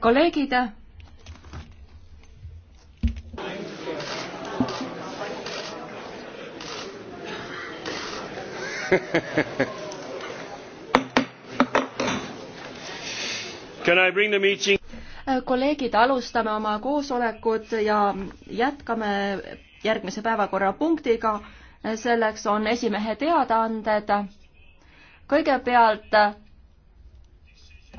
kolleegid. kolleegid, alustame oma koosolekut ja jätkame järgmise päevakorrapunktiga. selleks on esimehe teadaanded kõigepealt äh,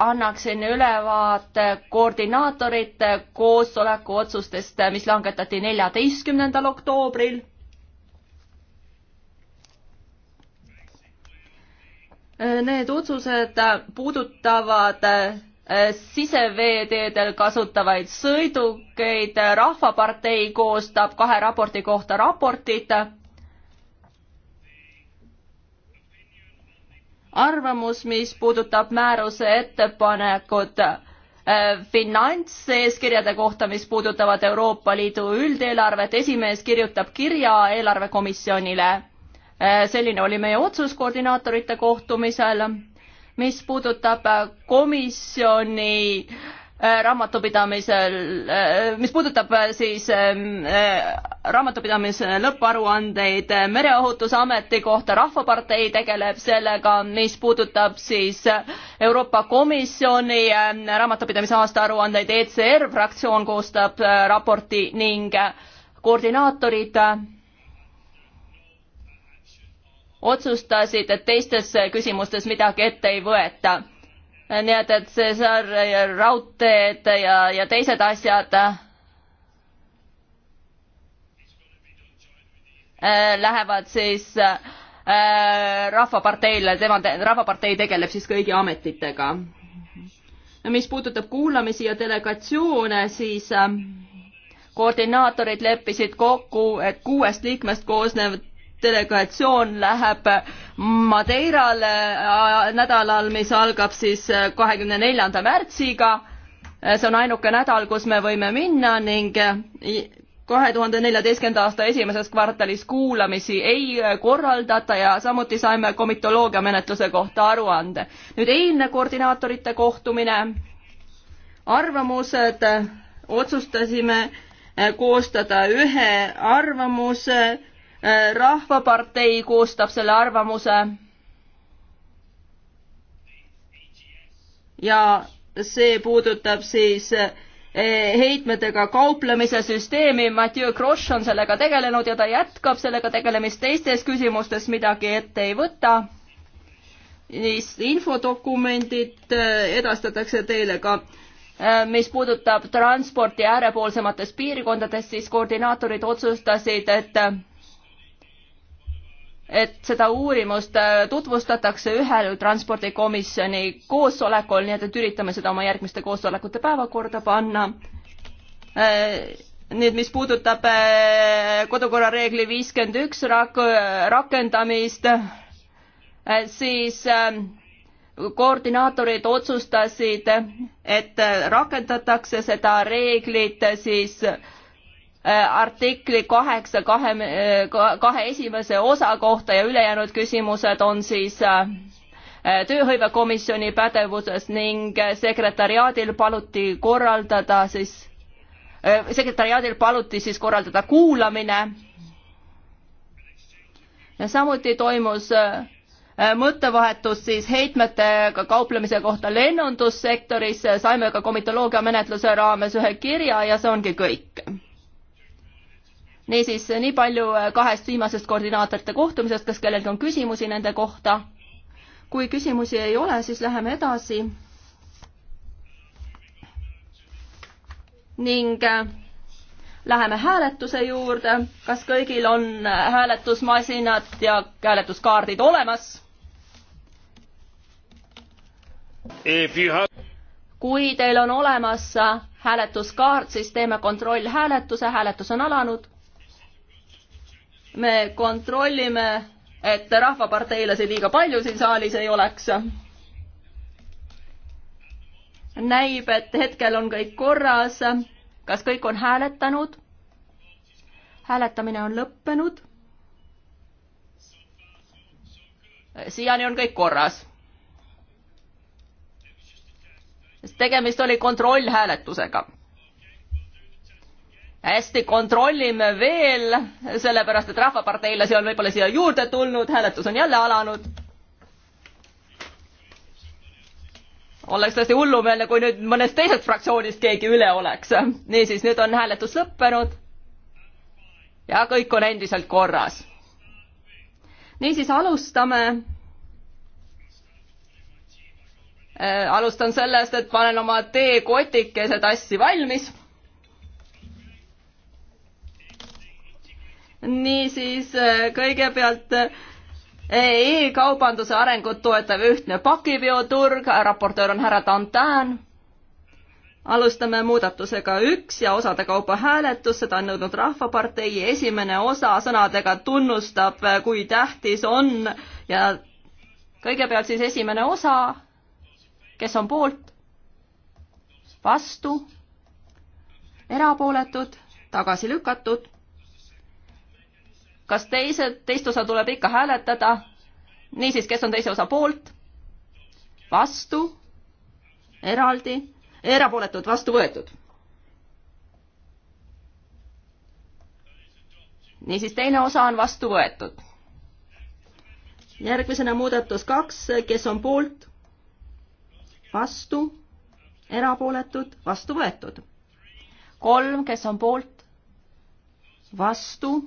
annaksin ülevaate koordinaatorite koosoleku otsustest, äh, mis langetati neljateistkümnendal oktoobril. Äh, need otsused puudutavad siseveeteedel kasutavaid sõidukeid, Rahvapartei koostab kahe raporti kohta raportit arvamus, mis puudutab määruse ettepanekut äh, finantseeskirjade kohta, mis puudutavad Euroopa Liidu üldeelarvet, esimees kirjutab kirja eelarvekomisjonile. Äh, selline oli meie otsus koordinaatorite kohtumisel. mis puudutab äh, komisjoni äh, Äh, raamatupidamisel, äh, mis puudutab äh, siis ähm, raamatupidamise lõpparuandeid Mereohutusameti kohta, Rahvapartei tegeleb sellega, mis puudutab siis Euroopa Komisjoni raamatupidamise aastaaruandeid, ECR fraktsioon koostab raporti ning koordinaatorid otsustasid, et teistes küsimustes midagi ette ei võeta nii et, et see seal raudteed ja, ja teised asjad äh, lähevad siis äh, rahvaparteile, tema, rahvapartei tegeleb siis kõigi ametitega. mis puudutab kuulamisi ja delegatsioone, siis äh, koordinaatorid leppisid kokku, et kuuest liikmest koosnev delegatsioon läheb Madeirale äh, nädalal, mis algab siis äh, kahekümne neljanda märtsiga. Äh, see on ainuke nädal, kus me võime minna ning kahe tuhande neljateistkümnenda aasta esimeses kvartalis kuulamisi ei korraldata ja samuti saime komitoloogia menetluse kohta aruande. nüüd eilne koordinaatorite kohtumine, arvamused, otsustasime koostada ühe arvamuse Äh, rahvapartei koostab selle arvamuse. ja see puudutab siis äh, heitmetega kauplemise süsteemi, Mathieu Grosch on sellega tegelenud ja ta jätkab sellega tegelemist teistes küsimustes, midagi ette ei võta. siis infodokumendid äh, edastatakse teile ka. mis puudutab transporti äärepoolsemates piirkondades, siis koordinaatorid otsustasid, et et seda uurimust äh, tutvustatakse ühel transpordikomisjoni koosolekul, nii et, et üritame seda oma järgmiste koosolekute päevakorda panna. Äh, nüüd, mis puudutab äh, kodukorra reegli viiskümmend üks rak-, rakendamist, siis koordinaatorid otsustasid, et rakendatakse seda reeglit siis Äh, artikli kaheksa kahe, äh, kahe esimese osa kohta ja ülejäänud küsimused on siis äh, tööhõivekomisjoni pädevuses ning sekretariaadil paluti korraldada siis, sekretariaadil paluti siis korraldada kuulamine. samuti toimus mõttevahetus siis heitmetega kauplemise kohta lennundussektoris, saime ka komitoloogia menetluse raames ühe kirja ja see ongi kõik niisiis, nii palju äh, kahest viimasest koordinaatorite kohtumisest, kas kellelgi on küsimusi nende kohta? kui küsimusi ei ole, siis läheme edasi. ning äh, läheme hääletuse juurde, kas kõigil on äh, hääletusmasinad ja hääletuskaardid olemas? kui teil on olemas hääletuskaart, siis teeme kontrollhääletuse, hääletus on alanud me kontrollime, et rahvaparteilasi liiga palju siin saalis ei oleks. näib, et hetkel on kõik korras. kas kõik on hääletanud? hääletamine on lõppenud. siiani on kõik korras. tegemist oli kontrollhääletusega hästi, kontrollime veel, sellepärast et Rahvaparteilasi on võib-olla siia juurde tulnud, hääletus on jälle alanud. oleks tõesti hullumeelne, kui nüüd mõnest teisest fraktsioonist keegi üle oleks. niisiis, nüüd on hääletus lõppenud. ja kõik on endiselt korras. niisiis, alustame äh,. alustan sellest, et panen oma teekotikese tassi valmis niisiis äh, kõigepealt äh, e-kaubanduse arengut toetav ühtne pakiveoturg, raportöör on härra Dantan. alustame muudatusega üks ja osade kaupa hääletus, seda on nõudnud Rahvapartei esimene osa sõnadega tunnustab, äh, kui tähtis on ja kõigepealt siis esimene osa, kes on poolt, vastu, erapooletud, tagasi lükatud kas teised, teist osa tuleb ikka hääletada? niisiis, kes on teise osa poolt? vastu? eraldi? erapooletud, vastu võetud. niisiis, teine osa on vastu võetud. järgmisena muudatus kaks, kes on poolt? vastu? erapooletud, vastu võetud. kolm, kes on poolt? vastu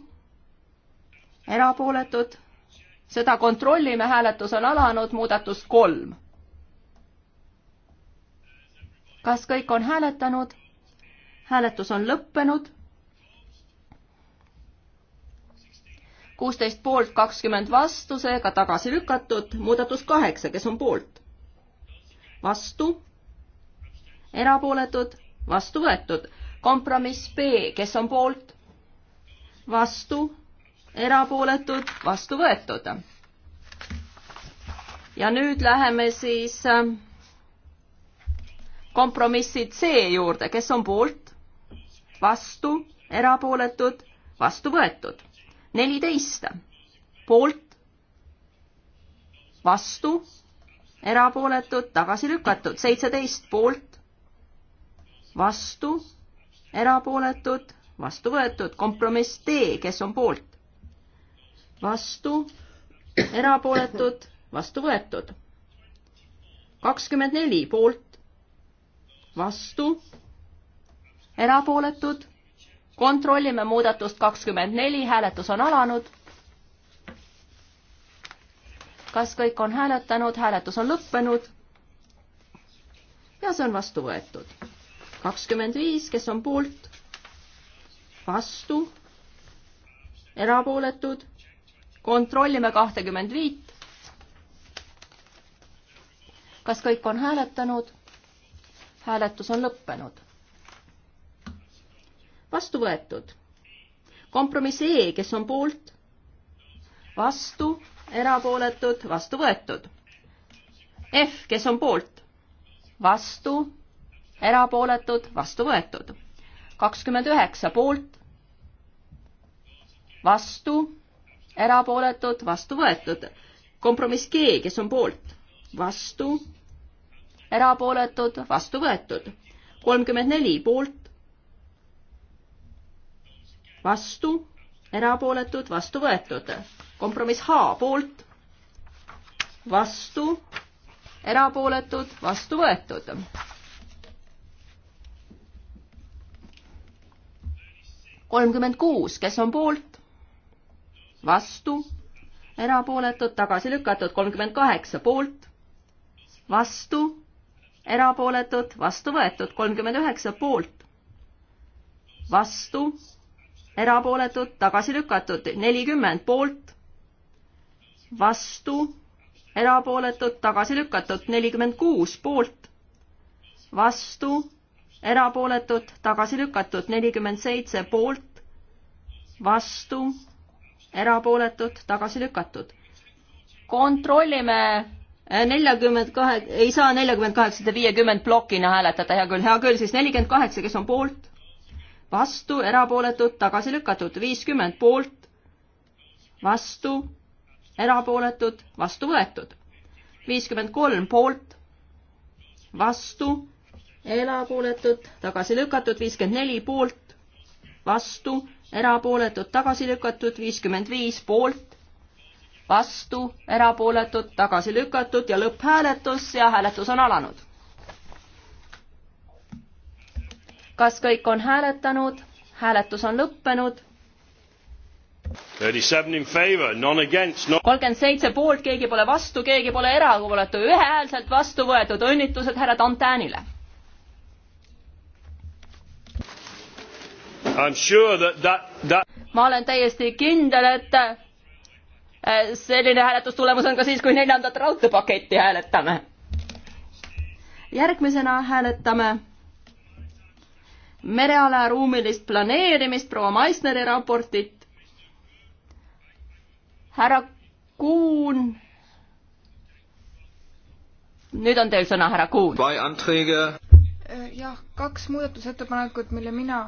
erapooletud, seda kontrollime, hääletus on alanud, muudatus kolm. kas kõik on hääletanud? hääletus on lõppenud. kuusteist poolt, kakskümmend vastu, seega tagasi lükatud, muudatus kaheksa, kes on poolt? vastu, erapooletud, vastu võetud, kompromiss B, kes on poolt? vastu erapooletud, vastu võetud. ja nüüd läheme siis ähm, kompromissi C juurde, kes on poolt, vastu, erapooletud, vastu võetud. neliteist, poolt, vastu, erapooletud, tagasi lükatud, seitseteist poolt, vastu, erapooletud, vastu võetud, kompromiss D, kes on poolt? vastu, erapooletud, vastu võetud. kakskümmend neli poolt, vastu, erapooletud, kontrollime muudatust kakskümmend neli, hääletus on alanud. kas kõik on hääletanud, hääletus on lõppenud? ja see on vastu võetud. kakskümmend viis, kes on poolt, vastu, erapooletud kontrollime kahtekümmend viit. kas kõik on hääletanud? hääletus on lõppenud. vastu võetud. kompromiss E, kes on poolt? vastu, erapooletud, vastu võetud. F, kes on poolt? vastu, erapooletud, vastu võetud. kakskümmend üheksa poolt, vastu erapooletud, vastu võetud. kompromiss G, kes on poolt, vastu, erapooletud, vastu võetud. kolmkümmend neli poolt, vastu, erapooletud, vastu võetud. kompromiss H poolt, vastu, erapooletud, vastu võetud. kolmkümmend kuus, kes on poolt, vastu, erapooletud, tagasi lükatud, kolmkümmend kaheksa poolt, vastu, erapooletud, vastu võetud, kolmkümmend üheksa poolt, vastu, erapooletud, tagasi lükatud, nelikümmend poolt, vastu, erapooletud, tagasi lükatud, nelikümmend kuus poolt, vastu, erapooletud, tagasi lükatud, nelikümmend seitse poolt, vastu, erapooletud, tagasi lükatud. kontrollime eh, neljakümmend kahe, ei saa neljakümmend kaheksat ja viiekümmend plokina hääletada, hea küll, hea küll, siis nelikümmend kaheksa, kes on poolt, vastu, erapooletud, tagasi lükatud, viiskümmend poolt, vastu, erapooletud, vastu võetud, viiskümmend kolm poolt, vastu, erapooletud, tagasi lükatud, viiskümmend neli poolt, vastu, erapooletud, tagasi lükatud, viiskümmend viis poolt, vastu, erapooletud, tagasi lükatud ja lõpphääletus ja hääletus on alanud. kas kõik on hääletanud? hääletus on lõppenud. kolmkümmend seitse poolt, keegi pole vastu, keegi pole erapooletu, ühehäälselt vastu võetud, õnnitlused härra Dantanile Sure that that, that... ma olen täiesti kindel, et eh, selline hääletustulemus on ka siis, kui neljandat raudteepaketti hääletame. järgmisena hääletame mereala ruumilist planeerimist, proua Meissneri raportit. härra Kuun. nüüd on teil sõna, härra Kuun. Eh, jah, kaks muudatusettepanekut, mille mina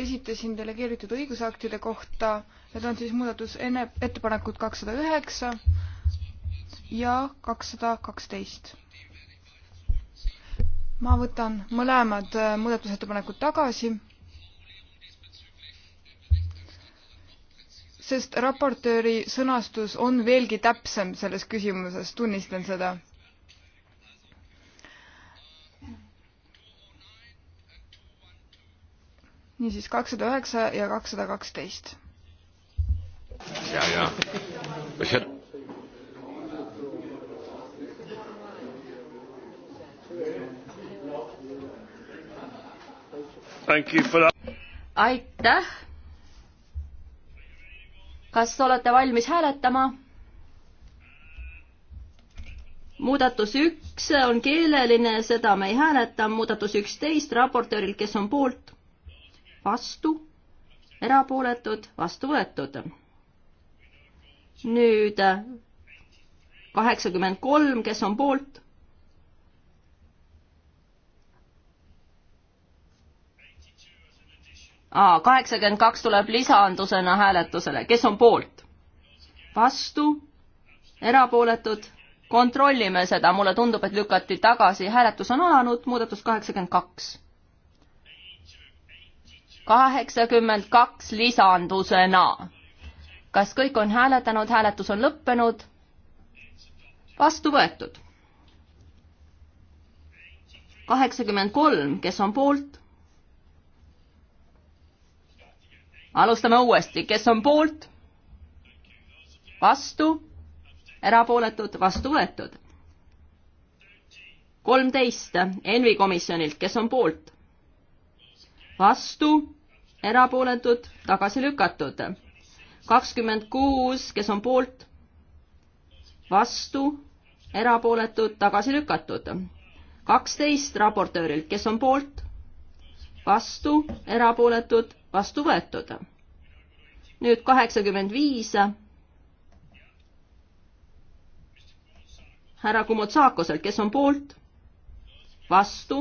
esitasin delegeeritud õigusaktide kohta, need on siis muudatus enne ettepanekud kakssada üheksa ja kakssada kaksteist. ma võtan mõlemad äh, muudatusettepanekud tagasi, sest raportööri sõnastus on veelgi täpsem selles küsimuses, tunnistan seda niisiis kakssada üheksa ja kakssada kaksteist. ja, ja. aitäh. kas olete valmis hääletama? muudatus üks on keeleline, seda me ei hääleta, muudatus üksteist raportööril, kes on poolt vastu, erapooletud, vastu võetud. nüüd äh, kaheksakümmend kolm, kes on poolt? kaheksakümmend kaks tuleb lisandusena hääletusele, kes on poolt? vastu, erapooletud, kontrollime seda, mulle tundub, et lükati tagasi, hääletus on alanud, muudatus kaheksakümmend kaks kaheksakümmend kaks lisandusena. kas kõik on hääletanud, hääletus on lõppenud? vastu võetud. kaheksakümmend kolm, kes on poolt? alustame uuesti, kes on poolt? vastu, erapooletud, vastu võetud. kolmteist, Envi komisjonilt, kes on poolt? vastu, erapooletud, tagasi lükatud. kakskümmend kuus, kes on poolt, vastu, erapooletud, tagasi lükatud. kaksteist raportöörilt, kes on poolt, vastu, erapooletud, vastu võetud. nüüd kaheksakümmend viis. härra Kumotsakoselt, kes on poolt, vastu,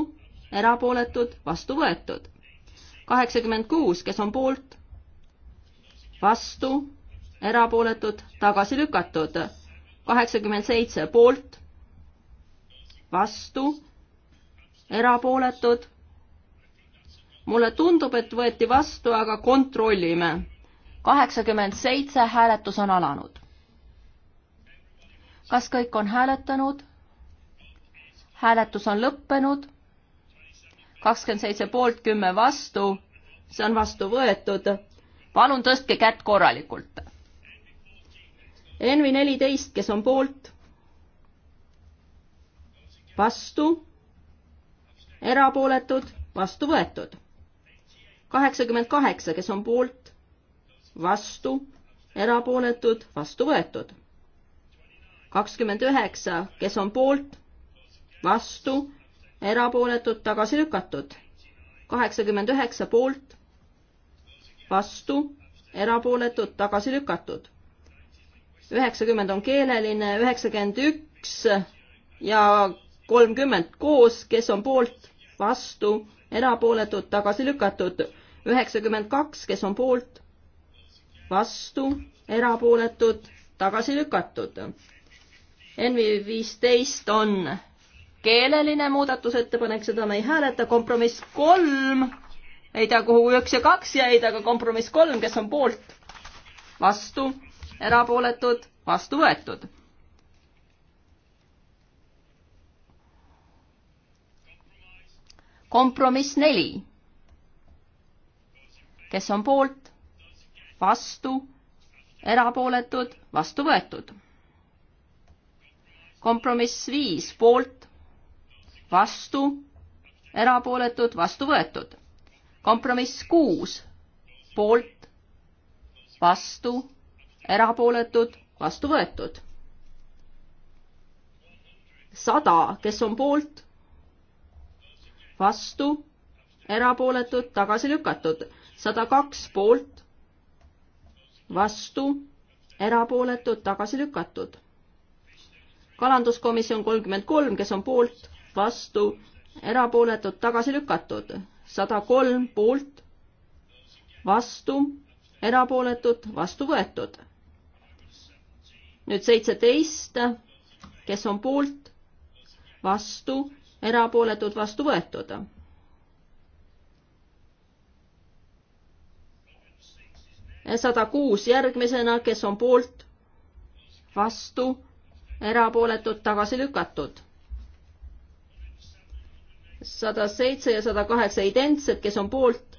erapooletud, vastu võetud kaheksakümmend kuus, kes on poolt, vastu, erapooletud, tagasi lükatud. kaheksakümmend seitse poolt, vastu, erapooletud. mulle tundub, et võeti vastu, aga kontrollime. kaheksakümmend seitse, hääletus on alanud. kas kõik on hääletanud? hääletus on lõppenud kakskümmend seitse poolt, kümme vastu, see on vastu võetud. palun tõstke kätt korralikult. Envi neliteist, kes on poolt, vastu, erapooletud, vastu võetud. kaheksakümmend kaheksa, kes on poolt, vastu, erapooletud, vastu võetud. kakskümmend üheksa, kes on poolt, vastu erapooletud, tagasi lükatud. kaheksakümmend üheksa poolt, vastu, erapooletud, tagasi lükatud. üheksakümmend on keeleline, üheksakümmend üks ja kolmkümmend koos, kes on poolt, vastu, erapooletud, tagasi lükatud. üheksakümmend kaks, kes on poolt, vastu, erapooletud, tagasi lükatud. NV viisteist on keeleline muudatusettepanek, seda me ei hääleta, kompromiss kolm, ei tea, kuhu üks ja kaks jäid, aga kompromiss kolm, kes on poolt, vastu, erapooletud, vastu võetud. kompromiss neli, kes on poolt, vastu, erapooletud, vastu võetud. kompromiss viis poolt, vastu, erapooletud, vastu võetud. kompromiss kuus, poolt, vastu, erapooletud, vastu võetud. sada, kes on poolt, vastu, erapooletud, tagasi lükatud. sada kaks poolt, vastu, erapooletud, tagasi lükatud kalanduskomisjon kolmkümmend kolm, kes on poolt, vastu, erapooletud, tagasi lükatud. sada kolm poolt, vastu, erapooletud, vastu võetud. nüüd seitseteist, kes on poolt, vastu, erapooletud, vastu võetud. sada kuus järgmisena, kes on poolt, vastu, erapooletud, tagasi lükatud sada seitse ja sada kaheksa identsed, kes on poolt,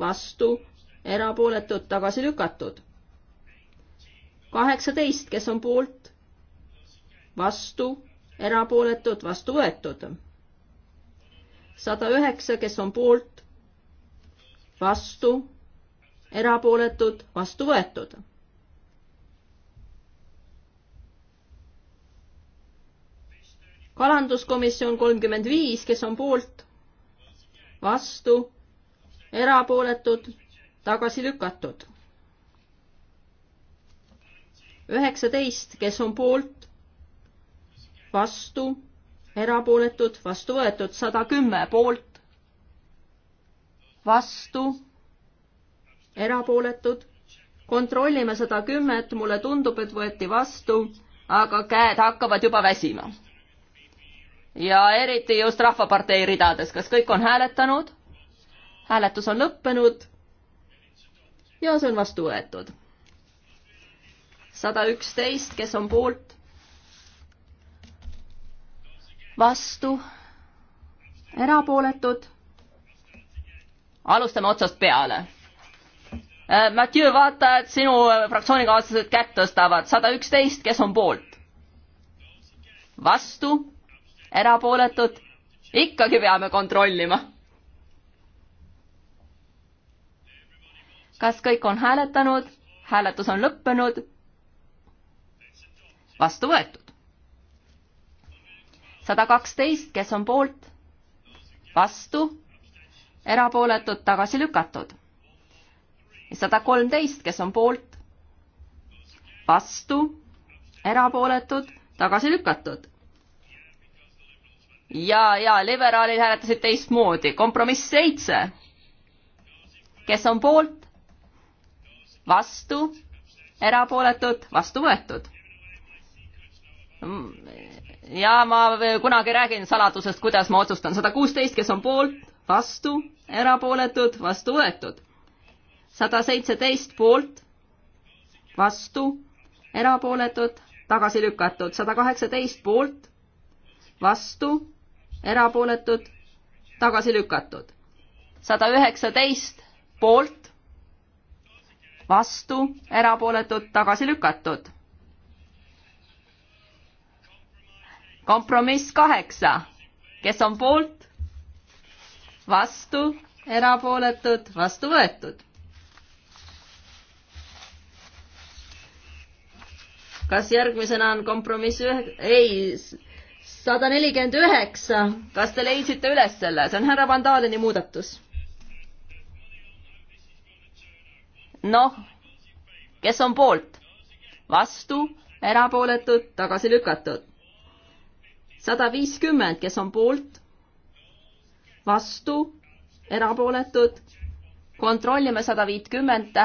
vastu, erapooletud, tagasi lükatud. kaheksateist, kes on poolt, vastu, erapooletud, vastu võetud. sada üheksa, kes on poolt, vastu, erapooletud, vastu võetud kalanduskomisjon kolmkümmend viis, kes on poolt, vastu, erapooletud, tagasi lükatud. üheksateist, kes on poolt, vastu, erapooletud, vastu võetud, sada kümme poolt, vastu, erapooletud. kontrollime sada kümmet, mulle tundub, et võeti vastu, aga käed hakkavad juba väsima ja eriti just Rahvapartei ridades. kas kõik on hääletanud? hääletus on lõppenud ja see on vastu võetud. sada üksteist, kes on poolt? vastu? erapooletud? alustame otsast peale. Äh, Mathieu, vaata, et sinu fraktsioonikaaslased kätt tõstavad. sada üksteist, kes on poolt? vastu? erapooletud, ikkagi peame kontrollima. kas kõik on hääletanud? hääletus on lõppenud. vastu võetud. sada kaksteist, kes on poolt? vastu, erapooletud, tagasi lükatud. sada kolmteist, kes on poolt? vastu, erapooletud, tagasi lükatud ja, ja liberaalid hääletasid teistmoodi. kompromiss seitse. kes on poolt? vastu? erapooletud? vastu võetud? Mm, ja ma kunagi räägin saladusest, kuidas ma otsustan. sada kuusteist, kes on poolt? vastu? erapooletud? vastu võetud? sada seitseteist poolt? vastu? erapooletud? tagasi lükatud? sada kaheksateist poolt? vastu? erapooletud, tagasi lükatud. sada üheksateist poolt, vastu, erapooletud, tagasi lükatud. kompromiss kaheksa, kes on poolt, vastu, erapooletud, vastu võetud. kas järgmisena on kompromiss ühe, ei, sada nelikümmend üheksa. kas te leidsite üles selle, see on härra Van Daleni muudatus. noh, kes on poolt? vastu, erapooletud, tagasi lükatud. sada viiskümmend, kes on poolt? vastu, erapooletud. kontrollime sada viitkümmend.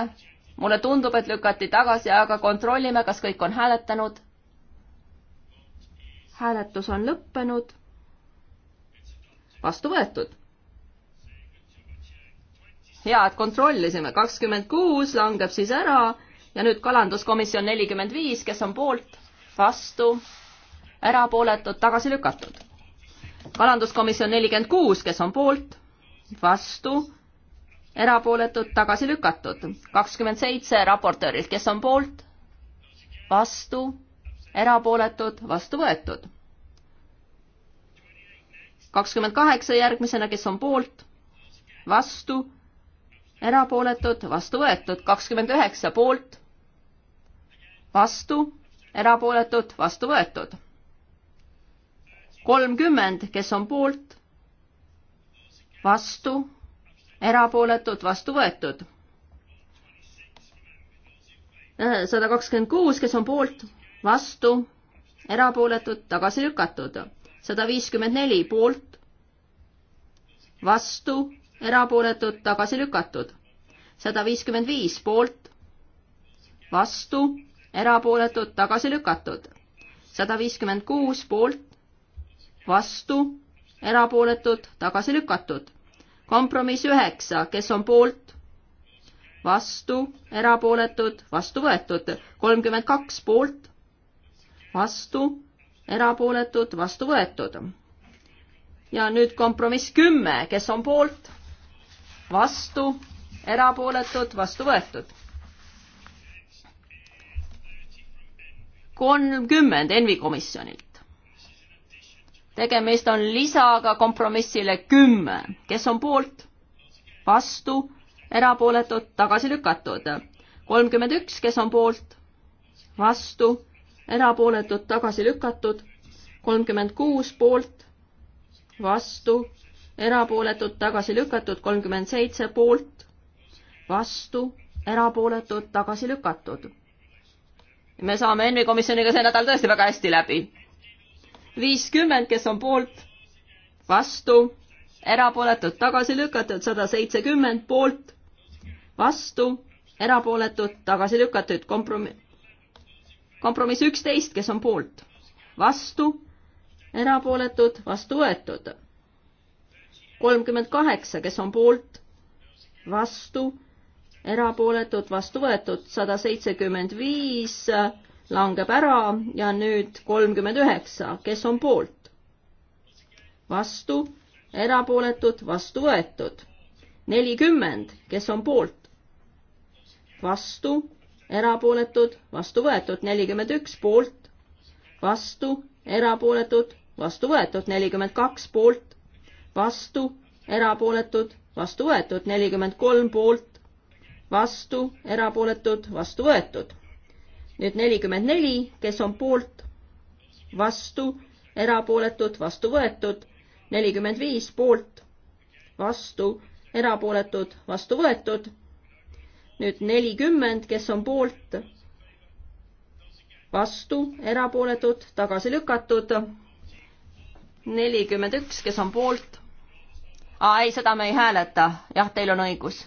mulle tundub, et lükati tagasi, aga kontrollime, kas kõik on hääletanud hääletus on lõppenud. vastu võetud. hea, et kontrollisime, kakskümmend kuus langeb siis ära ja nüüd kalanduskomisjon nelikümmend viis, kes on poolt, vastu, erapooletud, tagasi lükatud. kalanduskomisjon nelikümmend kuus, kes on poolt, vastu, erapooletud, tagasi lükatud. kakskümmend seitse raportöörilt, kes on poolt, vastu erapooletud, vastu võetud. kakskümmend kaheksa järgmisena, kes on poolt, vastu, erapooletud, vastu võetud, kakskümmend üheksa poolt, vastu, erapooletud, vastu võetud. kolmkümmend, kes on poolt, vastu, erapooletud, vastu võetud sada kakskümmend kuus, kes on poolt, vastu, erapooletud, tagasi lükatud. sada viiskümmend neli poolt, vastu, erapooletud, tagasi lükatud. sada viiskümmend viis poolt, vastu, erapooletud, tagasi lükatud. sada viiskümmend kuus poolt, vastu, erapooletud, tagasi lükatud. kompromiss üheksa, kes on poolt, vastu, erapooletud, vastu võetud, kolmkümmend kaks poolt, vastu, erapooletud, vastu võetud. ja nüüd kompromiss kümme, kes on poolt, vastu, erapooletud, vastu võetud. kolmkümmend Envi komisjonilt. tegemist on lisaga kompromissile kümme, kes on poolt, vastu, erapooletud, tagasi lükatud. kolmkümmend üks, kes on poolt, vastu erapooletud, tagasi lükatud, kolmkümmend kuus poolt, vastu, erapooletud, tagasi lükatud, kolmkümmend seitse poolt, vastu, erapooletud, tagasi lükatud. me saame ENMi komisjoniga see nädal tõesti väga hästi läbi. viiskümmend, kes on poolt, vastu, erapooletud, tagasi lükatud, sada seitsekümmend poolt, vastu, erapooletud, tagasi lükatud, kompromiss kompromiss üksteist, kes on poolt, vastu, erapooletud, vastu võetud. kolmkümmend kaheksa, kes on poolt, vastu, erapooletud, vastu võetud, sada seitsekümmend viis langeb ära ja nüüd kolmkümmend üheksa, kes on poolt, vastu, erapooletud, vastu võetud. nelikümmend, kes on poolt, vastu erapooletud, vastu võetud, nelikümmend üks poolt, vastu, erapooletud, vastu võetud, nelikümmend kaks poolt, vastu, erapooletud, vastu võetud, nelikümmend kolm poolt, vastu, erapooletud, vastu võetud. nüüd nelikümmend neli, kes on poolt, vastu, erapooletud, vastu võetud, nelikümmend viis poolt, vastu, erapooletud, vastu võetud nüüd nelikümmend, kes on poolt, vastu, erapooletud, tagasi lükatud. nelikümmend üks, kes on poolt. aa, ei, seda me ei hääleta. jah, teil on õigus.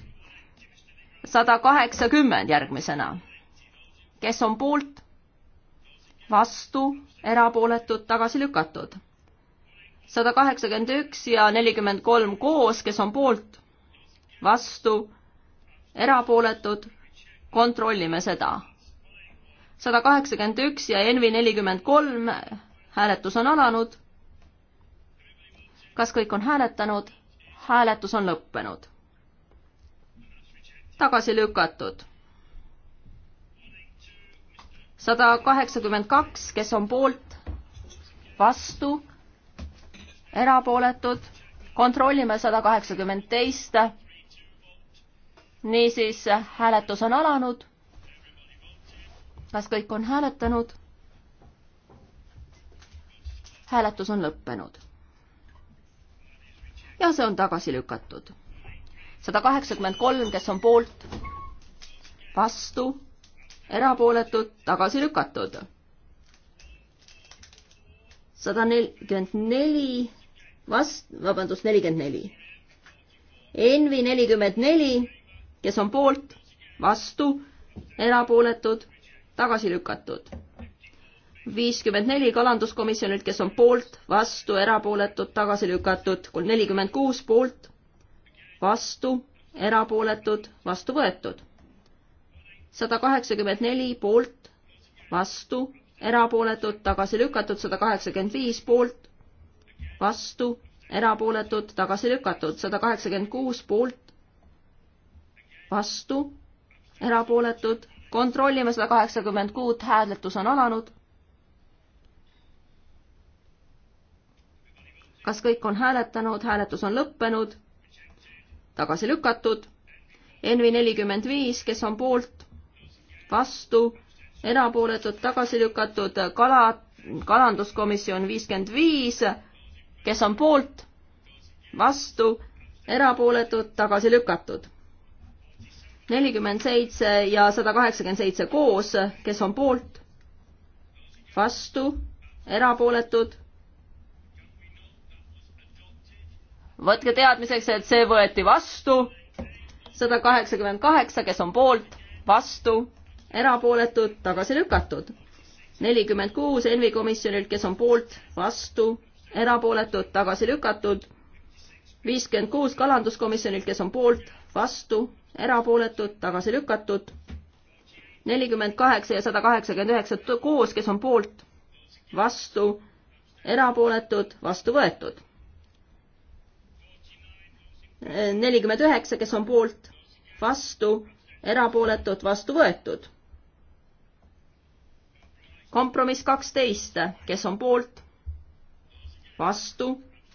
sada kaheksakümmend järgmisena. kes on poolt, vastu, erapooletud, tagasi lükatud. sada kaheksakümmend üks ja nelikümmend kolm koos, kes on poolt, vastu erapooletud, kontrollime seda. sada kaheksakümmend üks ja Envi nelikümmend kolm, hääletus on alanud. kas kõik on hääletanud? hääletus on lõppenud. tagasi lükatud. sada kaheksakümmend kaks, kes on poolt, vastu, erapooletud, kontrollime sada kaheksakümmend teist niisiis, hääletus on alanud. kas kõik on hääletanud? hääletus on lõppenud. ja see on tagasi lükatud. sada kaheksakümmend kolm, kes on poolt, vastu, erapooletud, tagasi lükatud. sada nelikümmend neli, vast-, vabandust, nelikümmend neli. Envi nelikümmend neli kes on poolt, vastu, erapooletud, tagasi lükatud. viiskümmend neli kalanduskomisjonilt, kes on poolt, vastu, erapooletud, tagasi lükatud, nelikümmend kuus poolt, vastu, erapooletud, vastu võetud. sada kaheksakümmend neli poolt, vastu, erapooletud, tagasi lükatud, sada kaheksakümmend viis poolt, vastu, erapooletud, tagasi lükatud, sada kaheksakümmend kuus poolt, vastu, erapooletud, kontrollime sada kaheksakümmend kuut, hääletus on alanud. kas kõik on hääletanud, hääletus on lõppenud, tagasi lükatud, NV nelikümmend viis, kes on poolt, vastu, erapooletud, tagasi lükatud, kala, kalanduskomisjon viiskümmend viis, kes on poolt, vastu, erapooletud, tagasi lükatud nelikümmend seitse ja sada kaheksakümmend seitse koos, kes on poolt, vastu, erapooletud. võtke teadmiseks, et see võeti vastu. sada kaheksakümmend kaheksa, kes on poolt, vastu, erapooletud, tagasi lükatud. nelikümmend kuus Envi komisjonilt, kes on poolt, vastu, erapooletud, tagasi lükatud. viiskümmend kuus kalanduskomisjonilt, kes on poolt, vastu, erapooletud, tagasi lükatud. nelikümmend kaheksa ja sada kaheksakümmend üheksa koos, kes on poolt, vastu, erapooletud, vastu võetud. nelikümmend üheksa, kes on poolt, vastu, erapooletud, vastu võetud. kompromiss kaksteist, kes on poolt, vastu,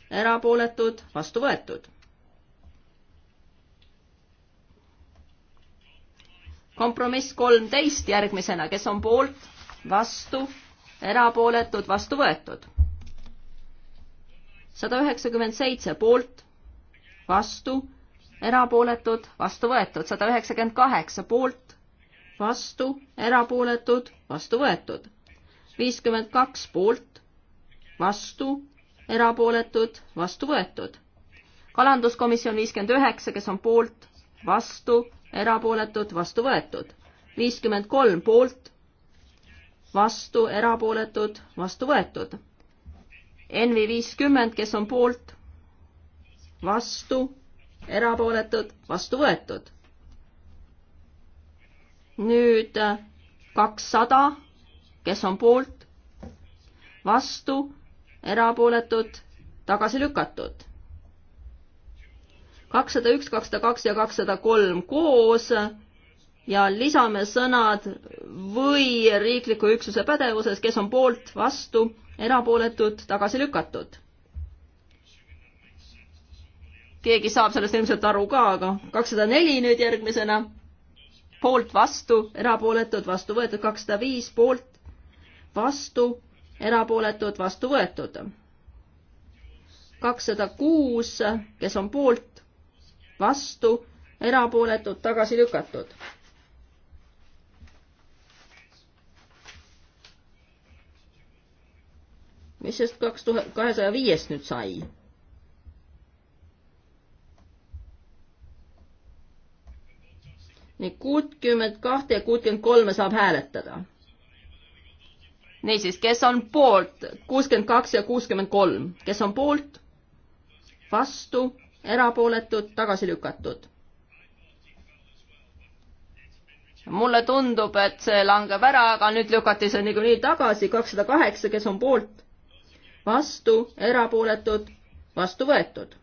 erapooletud, vastu võetud kompromiss kolmteist järgmisena, kes on poolt, vastu, erapooletud, vastu võetud. sada üheksakümmend seitse poolt, vastu, erapooletud, vastu võetud, sada üheksakümmend kaheksa poolt, vastu, erapooletud, vastu võetud. viiskümmend kaks poolt, vastu, erapooletud, vastu võetud. kalanduskomisjon viiskümmend üheksa, kes on poolt, vastu, erapooletud, vastu võetud. viiskümmend kolm poolt, vastu, erapooletud, vastu võetud. NV viiskümmend, kes on poolt, vastu, erapooletud, vastu võetud. nüüd äh, kakssada, kes on poolt, vastu, erapooletud, tagasi lükatud kakssada üks, kakssada kaks ja kakssada kolm koos ja lisame sõnad või riikliku üksuse pädevuses, kes on poolt, vastu, erapooletud, tagasi lükatud. keegi saab sellest ilmselt aru ka, aga kakssada neli nüüd järgmisena, poolt, vastu, erapooletud, vastu võetud, kakssada viis poolt, vastu, erapooletud, vastu võetud. kakssada kuus, kes on poolt, vastu, erapooletud, tagasi lükatud. mis sest kaks tuhat kahesaja viiest nüüd sai? nii kuutkümmend kahte ja kuutkümmend kolme saab hääletada. niisiis, kes on poolt, kuuskümmend kaks ja kuuskümmend kolm, kes on poolt, vastu, erapooletud, tagasi lükatud. mulle tundub, et see langeb ära, aga nüüd lükati see niikuinii tagasi, kakssada kaheksa, kes on poolt, vastu, erapooletud, vastu võetud.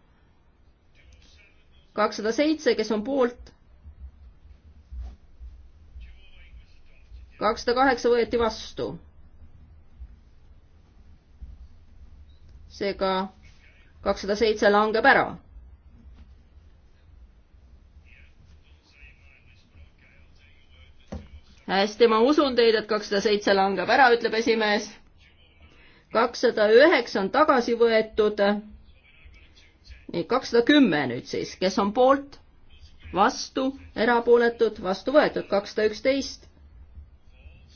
kakssada seitse, kes on poolt, kakssada kaheksa võeti vastu. seega kakssada seitse langeb ära. hästi, ma usun teid, et kakssada seitse langeb ära, ütleb esimees. kakssada üheksa on tagasi võetud. nii, kakssada kümme nüüd siis, kes on poolt, vastu, erapooletud, vastu võetud, kakssada üksteist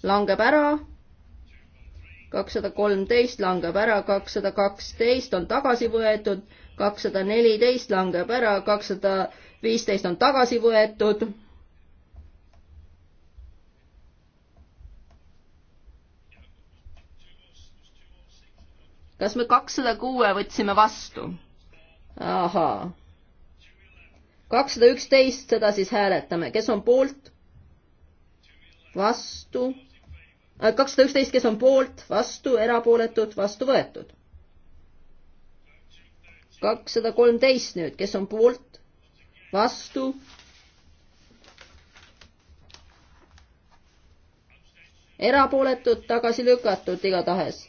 langeb ära. kakssada kolmteist langeb ära, kakssada kaksteist on tagasi võetud, kakssada neliteist langeb ära, kakssada viisteist on tagasi võetud kas me kakssada kuue võtsime vastu? ahaa. kakssada üksteist, seda siis hääletame, kes on poolt? vastu. Äh, kakssada üksteist, kes on poolt, vastu, erapooletud, vastu võetud. kakssada kolmteist nüüd, kes on poolt, vastu, erapooletud, tagasi lükatud igatahes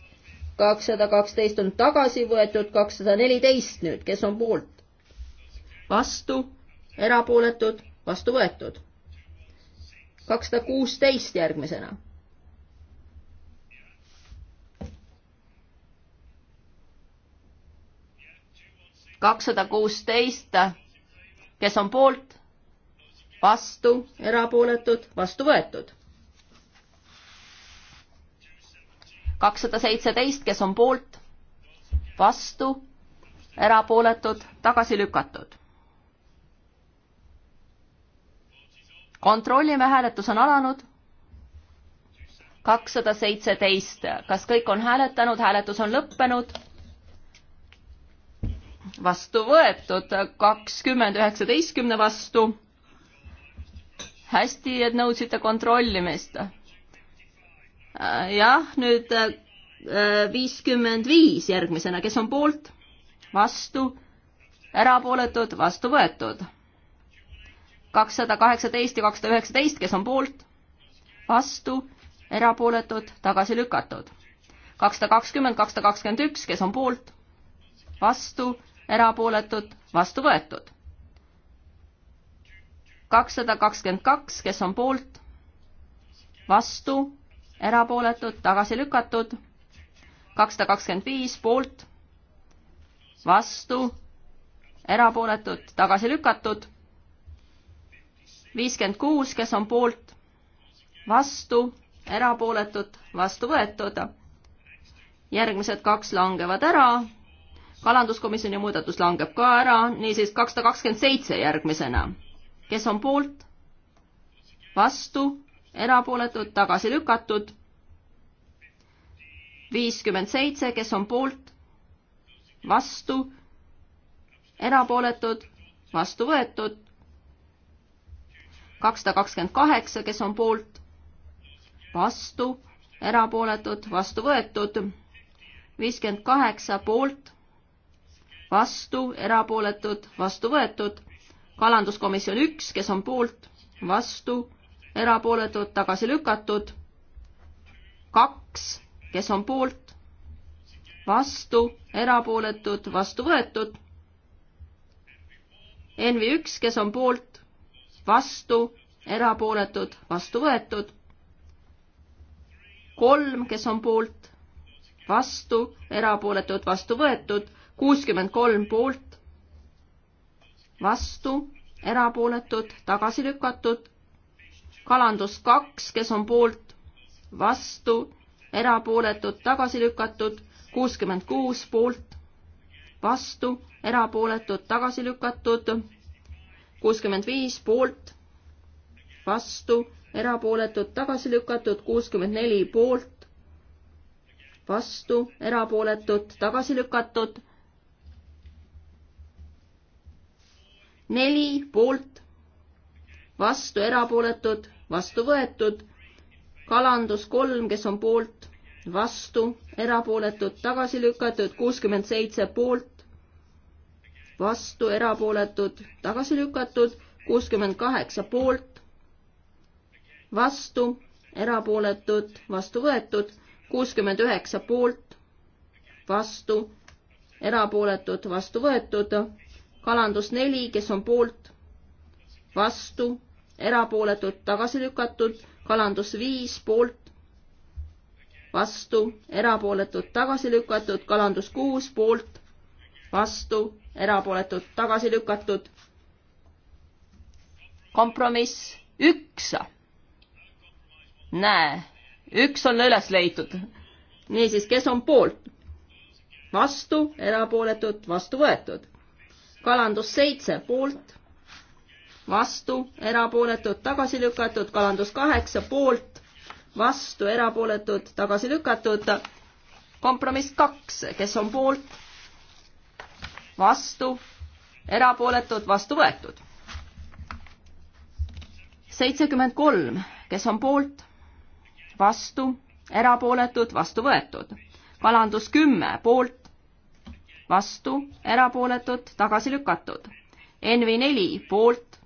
kakssada kaksteist on tagasi võetud, kakssada neliteist nüüd, kes on poolt? vastu, erapooletud, vastu võetud. kakssada kuusteist järgmisena. kakssada kuusteist, kes on poolt, vastu, erapooletud, vastu võetud kakssada seitseteist, kes on poolt, vastu, erapooletud, tagasi lükatud. kontrollime, hääletus on alanud. kakssada seitseteist, kas kõik on hääletanud, hääletus on lõppenud? vastu võetud, kakskümmend üheksateistkümne vastu. hästi, et nõudsite kontrollimist Äh, jah, nüüd äh, viiskümmend viis järgmisena, kes on poolt, vastu, erapooletud, vastu võetud. kakssada kaheksateist ja kakssada üheksateist, kes on poolt, vastu, erapooletud, tagasi lükatud. kakssada kakskümmend, kakssada kakskümmend üks, kes on poolt, vastu, erapooletud, vastu võetud. kakssada kakskümmend kaks, kes on poolt, vastu erapooletud, tagasi lükatud, kakssada kakskümmend viis poolt, vastu, erapooletud, tagasi lükatud, viiskümmend kuus, kes on poolt, vastu, erapooletud, vastu võetud. järgmised kaks langevad ära, kalanduskomisjoni muudatus langeb ka ära, niisiis kakssada kakskümmend seitse järgmisena. kes on poolt, vastu, erapooletud, tagasi lükatud. viiskümmend seitse, kes on poolt, vastu, erapooletud, vastu võetud. kakssada kakskümmend kaheksa, kes on poolt, vastu, erapooletud, vastu võetud. viiskümmend kaheksa poolt, vastu, erapooletud, vastu võetud. kalanduskomisjon üks, kes on poolt, vastu erapooletud, tagasi lükatud. kaks, kes on poolt, vastu, erapooletud, vastu võetud. NV üks, kes on poolt, vastu, erapooletud, vastu võetud. kolm, kes on poolt, vastu, erapooletud, vastu võetud, kuuskümmend kolm poolt, vastu, erapooletud, tagasi lükatud kalandus kaks, kes on poolt, vastu, erapooletud, tagasi lükatud, kuuskümmend kuus poolt, vastu, erapooletud, tagasi lükatud, kuuskümmend viis poolt, vastu, erapooletud, tagasi lükatud, kuuskümmend neli poolt, vastu, erapooletud, tagasi lükatud, neli poolt, vastu, erapooletud vastu võetud. kalandus kolm, kes on poolt, vastu, erapooletud, tagasi lükatud, kuuskümmend seitse poolt, vastu, erapooletud, tagasi lükatud, kuuskümmend kaheksa poolt, vastu, erapooletud, vastu võetud, kuuskümmend üheksa poolt, vastu, erapooletud, vastu võetud, kalandus neli, kes on poolt, vastu erapooletud, tagasi lükatud, kalandus viis poolt, vastu, erapooletud, tagasi lükatud, kalandus kuus poolt, vastu, erapooletud, tagasi lükatud. kompromiss üks. näe, üks on üles leitud. niisiis, kes on poolt? vastu, erapooletud, vastu võetud. kalandus seitse poolt vastu, erapooletud, tagasi lükatud, kalandus kaheksa poolt, vastu, erapooletud, tagasi lükatud, kompromiss kaks, kes on poolt, vastu, erapooletud, vastu võetud. seitsekümmend kolm, kes on poolt, vastu, erapooletud, vastu võetud. kalandus kümme, poolt, vastu, erapooletud, tagasi lükatud NV neli poolt,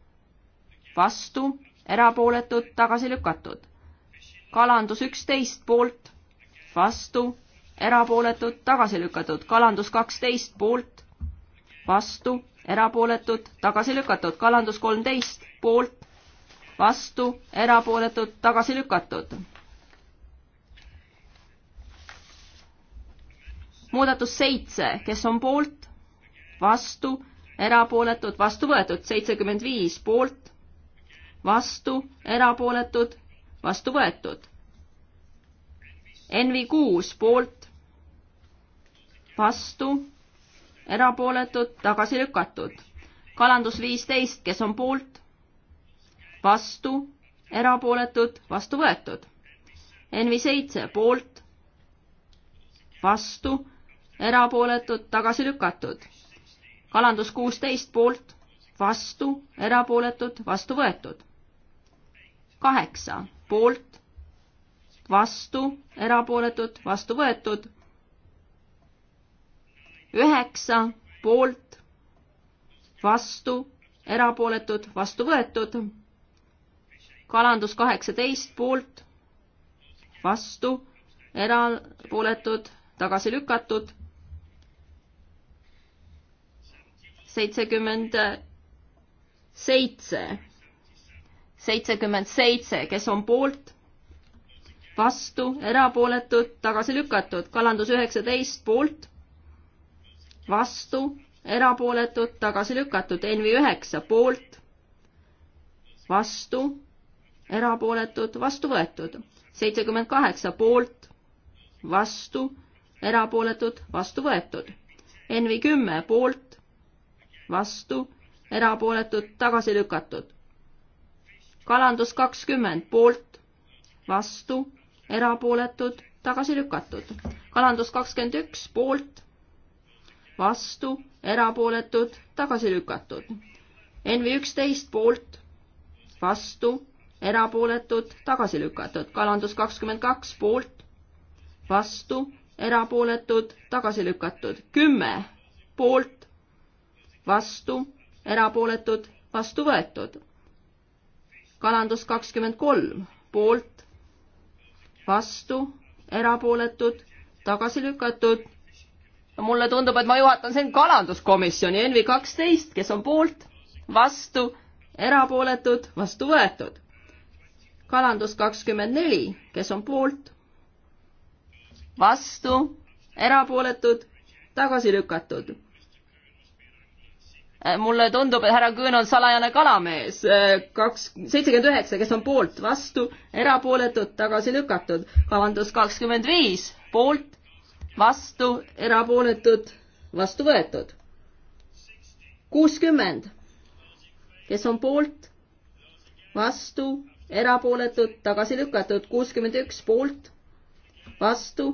vastu, erapooletud, tagasi lükatud. kalandus üksteist poolt, vastu, erapooletud, tagasi lükatud. kalandus kaksteist poolt, vastu, erapooletud, tagasi lükatud. kalandus kolmteist poolt, vastu, erapooletud, tagasi lükatud. muudatus seitse, kes on poolt, vastu, erapooletud, vastu võetud, seitsekümmend viis poolt vastu, erapooletud, vastu võetud. NV kuus poolt, vastu, erapooletud, tagasi lükatud. kalandus viisteist, kes on poolt, vastu, erapooletud, vastu võetud. NV seitse poolt, vastu, erapooletud, tagasi lükatud. kalandus kuusteist poolt, vastu, erapooletud, vastu võetud kaheksa poolt, vastu, erapooletud, vastu võetud. üheksa poolt, vastu, erapooletud, vastu võetud. kalandus kaheksateist poolt, vastu, erapooletud, tagasi lükatud. seitsekümmend seitse seitsekümmend seitse, kes on poolt, vastu, erapooletud, tagasi lükatud. kalandus üheksateist poolt, vastu, erapooletud, tagasi lükatud. Envi üheksa poolt, vastu, erapooletud, vastu võetud. seitsekümmend kaheksa poolt, vastu, erapooletud, vastu võetud. Envi kümme poolt, vastu, erapooletud, tagasi lükatud kalandus kakskümmend poolt, vastu, erapooletud, tagasi lükatud. kalandus kakskümmend üks poolt, vastu, erapooletud, tagasi lükatud. NV üksteist poolt, vastu, erapooletud, tagasi lükatud. kalandus kakskümmend kaks poolt, vastu, erapooletud, tagasi lükatud. kümme poolt, vastu, erapooletud, vastu võetud kalandus kakskümmend kolm, poolt, vastu, erapooletud, tagasi lükatud. mulle tundub, et ma juhatan siin kalanduskomisjoni, Envi kaksteist, kes on poolt, vastu, erapooletud, vastu võetud. kalandus kakskümmend neli, kes on poolt, vastu, erapooletud, tagasi lükatud Äh, mulle tundub, et härra Köön on salajane kalamees, äh, kaks, seitsekümmend üheksa, kes on poolt, vastu, erapooletud, tagasi lükatud. vabandust, kakskümmend viis, poolt, vastu, erapooletud, vastu võetud. kuuskümmend, kes on poolt, vastu, erapooletud, tagasi lükatud, kuuskümmend üks, poolt, vastu,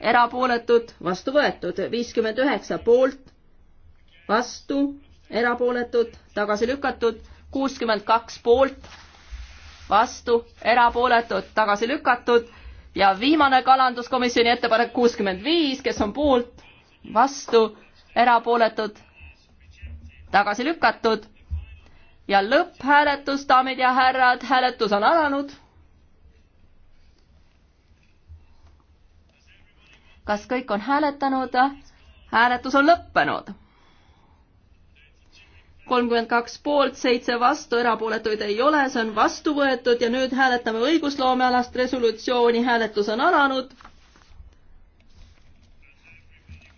erapooletud, vastu võetud, viiskümmend üheksa, poolt, vastu, erapooletud, tagasi lükatud, kuuskümmend kaks poolt, vastu, erapooletud, tagasi lükatud ja viimane kalanduskomisjoni ettepanek kuuskümmend viis, kes on poolt, vastu, erapooletud, tagasi lükatud ja lõpphääletus, daamid ja härrad, hääletus on alanud. kas kõik on hääletanud? hääletus on lõppenud kolmkümmend kaks poolt, seitse vastu, erapooletuid ei ole, see on vastu võetud ja nüüd hääletame õigusloomealast resolutsiooni, hääletus on alanud.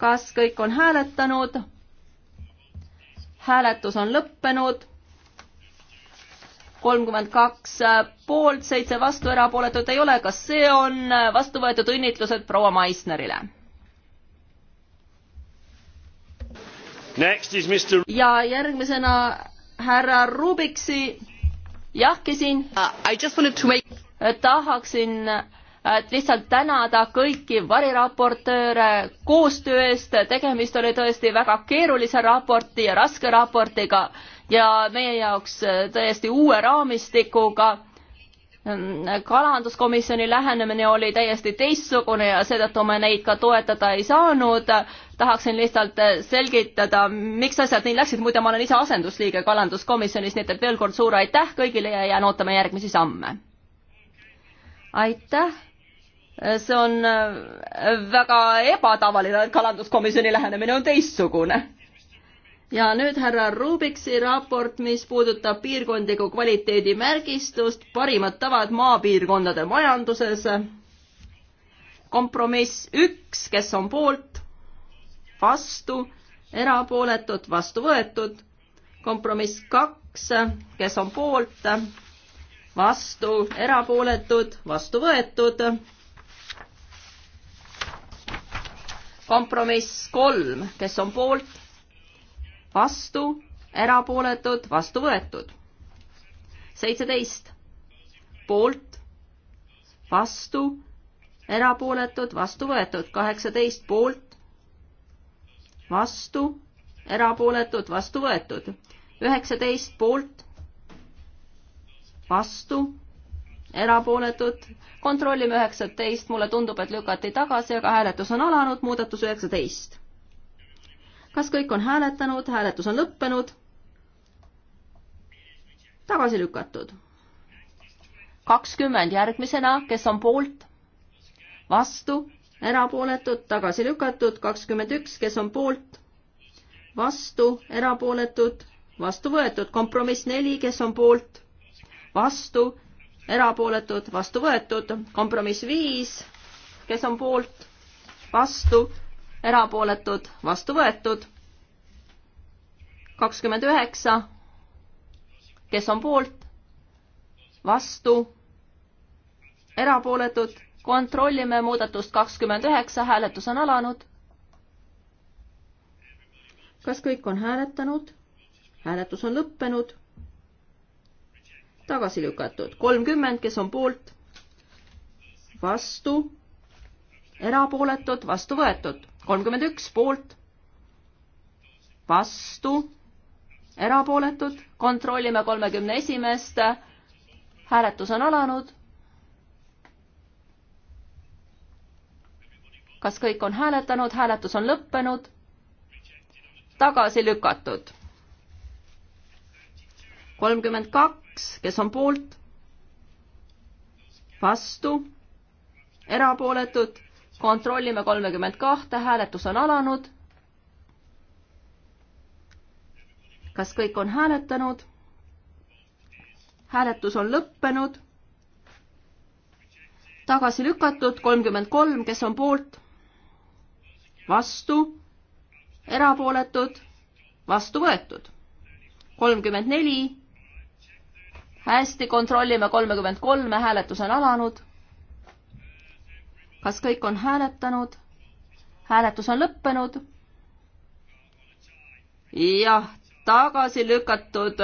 kas kõik on hääletanud? hääletus on lõppenud. kolmkümmend kaks poolt, seitse vastu, erapooletuid ei ole, kas see on vastu võetud õnnitlused proua Maisnerile? Mister... ja järgmisena härra Rubiksi, jah, küsin uh,. Make... tahaksin et uh, lihtsalt tänada kõiki variraportööre koostöö eest, tegemist oli tõesti väga keerulise raporti ja raske raportiga ja meie jaoks uh, täiesti uue raamistikuga. Um, kalanduskomisjoni lähenemine oli täiesti teistsugune ja seetõttu me neid ka toetada ei saanud tahaksin lihtsalt äh, selgitada, miks asjad nii läksid, muide ma olen ise asendusliige kalanduskomisjonis, nii et veel kord suur aitäh kõigile ja jään ootama järgmisi samme. aitäh, see on äh, väga ebatavaline, et kalanduskomisjoni lähenemine on teistsugune ja nüüd härra Rubiksi raport, mis puudutab piirkondliku kvaliteedimärgistust, parimad tavad maapiirkondade majanduses. kompromiss üks, kes on poolt? vastu, erapooletud, vastu võetud. kompromiss kaks, kes on poolt, vastu, erapooletud, vastu võetud. kompromiss kolm, kes on poolt, vastu, erapooletud, vastu võetud. seitseteist, poolt, vastu, erapooletud, vastu võetud, kaheksateist poolt, vastu, erapooletud, vastu võetud. üheksateist poolt, vastu, erapooletud, kontrollime üheksateist, mulle tundub, et lükati tagasi, aga hääletus on alanud, muudatus üheksateist. kas kõik on hääletanud, hääletus on lõppenud? tagasi lükatud. kakskümmend järgmisena, kes on poolt, vastu erapooletud, tagasi lükatud, kakskümmend üks, kes on poolt, vastu, erapooletud, vastu võetud, kompromiss neli, kes on poolt, vastu, erapooletud, vastu võetud, kompromiss viis, kes on poolt, vastu, erapooletud, vastu võetud, kakskümmend üheksa, kes on poolt, vastu, erapooletud kontrollime muudatust kakskümmend üheksa, hääletus on alanud. kas kõik on hääletanud? hääletus on lõppenud. tagasi lükatud kolmkümmend, kes on poolt, vastu, erapooletud, vastu võetud, kolmkümmend üks poolt, vastu, erapooletud, kontrollime kolmekümne esimest. hääletus on alanud kas kõik on hääletanud, hääletus on lõppenud, tagasi lükatud. kolmkümmend kaks, kes on poolt, vastu, erapooletud, kontrollime kolmekümmend kahte, hääletus on alanud. kas kõik on hääletanud? hääletus on lõppenud tagasi lükatud, kolmkümmend kolm, kes on poolt, vastu, erapooletud, vastu võetud. kolmkümmend neli. hästi, kontrollime kolmekümmend kolme, hääletus on alanud. kas kõik on hääletanud? hääletus on lõppenud. jah, tagasi lükatud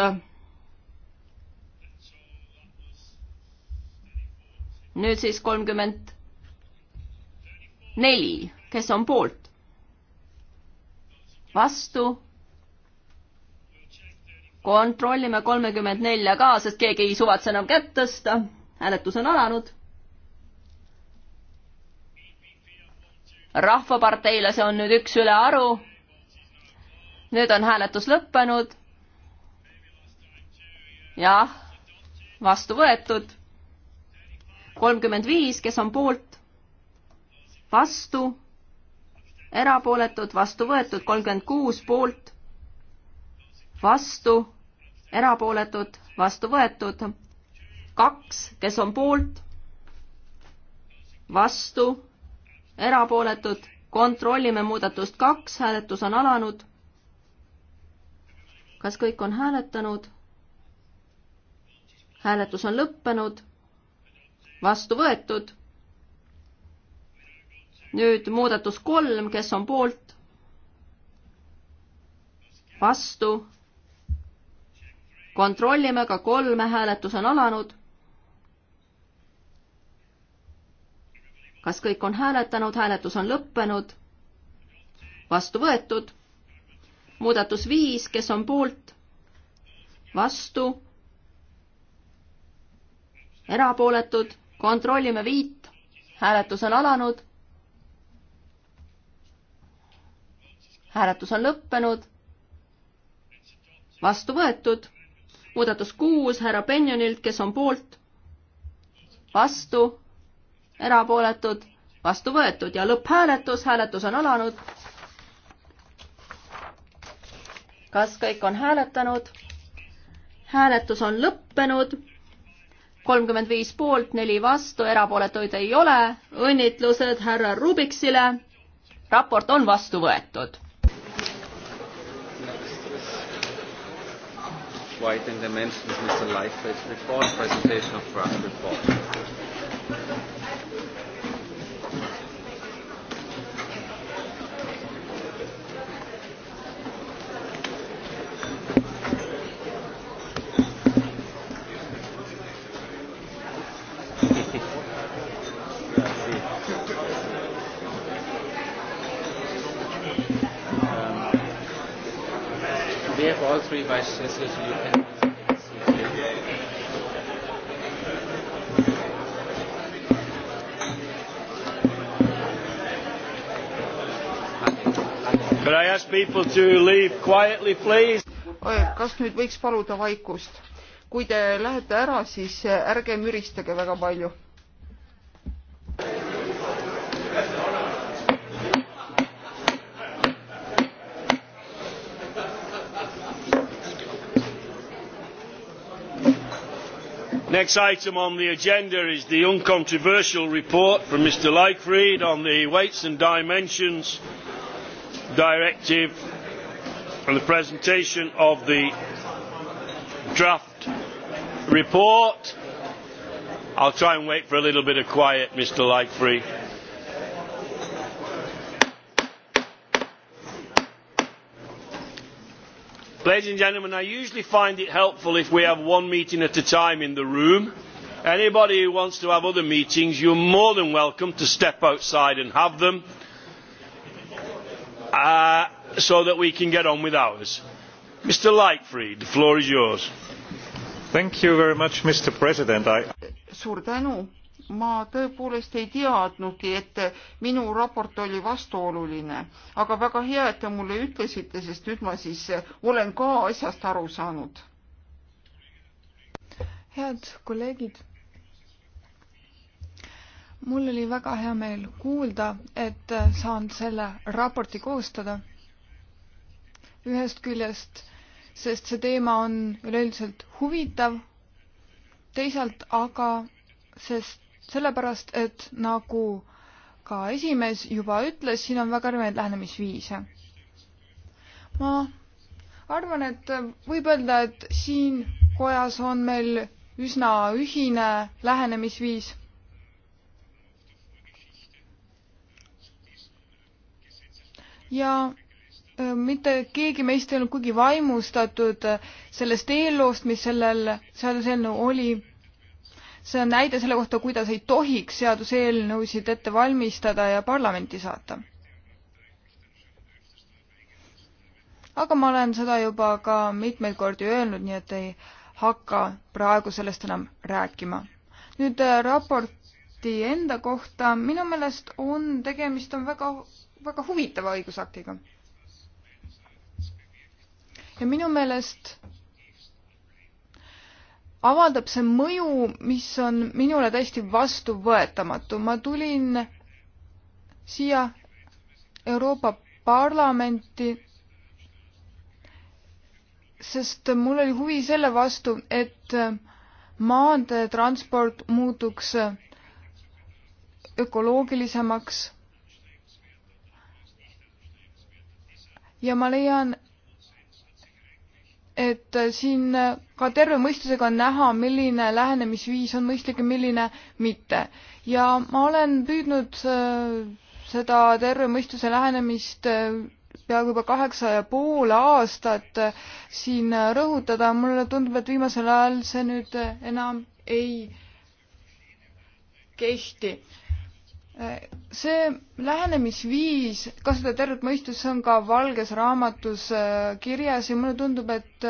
nüüd siis kolmkümmend neli, kes on poolt? vastu. kontrollime kolmekümmend nelja ka, sest keegi ei suvatse enam kätt tõsta. hääletus on alanud. rahvaparteile see on nüüd üks üle aru. nüüd on hääletus lõppenud. jah, vastu võetud. kolmkümmend viis, kes on poolt, vastu erapooletud, vastu võetud, kolmkümmend kuus poolt, vastu, erapooletud, vastu võetud, kaks, kes on poolt, vastu, erapooletud, kontrollime muudatust kaks, hääletus on alanud. kas kõik on hääletanud? hääletus on lõppenud, vastu võetud nüüd muudatus kolm, kes on poolt? vastu. kontrollime, ka kolme hääletus on alanud. kas kõik on hääletanud, hääletus on lõppenud? vastu võetud. muudatus viis, kes on poolt? vastu. erapooletud, kontrollime viit, hääletus on alanud hääletus on lõppenud. vastu võetud. muudatus kuus härra Benjonilt, kes on poolt, vastu, erapooletud, vastu võetud ja lõpphääletus, hääletus on alanud. kas kõik on hääletanud? hääletus on lõppenud kolmkümmend viis poolt, neli vastu, erapooletuid ei ole. õnnitlused härra Rubiksile. raport on vastu võetud White and amends with Mr. Leifrid's report, presentation of draft report. all three vice chancellors you can. Could I ask people to leave quietly, please? kas nüüd võiks paluda vaikust? kui te lähete ära, siis ärge müristage väga palju next item on the agenda is the uncontroversial report from mr leichtfried on the weights and dimensions directive and the presentation of the draft report. i'll try and wait for a little bit of quiet mr leichtfried. Ladies and gentlemen, I usually find it helpful if we have one meeting at a time in the room. Anybody who wants to have other meetings, you're more than welcome to step outside and have them uh, so that we can get on with ours. Mr. Lightfried, the floor is yours. Thank you very much, Mr. President. I... Suur tänu ma tõepoolest ei teadnudki, et minu raport oli vastuoluline, aga väga hea, et te mulle ütlesite, sest nüüd ma siis olen ka asjast aru saanud. head kolleegid. mul oli väga hea meel kuulda, et saan selle raporti koostada. ühest küljest, sest see teema on üleüldiselt huvitav, teisalt aga sest sellepärast, et nagu ka esimees juba ütles, siin on väga erinevaid lähenemisviise. ma arvan, et võib öelda, et siin kojas on meil üsna ühine lähenemisviis. ja äh, mitte keegi meist ei olnud kuigi vaimustatud sellest eelloost, mis sellel seaduseelnõu oli see on näide selle kohta, kuidas ei tohiks seaduseelnõusid ette valmistada ja parlamenti saata. aga ma olen seda juba ka mitmeid kordi öelnud, nii et ei hakka praegu sellest enam rääkima. nüüd äh, raporti enda kohta, minu meelest on, tegemist on väga, väga huvitava õigusaktiga. ja minu meelest avaldab see mõju, mis on minule täiesti vastuvõetamatu. ma tulin siia Euroopa Parlamenti, sest mul oli huvi selle vastu, et maanteetransport muutuks ökoloogilisemaks. ja ma leian, et äh, siin äh, ka terve mõistusega on näha, milline lähenemisviis on mõistlik ja milline mitte. ja ma olen püüdnud äh, seda terve mõistuse lähenemist peaaegu juba kaheksa ja pool aastat siin rõhutada, mulle tundub, et viimasel ajal see nüüd enam ei kehti see lähenemisviis kasutada tervet mõistust, see on ka Valges Raamatus äh, kirjas ja mulle tundub, et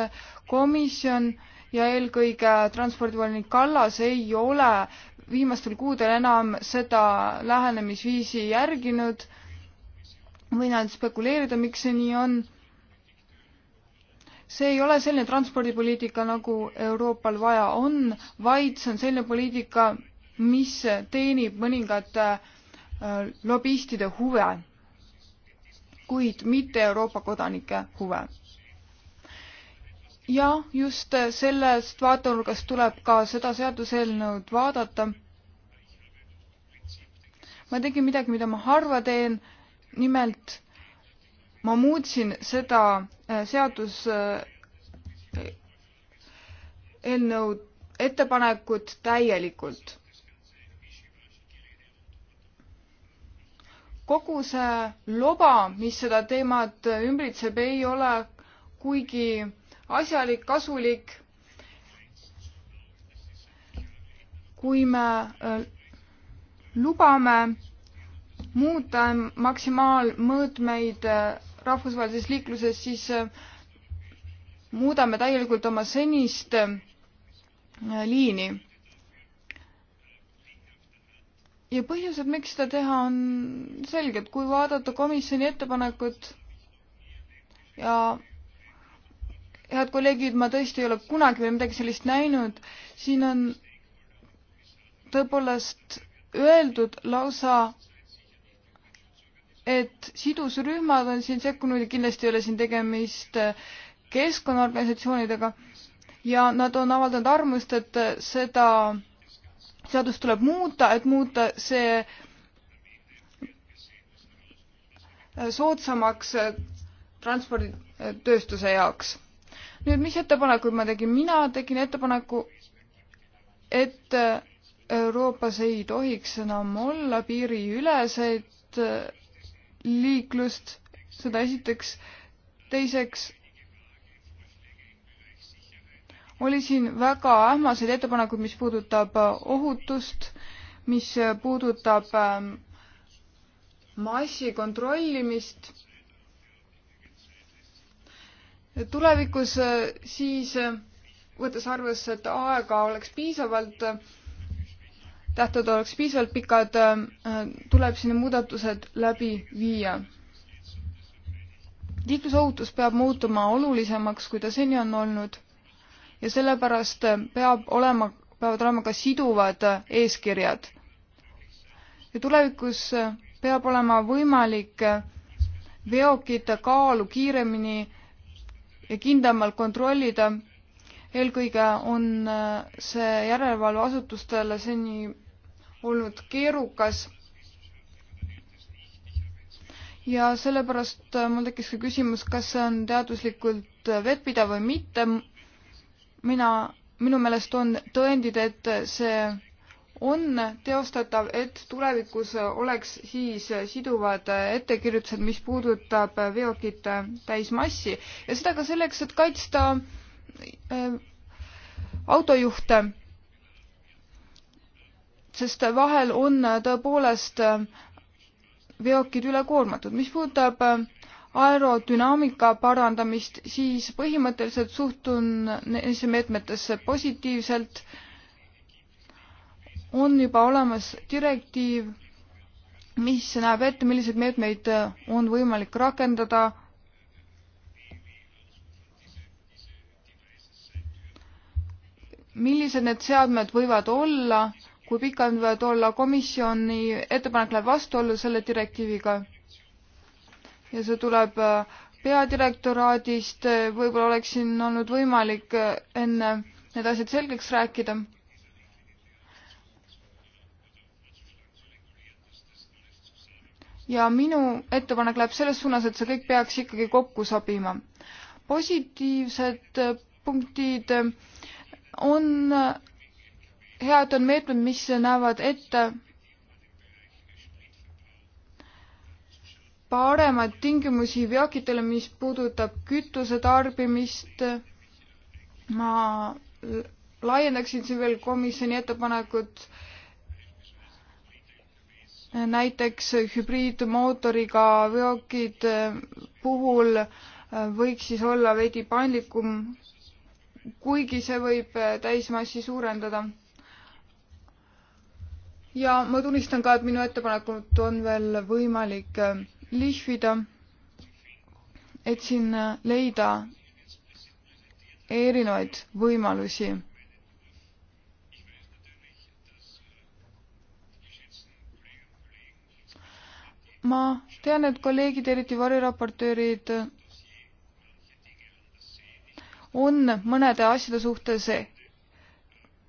komisjon ja eelkõige transpordivolinik Kallas ei ole viimastel kuudel enam seda lähenemisviisi järginud. võin ainult spekuleerida, miks see nii on. see ei ole selline transpordipoliitika, nagu Euroopal vaja on, vaid see on selline poliitika, mis teenib mõningate äh, Äh, lobistide huve, kuid mitte Euroopa kodanike huve. ja just sellest vaatenurgast tuleb ka seda seaduseelnõud vaadata. ma tegin midagi, mida ma harva teen, nimelt ma muutsin seda äh, seadus äh, eelnõu ettepanekut täielikult kogu see loba, mis seda teemat ümbritseb, ei ole kuigi asjalik, kasulik. kui me äh, lubame muuta maksimaalmõõtmeid äh, rahvusvahelises liikluses, siis äh, muudame täielikult oma senist liini ja põhjused, miks seda teha, on selged, kui vaadata komisjoni ettepanekut ja head kolleegid, ma tõesti ei ole kunagi veel midagi sellist näinud, siin on tõepoolest öeldud lausa, et sidusrühmad on siin sekkunud ja kindlasti ei ole siin tegemist keskkonnaorganisatsioonidega ja nad on avaldanud armust, et seda seadust tuleb muuta, et muuta see soodsamaks transporditööstuse jaoks. nüüd, mis ettepanekuid ma tegin? mina tegin ettepaneku, et Euroopas ei tohiks enam olla piiriüleseid liiklust, seda esiteks. teiseks oli siin väga ähmaseid ettepanekuid, mis puudutab äh, ohutust, mis äh, puudutab ähm, massi kontrollimist. tulevikus äh, siis, võttes arvesse, et aega oleks piisavalt, tähtajad oleks piisavalt pikad, tuleb sinna muudatused läbi viia. liiklusohutus peab muutuma olulisemaks, kui ta seni on olnud ja sellepärast peab olema, peavad olema ka siduvad eeskirjad. ja tulevikus peab olema võimalik veokite kaalu kiiremini ja kindlamalt kontrollida. eelkõige on see järelevalveasutustele seni olnud keerukas. ja sellepärast mul tekkis ka küsimus, kas see on teaduslikult vettpidav või mitte mina, minu meelest on tõendid, et see on teostatav, et tulevikus oleks siis siduvad ettekirjutused, mis puudutab veokite täismassi ja seda ka selleks, et kaitsta äh, autojuhte. sest vahel on tõepoolest äh, veokid ülekoormatud. mis puudutab äh, aerodünaamika parandamist, siis põhimõtteliselt suhtun neisse meetmetesse positiivselt. on juba olemas direktiiv, mis näeb ette, milliseid meetmeid on võimalik rakendada. millised need seadmed võivad olla, kui pikad võivad olla, komisjoni ettepanek läheb vastuollu selle direktiiviga ja see tuleb äh, peadirektoraadist, võib-olla oleks siin olnud võimalik äh, enne need asjad selgeks rääkida. ja minu ettepanek läheb selles suunas, et see kõik peaks ikkagi kokku sobima. positiivsed äh, punktid on, head on meetmed, mis näevad ette paremaid tingimusi veokitele, mis puudutab kütuse tarbimist. ma laiendaksin siin veel komisjoni ettepanekut näiteks hübriidmootoriga veokid puhul võiks siis olla veidi paindlikum, kuigi see võib täismassi suurendada. ja ma tunnistan ka, et minu ettepanekut on veel võimalik lihvida, et siin leida erinevaid võimalusi. ma tean, et kolleegid, eriti variraportöörid, on mõnede asjade suhtes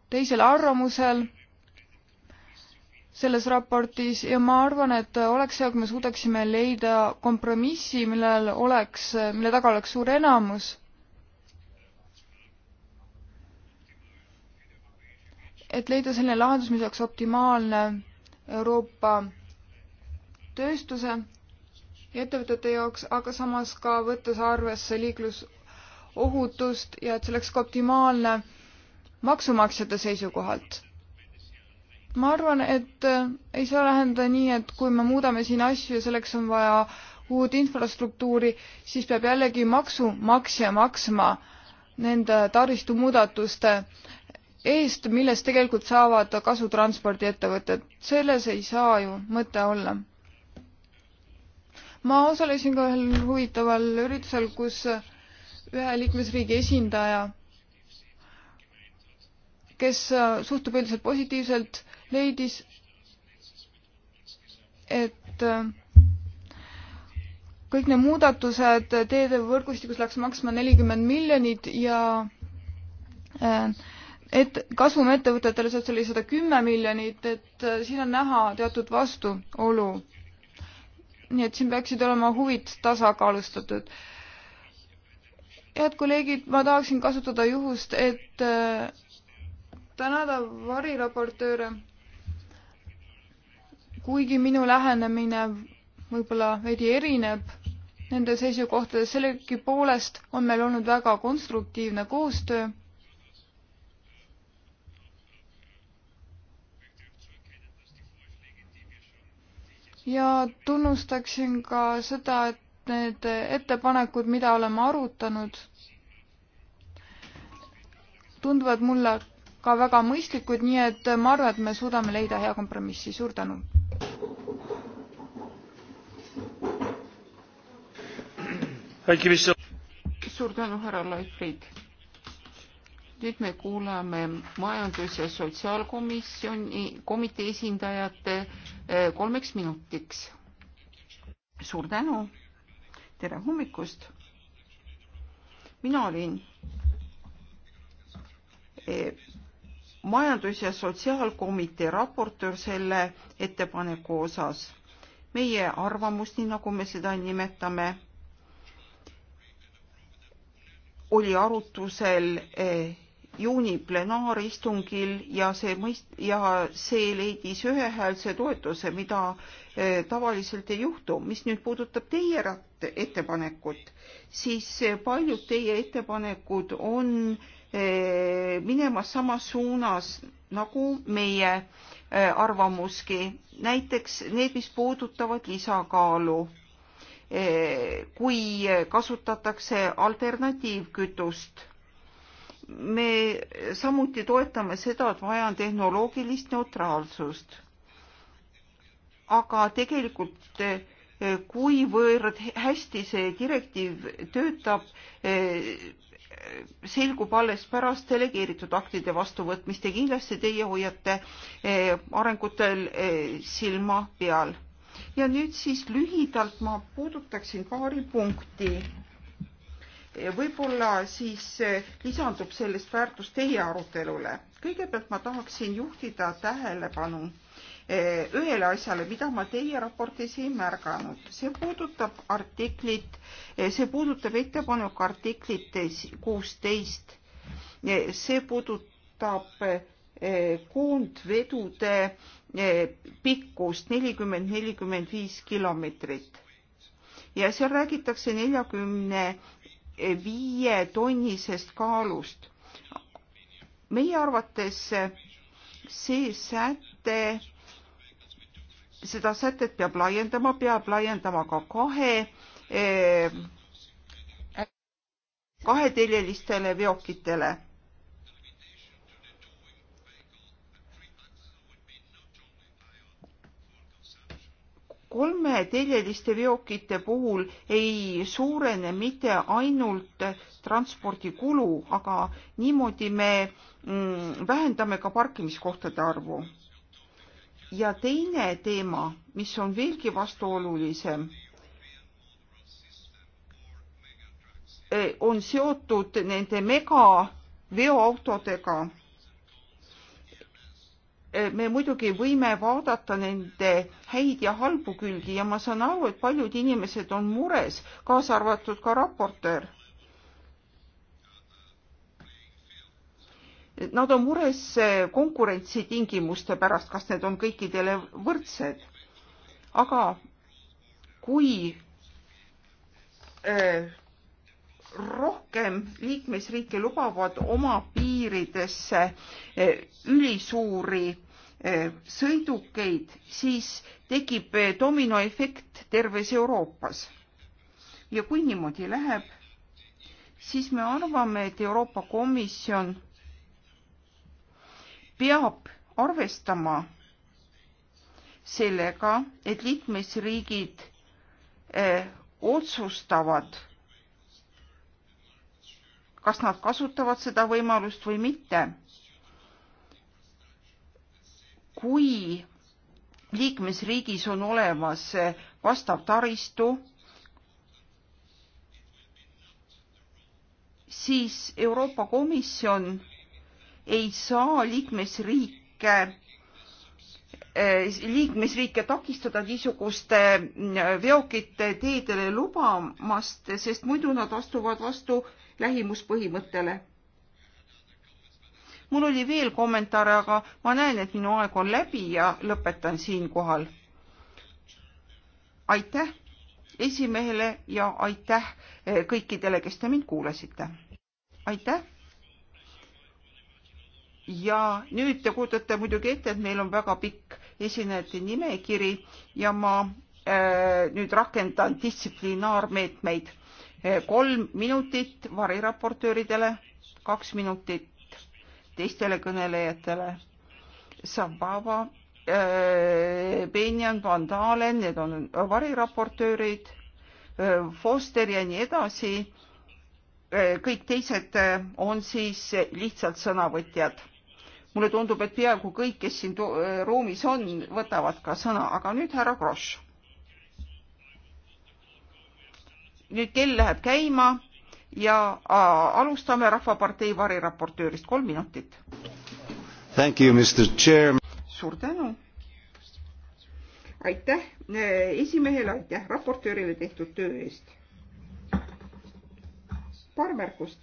teisel arvamusel selles raportis ja ma arvan, et oleks hea, kui me suudaksime leida kompromissi, millel oleks, mille taga oleks suur enamus. et leida selline lahendus, mis oleks optimaalne Euroopa tööstuse ja ettevõtete jaoks, aga samas ka võttes arvesse liiklusohutust ja et see oleks ka optimaalne maksumaksjate seisukohalt ma arvan, et äh, ei saa läheneda nii, et kui me muudame siin asju ja selleks on vaja uut infrastruktuuri, siis peab jällegi maksumaksja maksma nende taristumuudatuste eest, millest tegelikult saavad kasu transpordiettevõtted. selles ei saa ju mõte olla. ma osalesin ka ühel huvitaval üritusel, kus ühe liikmesriigi esindaja, kes äh, suhtub üldiselt positiivselt leidis, et äh, kõik need muudatused teedevõrgustikus läks maksma nelikümmend miljonit ja äh, et kasvum ettevõtetele sealt oli sada kümme miljonit, et äh, siin on näha teatud vastuolu. nii et siin peaksid olema huvid tasakaalustatud. head kolleegid, ma tahaksin kasutada juhust, et tänada variraportööre kuigi minu lähenemine võib-olla veidi erineb nende seisukohtades, sellegipoolest on meil olnud väga konstruktiivne koostöö. ja tunnustaksin ka seda, et need ettepanekud, mida oleme arutanud, tunduvad mulle ka väga mõistlikud, nii et ma arvan, et me suudame leida hea kompromissi. suur tänu! suur tänu, härra Leifrid. nüüd me kuulame majandus- ja sotsiaalkomisjoni, komitee esindajate eh, kolmeks minutiks. suur tänu. tere hommikust. mina olin eh, majandus- ja sotsiaalkomitee raportöör selle ettepaneku osas. meie arvamus, nii nagu me seda nimetame oli arutusel eh, juuni plenaaristungil ja see mõist- ja see leidis ühehäälse toetuse, mida eh, tavaliselt ei juhtu. mis nüüd puudutab teie ettepanekut, siis eh, paljud teie ettepanekud on minemas samas suunas nagu meie arvamuski, näiteks need, mis puudutavad lisakaalu kui kasutatakse alternatiivkütust. me samuti toetame seda, et vaja on tehnoloogilist neutraalsust. aga tegelikult kuivõrd hästi see direktiiv töötab, selgub alles pärast delegeeritud aktide vastuvõtmist ja kindlasti teie hoiate arengutel silma peal ja nüüd siis lühidalt ma puudutaksin paari punkti. võib-olla siis eh, lisandub sellest väärtust teie arutelule. kõigepealt ma tahaksin juhtida tähelepanu eh, ühele asjale, mida ma teie raportis ei märganud. see puudutab artiklit, eh, see puudutab ettepaneku artiklit kuusteist. see puudutab koondvedude Eh, pikkust nelikümmend, nelikümmend viis kilomeetrit ja seal räägitakse neljakümne viie tonnisest kaalust. meie arvates see säte, seda sätet peab laiendama, peab laiendama ka kahe eh, kaheteljelistele veokitele kolmeteljeliste veokite puhul ei suurene mitte ainult transpordikulu, aga niimoodi me mm, vähendame ka parkimiskohtade arvu. ja teine teema, mis on veelgi vastuolulisem, eh, on seotud nende megaveoautodega me muidugi võime vaadata nende häid ja halbu külgi ja ma saan aru, et paljud inimesed on mures, kaasa arvatud ka raportöör. Nad on mures konkurentsitingimuste pärast, kas need on kõikidele võrdsed. aga kui äh, rohkem liikmesriike lubavad oma piiridesse äh, ülisuuri Eh, sõidukeid, siis tekib eh, dominoefekt terves Euroopas. ja kui niimoodi läheb, siis me arvame, et Euroopa Komisjon peab arvestama sellega, et liikmesriigid eh, otsustavad, kas nad kasutavad seda võimalust või mitte kui liikmesriigis on olemas eh, vastav taristu, siis Euroopa Komisjon ei saa liikmesriike eh, liikmesriike takistada niisuguste eh, veokite teedele lubamast, sest muidu nad astuvad vastu lähimuspõhimõttele mul oli veel kommentaare, aga ma näen, et minu aeg on läbi ja lõpetan siinkohal. aitäh esimehele ja aitäh eh, kõikidele, kes te mind kuulasite. aitäh. ja nüüd te kujutate muidugi ette, et meil on väga pikk esinejate nimekiri ja ma äh, nüüd rakendan distsiplinaarmeetmeid. Eh, kolm minutit variraportööridele, kaks minutit teistele kõnelejatele. Sabava, äh, Benjan, Van Dalen, need on variraportöörid, äh, Foster ja nii edasi. Äh, kõik teised on siis lihtsalt sõnavõtjad mulle tundub, et peaaegu kõik, kes siin ruumis on, võtavad ka sõna, aga nüüd härra Grosch. nüüd kell läheb käima, ja äh, alustame Rahvapartei variraportöörist, kolm minutit. suur tänu. aitäh äh, esimehele, aitäh raportöörile tehtud töö eest. paar märkust.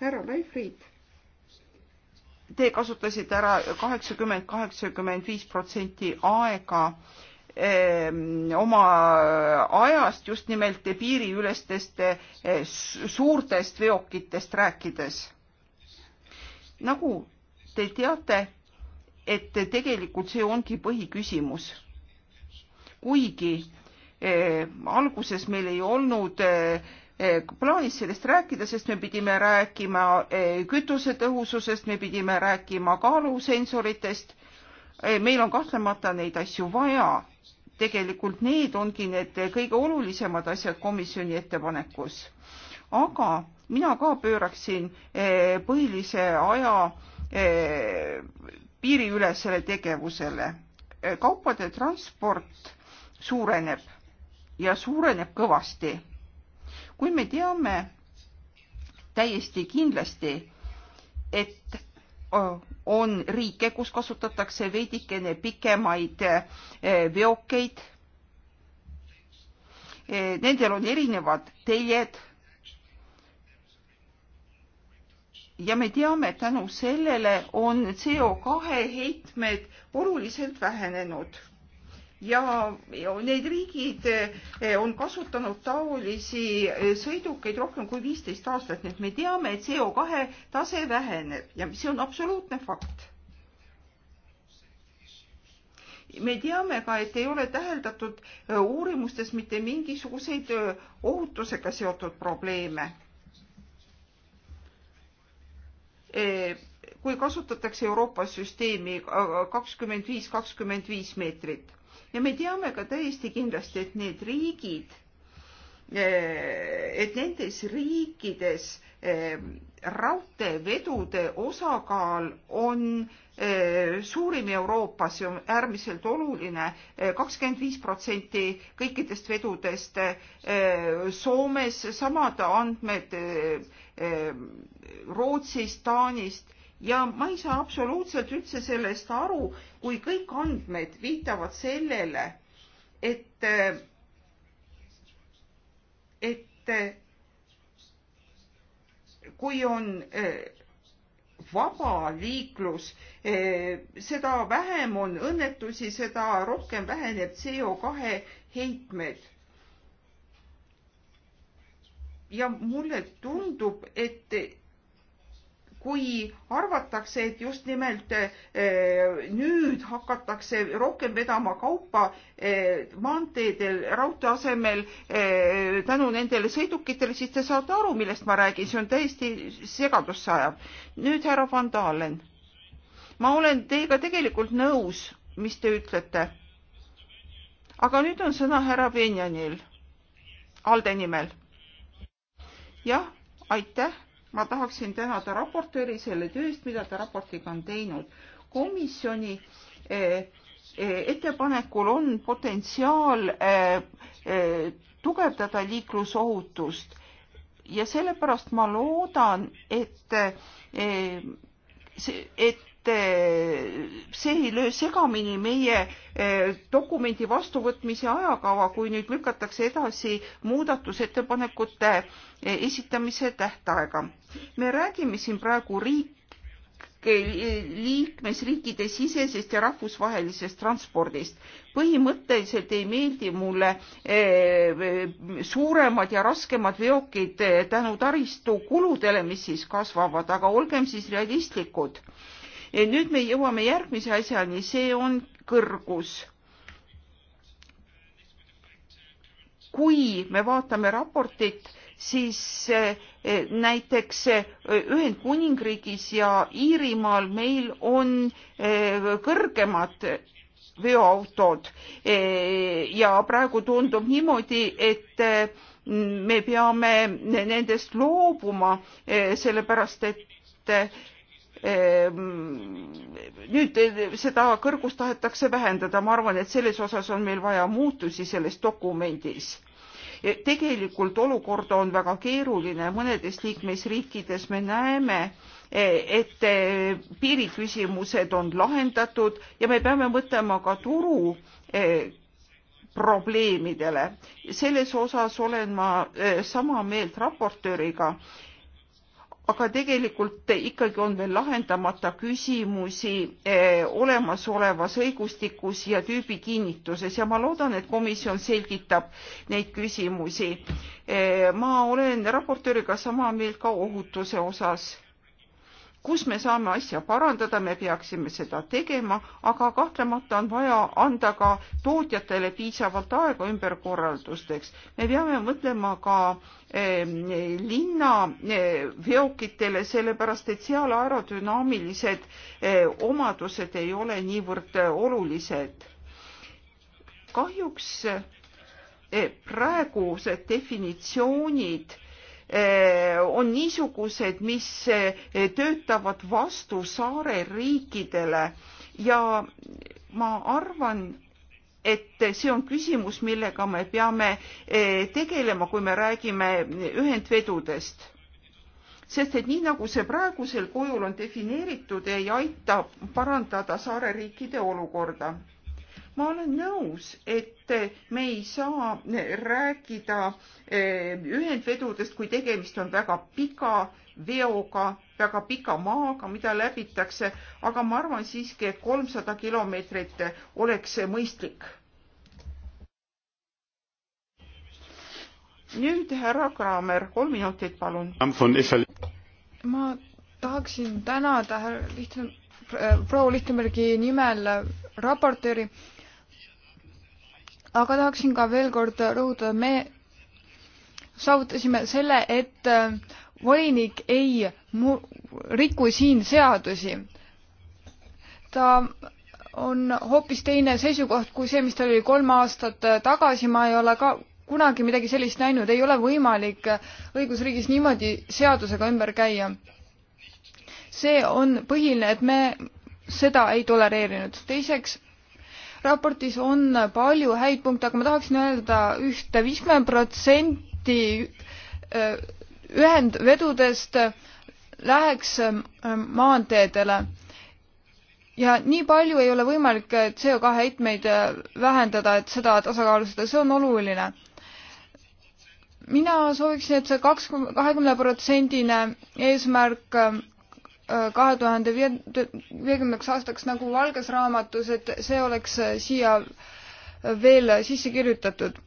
härra Leifrid, te kasutasite ära kaheksakümmend, kaheksakümmend viis protsenti aega Ehm, oma ajast just nimelt piiriülestest eh, suurtest veokitest rääkides. nagu te teate, et tegelikult see ongi põhiküsimus. kuigi eh, alguses meil ei olnud eh, eh plaanis sellest rääkida, sest me pidime rääkima eh, kütusetõhususest, me pidime rääkima kaalusensoritest. Eh, meil on kahtlemata neid asju vaja tegelikult need ongi need kõige olulisemad asjad komisjoni ettepanekus. aga mina ka pööraksin eh, põhilise aja eh, piiriülesele tegevusele. Eh, kaupade transport suureneb ja suureneb kõvasti. kui me teame täiesti kindlasti, et oh, on riike, kus kasutatakse veidikene pikemaid eh, veokeid. Eh, nendel on erinevad teljed. ja me teame, et tänu sellele on CO2 heitmed oluliselt vähenenud ja need riigid eh, on kasutanud taolisi eh, sõidukeid rohkem kui viisteist aastat, nii et me teame, et CO kahe tase väheneb ja see on absoluutne fakt. me teame ka, et ei ole täheldatud eh, uurimustes mitte mingisuguseid ohutusega seotud probleeme kui kasutatakse Euroopas süsteemi kakskümmend viis, kakskümmend viis meetrit ja me teame ka täiesti kindlasti, et need riigid, eh, et nendes riikides eh, raudteevedude osakaal on eh, suurim Euroopas ja äärmiselt oluline, kakskümmend viis protsenti kõikidest vedudest. Soomes samad andmed, Rootsis, Taanist ja ma ei saa absoluutselt üldse sellest aru, kui kõik andmed viitavad sellele, et, et kui on vaba liiklus, seda vähem on õnnetusi, seda rohkem väheneb CO kahe heitmed ja mulle tundub, et kui arvatakse, et just nimelt eh, nüüd hakatakse rohkem vedama kaupa eh, maanteedel raudtee asemel eh, tänu nendele sõidukitele, siis te saate aru, millest ma räägin, see on täiesti segadusse ajav. nüüd härra Van Dalen, ma olen teiega tegelikult nõus, mis te ütlete. aga nüüd on sõna härra Benjanil, Alde nimel. jah, aitäh ma tahaksin tänada raportööri selle tööst, mida ta raportiga on teinud. komisjoni eh, eh, ettepanekul on potentsiaal eh, tugevdada liiklusohutust ja sellepärast ma loodan, et et see ei löö segamini meie dokumendi vastuvõtmise ajakava, kui nüüd lükatakse edasi muudatusettepanekute esitamise tähtaega me räägime siin praegu riik, liikmesriikide sisesest ja rahvusvahelisest transpordist. põhimõtteliselt ei meeldi mulle eh, suuremad ja raskemad veokid eh, tänu taristu kuludele, mis siis kasvavad, aga olgem siis realistlikud. nüüd me jõuame järgmise asjani, see on kõrgus. kui me vaatame raportit siis eh, eh, näiteks eh, Ühendkuningriigis ja Iirimaal meil on kõrgemad veoautod ja praegu tundub niimoodi, et me peame nendest loobuma, sellepärast et nüüd seda kõrgust tahetakse vähendada, ma arvan, et selles osas on meil vaja muutusi selles dokumendis tegelikult olukord on väga keeruline, mõnedes liikmesriikides me näeme, et piiriküsimused on lahendatud ja me peame mõtlema ka turu eh, probleemidele. selles osas olen ma eh, sama meelt raportööriga aga tegelikult ikkagi on veel lahendamata küsimusi eh, olemasolevas õigustikus ja tüübikinnituses ja ma loodan, et komisjon selgitab neid küsimusi. Eh, ma olen raportööriga sama meelt ka ohutuse osas kus me saame asja parandada, me peaksime seda tegema, aga kahtlemata on vaja anda ka tootjatele piisavalt aega ümberkorraldusteks. me peame mõtlema ka eh, linnaveokitele eh,, sellepärast et seal aerodünaamilised eh, omadused ei ole niivõrd olulised. kahjuks eh, praegused definitsioonid eh, on niisugused, mis eh, töötavad vastu saareriikidele ja ma arvan, et see on küsimus, millega me peame eh, tegelema, kui me räägime ühendvedudest. sest et nii nagu see praegusel kujul on defineeritud, ei aita parandada saareriikide olukorda ma olen nõus, et me ei saa rääkida eh, ühendvedudest, kui tegemist on väga pika veoga, väga pika maaga, mida läbitakse, aga ma arvan siiski, et kolmsada kilomeetrit oleks mõistlik. nüüd härra Kraamer, kolm minutit, palun. ma tahaksin tänada härra Lihtne proua Lichtenbergi nimel raportööri aga tahaksin ka veel kord rõhutada, me saavutasime selle, et äh, volinik ei mu-, riku siin seadusi. ta on hoopis teine seisukoht kui see, mis tal oli kolm aastat äh, tagasi, ma ei ole ka kunagi midagi sellist näinud, ei ole võimalik äh, õigusriigis niimoodi seadusega ümber käia. see on põhiline, et me seda ei tolereerinud. teiseks, raportis on palju häid punkte, aga ma tahaksin öelda ühte, viiskümmend protsenti äh, ühendvedudest läheks äh, maanteedele ja nii palju ei ole võimalik CO2 heitmeid äh, vähendada, et seda tasakaalustada, see on oluline. mina sooviksin, et see kakskümmend, kahekümne protsendine eesmärk kahe tuhande viiekümneks aastaks nagu valges raamatus, et see oleks siia veel sisse kirjutatud.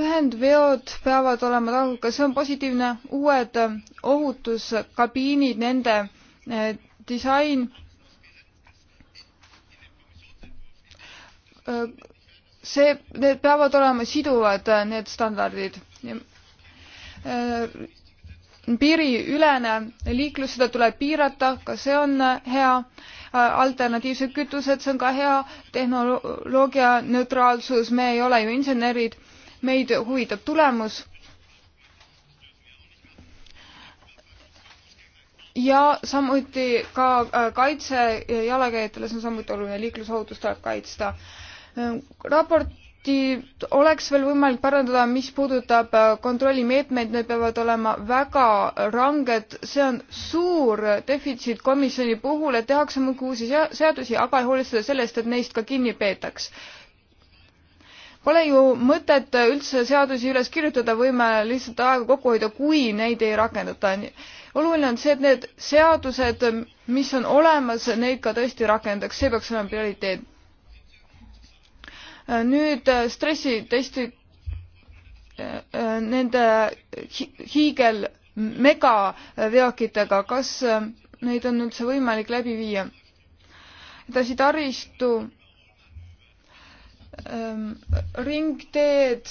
ühendveod peavad olema tagatud, kas see on positiivne, uued ohutuskabiinid, nende eh, disain. Eh, see, need peavad olema siduvad, eh, need standardid piiriülene liiklus, seda tuleb piirata, ka see on äh, hea. Äh, alternatiivsed kütused, see on ka hea. tehnoloogia neutraalsus, me ei ole ju insenerid, meid huvitab tulemus. ja samuti ka äh, kaitse jalakäijatele, see on samuti oluline, liiklusohutust tuleb kaitsta. raport samuti oleks veel võimalik parandada, mis puudutab äh, kontrollimeetmeid, need peavad olema väga ranged, see on suur defitsiit komisjoni puhul, et tehakse muudkui uusi seadusi, aga ei hoolitseda sellest, et neist ka kinni peetaks. Pole ju mõtet üldse seadusi üles kirjutada, võime lihtsalt aega kokku hoida, kui neid ei rakendata. oluline on see, et need seadused, mis on olemas, neid ka tõesti rakendaks, see peaks olema prioriteet nüüd äh, stressitestid, äh, äh, nende hiigel megaveokitega, kas neid on üldse võimalik läbi viia? edasi taristu, ähm, ringteed,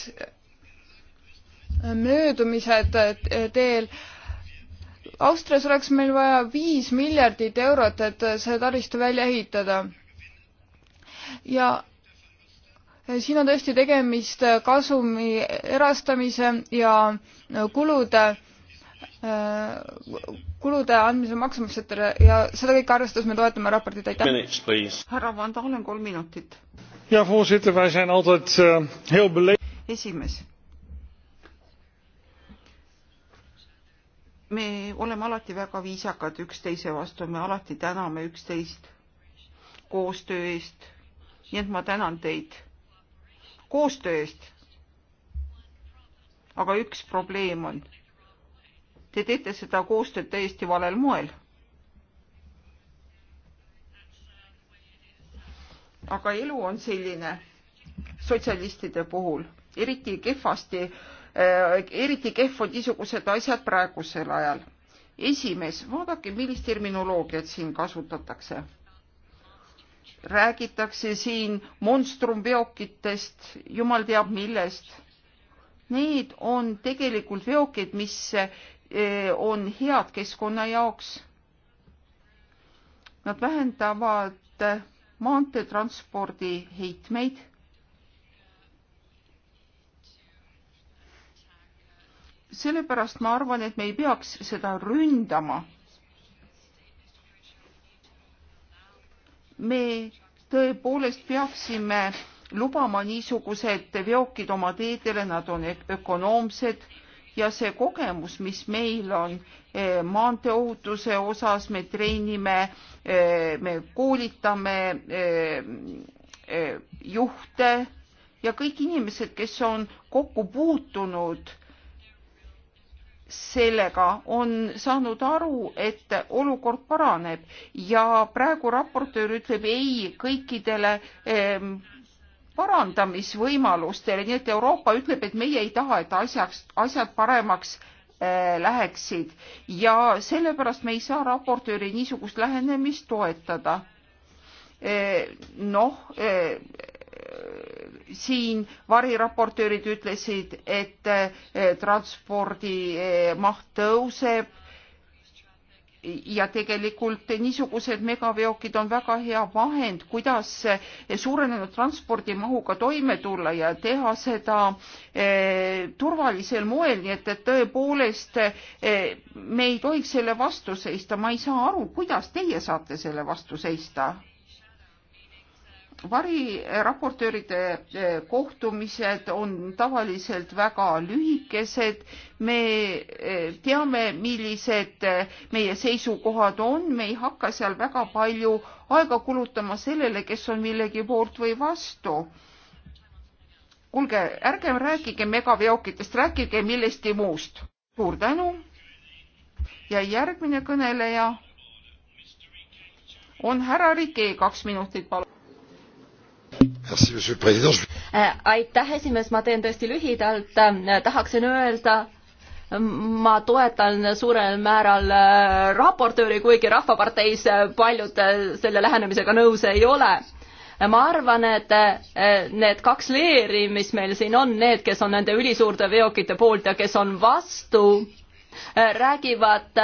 möödumised teel. Austrias oleks meil vaja viis miljardit eurot, et see taristu välja ehitada. ja siin on tõesti tegemist kasumi erastamise ja äh, kulude äh, kulude andmise maksumaksjatele ja seda kõike arvestades me toetame raportit, aitäh. härra Van Dalen, kolm minutit. ja, voorzitter, wij zijn altijd uh, heel bele-. esimees. me oleme alati väga viisakad üksteise vastu, me alati täname üksteist koostöö eest. nii et ma tänan teid koostöö eest. aga üks probleem on, te teete seda koostööd täiesti valel moel. aga elu on selline sotsialistide puhul eriti kehvasti, äh, eriti kehv on niisugused asjad praegusel ajal. esimees, vaadake, millist terminoloogiat siin kasutatakse räägitakse siin monstrumveokitest, jumal teab millest. Need on tegelikult veokid, mis eh, on head keskkonna jaoks. Nad vähendavad maanteetranspordi heitmeid. sellepärast ma arvan, et me ei peaks seda ründama me tõepoolest peaksime lubama niisugused veokid oma teedele, nad on e- ökonoomsed ja see kogemus, mis meil on e, maanteeohutuse osas, me treenime, e, me koolitame juhte ja kõik inimesed, kes on kokku puutunud sellega on saanud aru, et olukord paraneb ja praegu raportöör ütleb ei kõikidele ehm, parandamisvõimalustele, nii et Euroopa ütleb, et meie ei taha, et asjaks, asjad paremaks eh, läheksid ja sellepärast me ei saa raportööri niisugust lähenemist toetada eh,. noh eh,, siin variraportöörid ütlesid, et eh, transpordi eh, maht tõuseb ja tegelikult niisugused megaveokid on väga hea vahend, kuidas eh, suurenenud transpordimahuga toime tulla ja teha seda turvalisel moel, nii et, et tõepoolest me ei tohiks selle vastu seista. ma ei saa aru, kuidas teie saate selle vastu seista? variraportööride eh, kohtumised on tavaliselt väga lühikesed. me eh, teame, millised eh, meie seisukohad on, me ei hakka seal väga palju aega kulutama sellele, kes on millegi poolt või vastu kuulge, ärgem rääkige megaveokitest, rääkige millestki muust. suur tänu. ja järgmine kõneleja on härra Rike, kaks minutit palun. Äh, aitäh, esimees, ma teen tõesti lühidalt, äh, tahaksin öelda ma toetan suurel määral äh, raportööri, kuigi Rahvaparteis paljud selle lähenemisega nõus ei ole. ma arvan, et need kaks leeri, mis meil siin on, need, kes on nende ülisuurte veokite poolt ja kes on vastu, räägivad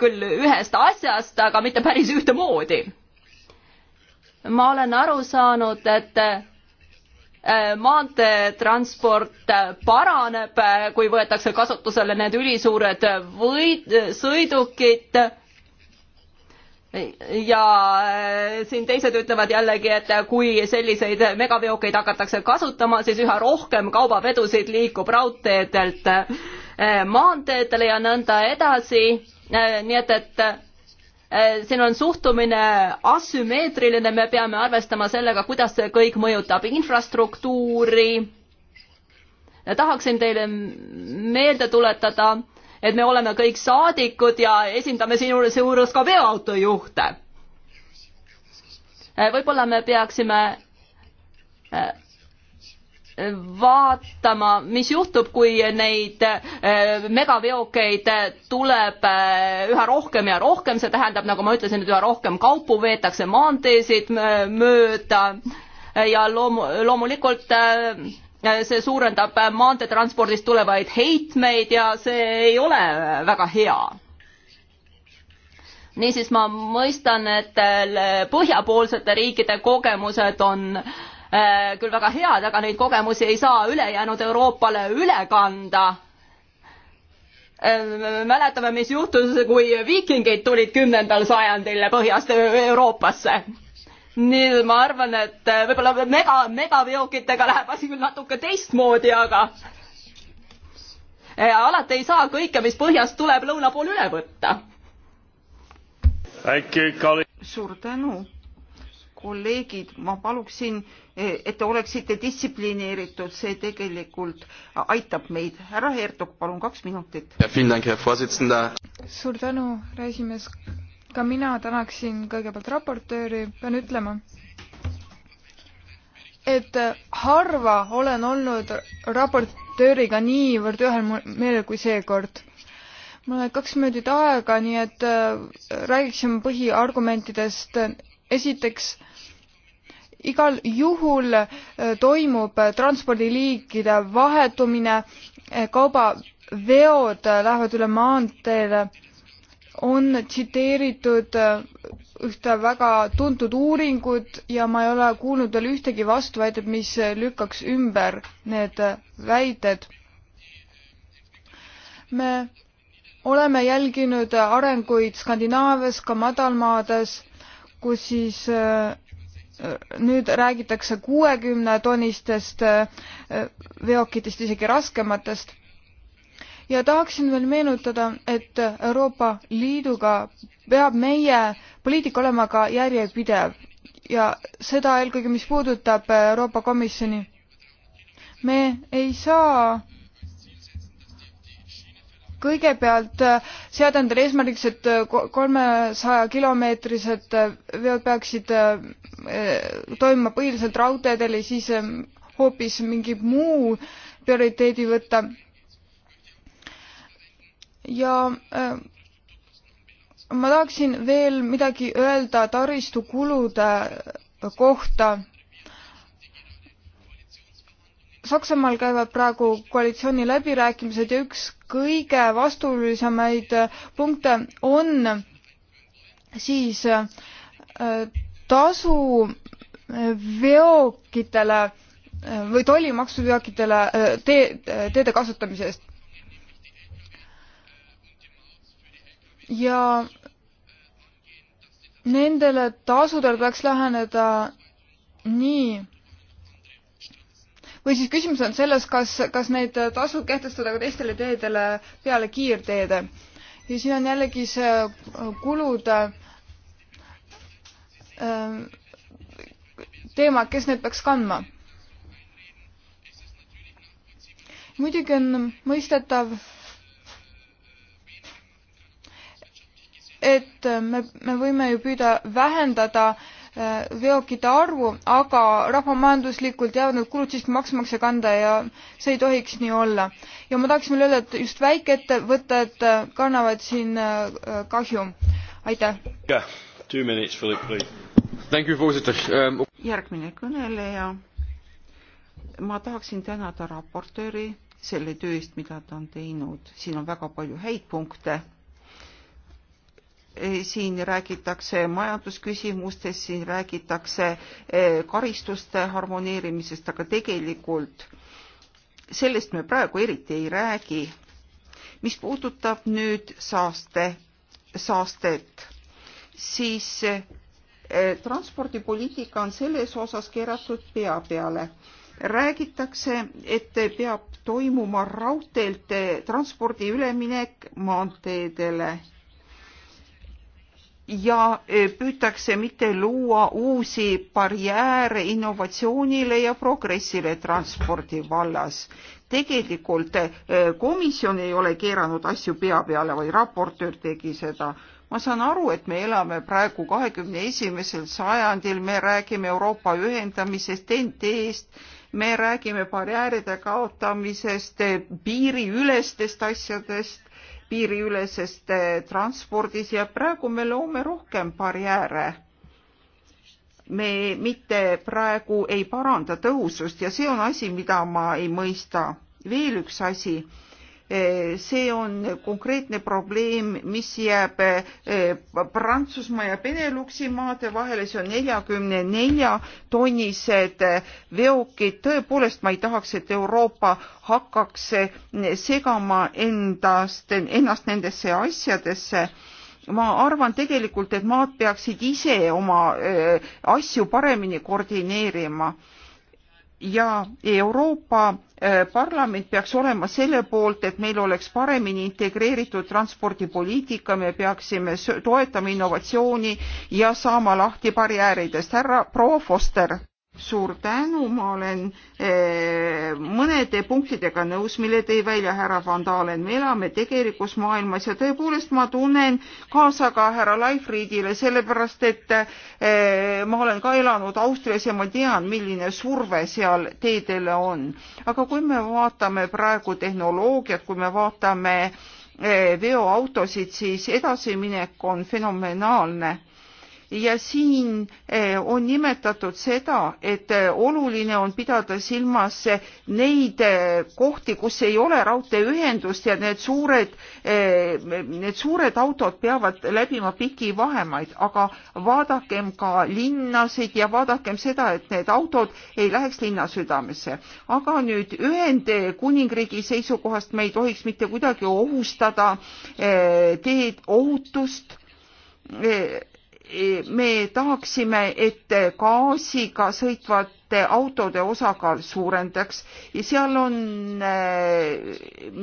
küll ühest asjast, aga mitte päris ühtemoodi ma olen aru saanud, et äh, maanteetransport paraneb, äh, kui võetakse kasutusele need ülisuured või sõidukid ja äh, siin teised ütlevad jällegi, et kui selliseid megaveokeid hakatakse kasutama, siis üha rohkem kaubavedusid liikub raudteedelt maanteedele ja nõnda edasi. nii et, et Äh, siin on suhtumine asümmeetriline, me peame arvestama sellega, kuidas see kõik mõjutab infrastruktuuri. tahaksin teile meelde tuletada, et me oleme kõik saadikud ja esindame siinjuures juures ka veoautojuhte. Äh, võib-olla me peaksime äh, vaatama, mis juhtub, kui neid eh, megaveokeid tuleb eh, üha rohkem ja rohkem, see tähendab, nagu ma ütlesin, et üha rohkem kaupu veetakse maanteesid mööda ja loomu-, loomulikult eh, see suurendab maanteetranspordist tulevaid heitmeid ja see ei ole väga hea niisiis ma mõistan, et põhjapoolsete riikide kogemused on äh, Äh, küll väga head, aga neid kogemusi ei saa ülejäänud Euroopale üle kanda. Äh, mäletame, mis juhtus, kui viikingid tulid kümnendal sajandil põhjast Euroopasse nii ma arvan, et äh, võib-olla mega, megaveokitega läheb asi küll natuke teistmoodi, aga ja alati ei saa kõike, mis põhjast tuleb, lõuna pool üle võtta. suur tänu, kolleegid, ma paluksin et te oleksite distsiplineeritud, see tegelikult aitab meid. härra Hertog, palun kaks minutit. suur tänu, härra esimees. ka mina tänaksin kõigepealt raportööri, pean ütlema, et harva olen olnud raportööriga niivõrd ühel meelel kui seekord mul on kaks minutit aega, nii et äh, räägiksime põhiargumentidest. esiteks, igal juhul äh, toimub äh, transpordiliikide vahetumine, äh, kaubaveod lähevad üle maanteele. on tsiteeritud ühte väga tuntud uuringut ja ma ei ole kuulnud veel ühtegi vastuväidet, mis lükkaks ümber need väited. me oleme jälginud arenguid Skandinaavias, ka madalmaades, kus siis äh, nüüd räägitakse kuuekümne tonnistest äh, veokitest, isegi raskematest. ja tahaksin veel meenutada, et Euroopa Liiduga peab meie poliitika olema ka järjepidev ja seda eelkõige, mis puudutab Euroopa Komisjoni. me ei saa kõigepealt äh, seada endale eesmärgiks, et äh, kolmesaja kilomeetrised äh, veod peaksid toimuma põhiliselt raudteedel ja siis ähm, hoopis mingi muu prioriteedi võtta. ja ma tahaksin veel midagi öelda taristukulude kohta Saksamaal käivad praegu koalitsiooniläbirääkimised ja üks kõige vastuolulisemaid punkte on siis äh, tasu äh, veokitele äh, või tollimaksu veokitele tee, teede kasutamise eest. ja nendele tasudele tuleks läheneda nii või siis küsimus on selles, kas, kas neid tasub kehtestada ka teistele teedele peale kiirteede. ja siin on jällegi see äh, kulude äh, teema, kes need peaks kandma muidugi on mõistetav, et me, me võime ju püüda vähendada äh, Äh, veokite arvu, aga rahvamajanduslikult jäävad need kulud siiski maksumaksja kanda ja see ei tohiks nii olla. ja ma tahaksin veel öelda, et just väikeettevõtted äh, kannavad siin äh, kahju. aitäh. Um, järgmine kõneleja. ma tahaksin tänada raportööri selle töö eest, mida ta on teinud. siin on väga palju häid punkte siin räägitakse majandusküsimustest, siin räägitakse eh, karistuste harmoneerimisest, aga tegelikult sellest me praegu eriti ei räägi. mis puudutab nüüd saaste, saastet, siis eh, transpordipoliitika on selles osas keeratud pea peale räägitakse, et peab toimuma raudteelt eh, transpordi üleminek maanteedele ja e, püütakse mitte luua uusi barjääre innovatsioonile ja progressile transpordi vallas. tegelikult e, komisjon ei ole keeranud asju pea peale, vaid raportöör tegi seda. ma saan aru, et me elame praegu kahekümne esimesel sajandil, me räägime Euroopa ühendamisest, NT-st, me räägime barjääride kaotamisest, e, piiriülestest asjadest piiriülesest eh, transpordis ja praegu me loome rohkem barjääre. me mitte praegu ei paranda tõhusust ja see on asi, mida ma ei mõista. veel üks asi Eh, see on konkreetne probleem, mis jääb eh, Prantsusmaa ja Beneluxi maade vahele, see on neljakümne nelja tonnised eh, veokid. tõepoolest, ma ei tahaks, et Euroopa hakkaks segama endast, ennast nendesse asjadesse ma arvan tegelikult, et maad peaksid ise oma asju paremini koordineerima ja Euroopa eh, Parlament peaks olema selle poolt, et meil oleks paremini integreeritud transpordipoliitika, me peaksime toetama innovatsiooni ja saama lahti barjääridest. härra proua Foster suur tänu, ma olen eh, mõnede punktidega nõus, mille tõi välja härra Van Dalen, me elame tegelikus maailmas ja tõepoolest ma tunnen kaasa ka härra Leifridile, sellepärast et eh, ma olen ka elanud Austrias ja ma tean, milline surve seal teedele on. aga kui me vaatame praegu tehnoloogiat, kui me vaatame eh, veoautosid, siis edasiminek on fenomenaalne ja siin eh, on nimetatud seda, et eh, oluline on pidada silmas eh, neid kohti, kus ei ole raudteeühendust ja need suured, need suured autod peavad läbima pikki vahemaid, aga vaadakem ka linnasid ja vaadakem seda, et need autod ei läheks linna südamesse. aga nüüd Ühendkuningriigi seisukohast me ei tohiks mitte kuidagi ohustada teed ohutust me tahaksime, et gaasiga sõitvate autode osakaal suurendaks ja seal on,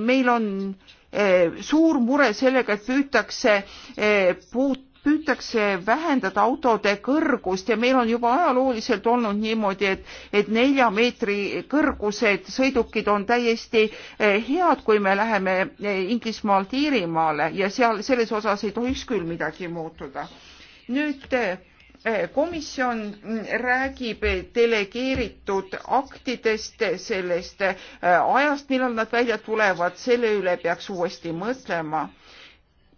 meil on eh, suur mure sellega, et püütakse eh, puut-, püütakse vähendada autode kõrgust ja meil on juba ajalooliselt olnud niimoodi, et, et nelja meetri kõrgused sõidukid on täiesti eh, head, kui me läheme Inglismaalt Iirimaale ja seal selles osas ei tohiks küll midagi muutuda nüüd eh, komisjon mm, räägib delegeeritud aktidest, sellest eh, ajast, millal nad välja tulevad, selle üle peaks uuesti mõtlema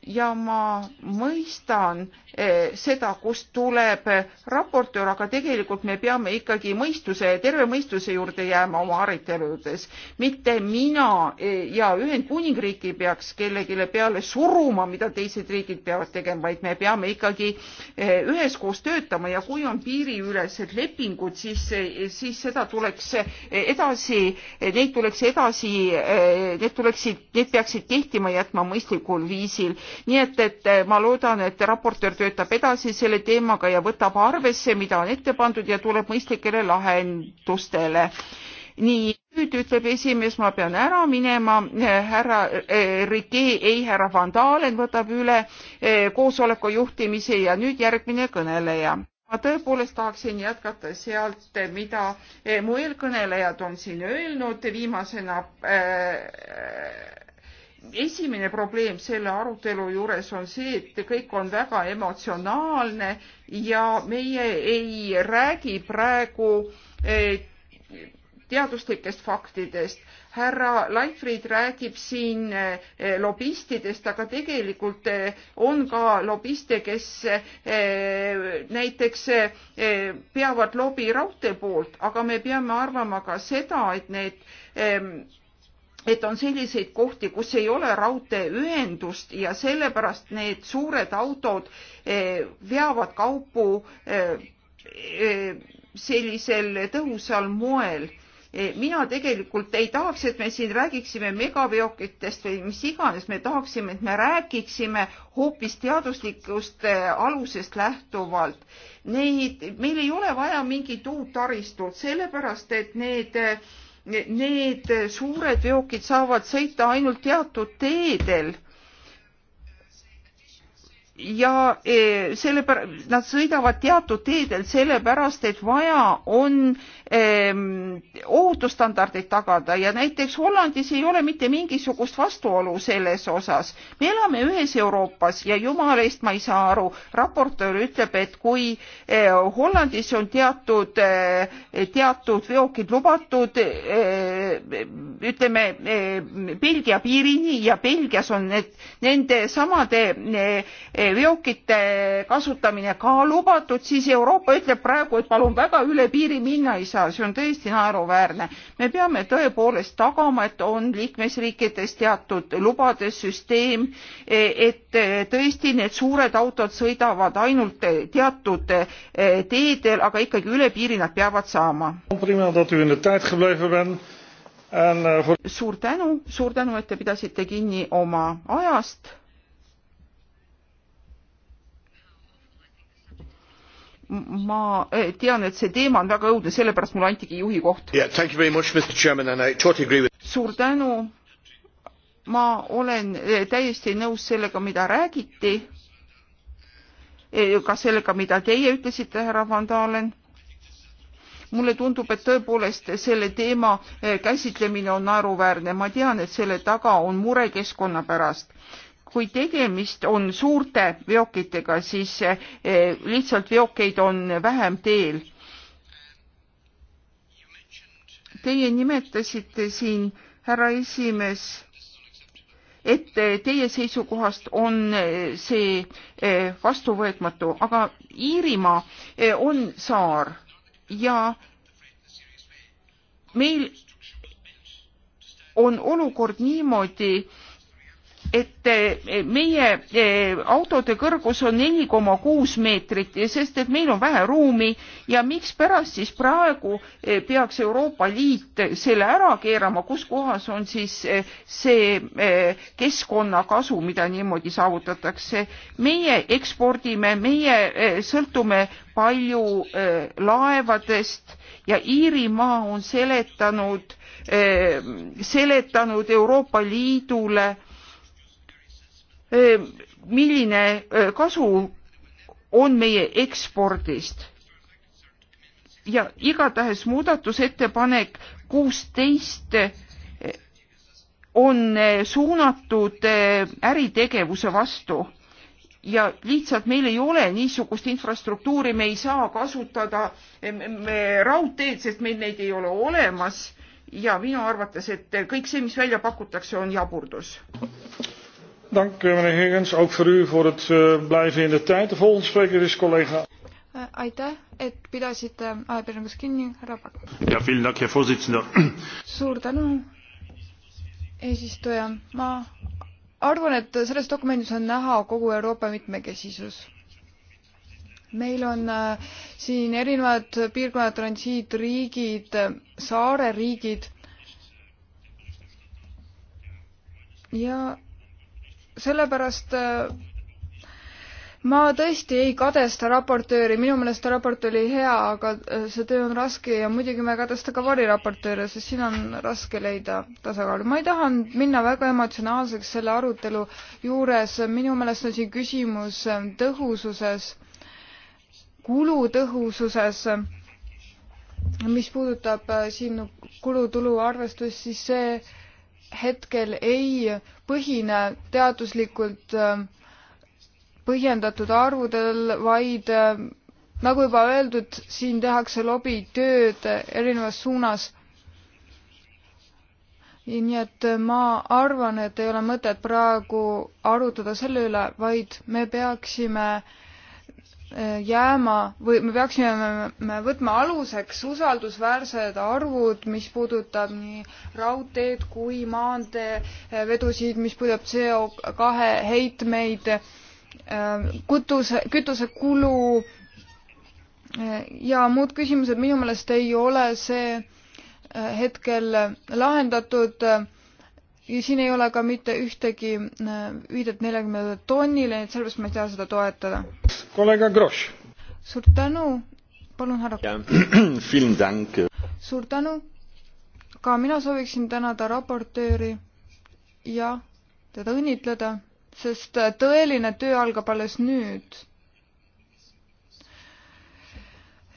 ja ma mõistan eh, seda, kust tuleb raportöör, aga tegelikult me peame ikkagi mõistuse, terve mõistuse juurde jääma oma aruteludes. mitte mina eh, ja Ühendkuningriik ei peaks kellelegi peale suruma, mida teised riigid peavad tegema, vaid me peame ikkagi eh, üheskoos töötama ja kui on piiriülesed lepingud, siis, siis seda tuleks edasi, neid tuleks edasi, need tuleksid, need peaksid kehtima jätma mõistlikul viisil nii et, et ma loodan, et raportöör töötab edasi selle teemaga ja võtab arvesse, mida on ette pandud ja tuleb mõistlikele lahendustele nii nüüd ütleb esimees, ma pean ära minema, härra äh, eh, Rike, ei härra Van Dalen võtab üle äh, koosoleku juhtimise ja nüüd järgmine kõneleja. ma tõepoolest tahaksin jätkata sealt, mida äh, mu eelkõnelejad on siin öelnud, viimasena äh, esimene probleem selle arutelu juures on see, et kõik on väga emotsionaalne ja meie ei räägi praegu eh, teaduslikest faktidest. härra Leifrid räägib siin eh, lobistidest, aga tegelikult eh, on ka lobiste, kes näiteks peavad lobi raudtee poolt, aga me peame arvama ka seda, et need et on selliseid kohti, kus ei ole raudteeühendust ja sellepärast need suured autod eh, veavad kaupu eh, eh, sellisel tõhusal moel. mina tegelikult ei tahaks, et me siin räägiksime megaveokitest või mis iganes, me tahaksime, et me räägiksime hoopis teaduslikust alusest lähtuvalt. Neid, meil ei ole vaja mingit uut taristut, sellepärast et need äh, need suured veokid saavad sõita ainult teatud teedel ja e, sellepärast nad sõidavad teatud teedel sellepärast, et vaja on ehm, ohutusstandardeid tagada ja näiteks Hollandis ei ole mitte mingisugust vastuolu selles osas. me elame ühes Euroopas ja jumala eest ma ei saa aru, raportöör ütleb, et kui eh, Hollandis on teatud eh,, teatud veokid lubatud eh, ütleme eh, Belgia piirini ja Belgias on need nende samade eh, veokite kasutamine ka lubatud, siis Euroopa ütleb praegu, et palun väga, üle piiri minna ei saa, see on tõesti naeruväärne. me peame tõepoolest tagama, et on liikmesriikides teatud lubade süsteem, e, et tõesti need suured autod sõidavad ainult teatud e, teedel, aga ikkagi üle piiri nad peavad saama. Eh, suur tänu, suur tänu, et te pidasite kinni oma ajast ma eh, tean, et see teema on väga õudne, sellepärast mulle antigi juhi koht yeah,. Totally with... suur tänu. ma olen eh, täiesti nõus sellega, mida räägiti. Eh, ka sellega, mida teie ütlesite, härra Van Dalen mulle tundub, et tõepoolest selle teema käsitlemine on naeruväärne. ma tean, et selle taga on mure keskkonna pärast kui tegemist on suurte veokitega, siis eh, lihtsalt veokeid on vähem teel. Teie nimetasite siin, härra esimees, et teie seisukohast on eh, see eh, vastuvõetmatu, aga Iirimaa on saar ja meil on olukord niimoodi, et eh, meie eh, autode kõrgus on neli koma kuus meetrit, sest et meil on vähe ruumi ja mikspärast siis praegu eh, peaks Euroopa Liit selle ära keerama, kus kohas on siis see keskkonnakasu, mida niimoodi saavutatakse. meie ekspordime, meie sõltume palju laevadest ja Iirimaa on seletanud, seletanud Euroopa Liidule milline kasu on meie ekspordist ja igatahes muudatusettepanek kuusteist on suunatud äritegevuse vastu ja lihtsalt meil ei ole niisugust infrastruktuuri, me ei saa kasutada raudteed, sest meil neid ei ole olemas ja minu arvates, et kõik see, mis välja pakutakse, on jaburdus. Dank meneer Higgins, ook voor u voor het uh, blijven in de tijd. De volgende spreker is collega. Uh, aitäh, et pidasite äh, ajapiirangust kinni, härra Pakk. ja, Dank, Herr Vorsitzender. suur tänu, eesistuja. ma arvan, et selles dokumendis on näha kogu Euroopa mitmekesisus. meil on äh, siin erinevad piirkonnad, transiitriigid, saareriigid ja sellepärast äh, ma tõesti ei kadesta raportööri, minu meelest see raport oli hea, aga äh, see töö on raske ja muidugi ma ei kadesta ka variraportööre, sest siin on raske leida tasakaalu. ma ei taha minna väga emotsionaalseks selle arutelu juures, minu meelest on siin küsimus äh, tõhususes, kulutõhususes mis puudutab siin kulutulu arvestust, siis see hetkel ei põhine teaduslikult ähm, põhjendatud arvudel, vaid ähm, nagu juba öeldud, siin tehakse lobitööd erinevas suunas. nii et äh, ma arvan, et ei ole mõtet praegu arutada selle üle, vaid me peaksime äh, jääma või me peaksime me võtma aluseks usaldusväärsed arvud, mis puudutab nii raudteed kui maanteevedusid, mis puudutab CO kahe heitmeid, kütuse, kütusekulu ja muud küsimused, minu meelest ei ole see eh, hetkel lahendatud ja siin ei ole ka mitte ühtegi äh, viidet neljakümnele tonnile, nii et sellepärast ma ei saa seda toetada. kolleeg Grosch. suur tänu, palun härra. suur tänu. ka mina sooviksin tänada raportööri ja teda õnnitleda, sest äh, tõeline töö algab alles nüüd.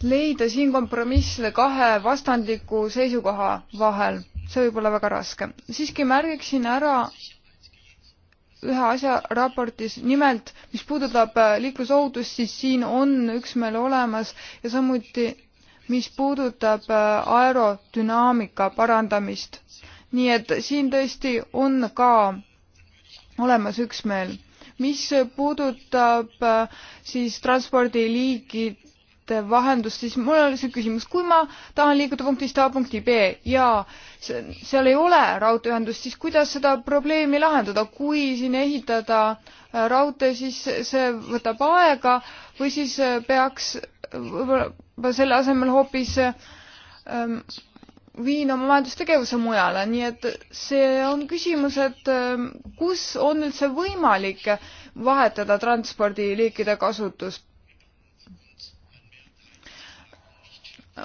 leida siin kompromissile kahe vastandliku seisukoha vahel see võib olla väga raske. siiski märgiksin ära ühe asja raportis, nimelt mis puudutab äh, liiklusohutust, siis siin on üksmeel olemas ja samuti mis puudutab äh, aerodünaamika parandamist. nii et siin tõesti on ka olemas üksmeel. mis puudutab äh, siis transpordiliigi vahendust, siis mul on see küsimus, kui ma tahan liikuda punktist A punkti B ja seal ei ole raudteeühendust, siis kuidas seda probleemi lahendada, kui sinna ehitada äh, raudtee, siis see võtab aega või siis äh, peaks võib-olla selle asemel hoopis ähm, viin oma majandustegevuse mujale, nii et see on küsimus, et ähm, kus on üldse võimalik vahetada transpordiliikide kasutust.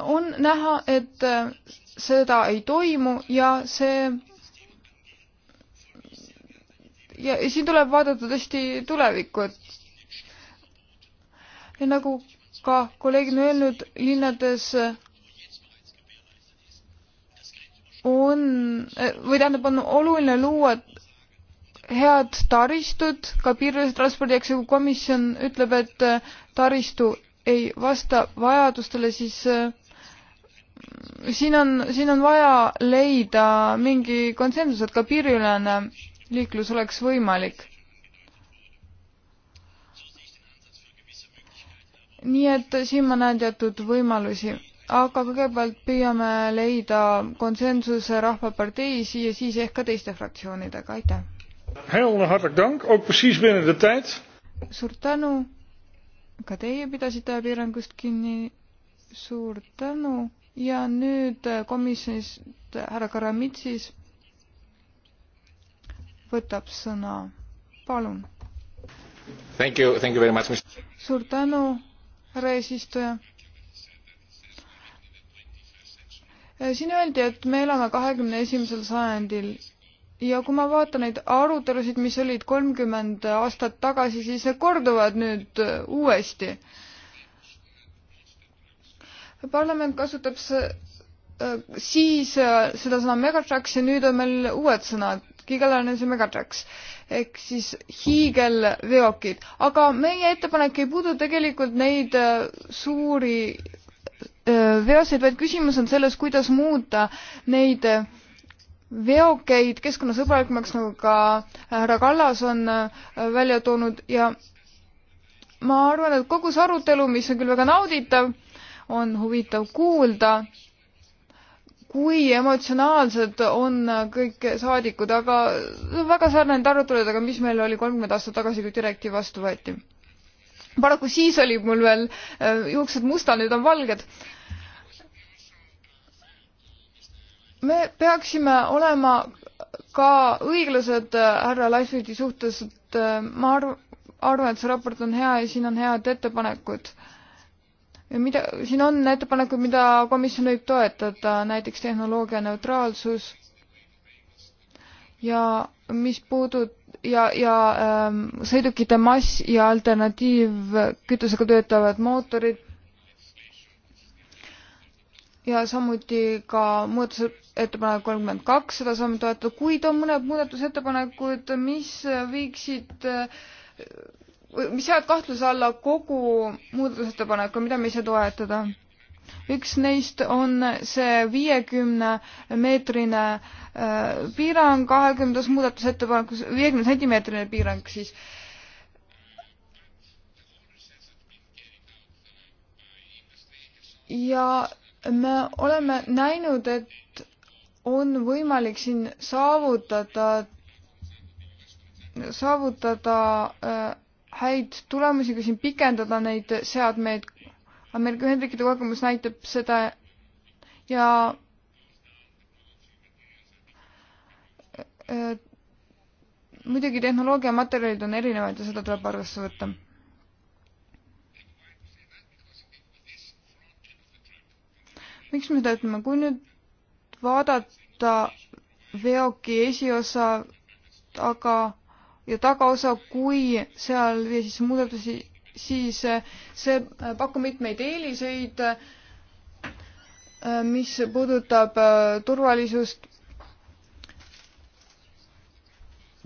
on näha, et äh, seda ei toimu ja see ja siin tuleb vaadata tõesti tulevikku, et ja nagu ka kolleegid on öelnud, linnades on äh, või tähendab, on oluline luua head taristud ka piirilise transpordi jaoks ja kui komisjon ütleb, et taristu ei vasta vajadustele, siis äh, siin on, siin on vaja leida mingi konsensus, et ka piiriülene liiklus oleks võimalik. nii et siin ma näen teatud võimalusi, aga kõigepealt püüame leida konsensuse Rahvaparteis ja siis ehk ka teiste fraktsioonidega, aitäh! suur tänu, ka teie pidasite piirangust kinni, suur tänu! ja nüüd äh, komisjonist härra Karamitsis võtab sõna. palun. suur tänu, härra eesistuja. Äh, siin öeldi, et me elame kahekümne esimesel sajandil ja kui ma vaatan neid arutelusid, mis olid kolmkümmend aastat tagasi, siis need korduvad nüüd äh, uuesti parlament kasutab see, äh, siis äh, seda sõna megatraks ja nüüd on meil uued sõnad, gigalane see megatraks ehk siis hiigelveokid, aga meie ettepanek ei puuduta tegelikult neid äh, suuri veoseid, vaid küsimus on selles, kuidas muuta neid veokeid keskkonnasõbralikumaks, nagu ka härra Kallas on välja toonud ja ma arvan, et kogu see arutelu, mis on küll väga nauditav, on huvitav kuulda, kui emotsionaalsed on kõik saadikud, aga väga sarnane aruteludega, mis meil oli kolmkümmend aastat tagasi, kui direktiiv vastu võeti. paraku siis oli mul veel äh, juuksed mustad, nüüd on valged. me peaksime olema ka õiglased äh, härra Laisvidi suhtes, et äh, ma arv-, arvan, et see raport on hea ja siin on head ettepanekud mida, siin on ettepanekud, mida komisjon võib toetada, näiteks tehnoloogia neutraalsus ja mis puudut- ja, ja ähm, sõidukite mass ja alternatiivkütusega töötavad mootorid ja samuti ka muudatusettepanek kolmkümmend kaks, seda saame toetada, kuid on mõned muudatusettepanekud, mis viiksid äh, mis seavad kahtluse alla kogu muudatusettepaneku, mida me ei saa toetada. üks neist on see viiekümne meetrine äh, piirang, kahekümnendas muudatusettepanekus, viiekümne sentimeetrine piirang siis. ja me oleme näinud, et on võimalik siin saavutada, saavutada äh, häid tulemusi, kui siin pikendada neid seadmeid. Ameerika Ühendriikide kogemus näitab seda ja äh, muidugi tehnoloogia materjalid on erinevad ja seda tuleb arvesse võtta. miks me seda ütleme, kui nüüd vaadata veoki esiosa taga ja tagaosa, kui seal viia sisse muudatusi, siis äh, see äh, pakub mitmeid eeliseid, äh, mis puudutab turvalisust.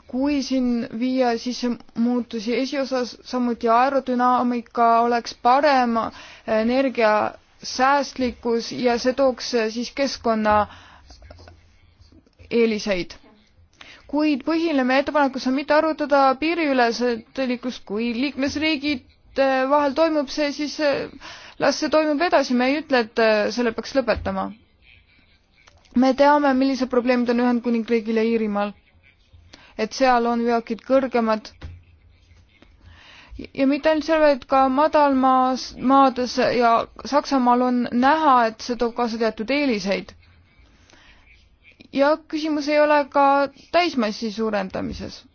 kui siin viia sisse muutusi esiosas, samuti aerodünaamika oleks parem, energiasäästlikkus ja see tooks siis keskkonna eeliseid kuid põhiline meie ettepanekus on mitte arutada piiriüleselt liiklust, kui liikmesriigid eh, vahel toimub see, siis eh, las see toimub edasi, me ei ütle, et eh, selle peaks lõpetama. me teame, millised probleemid on Ühendkuningriigil ja Iirimaal. et seal on veokid kõrgemad ja mitte ainult seal, vaid ka madalmaas, maades ja Saksamaal on näha, et see toob kaasa teatud eeliseid ja küsimus ei ole ka täismassi suurendamises.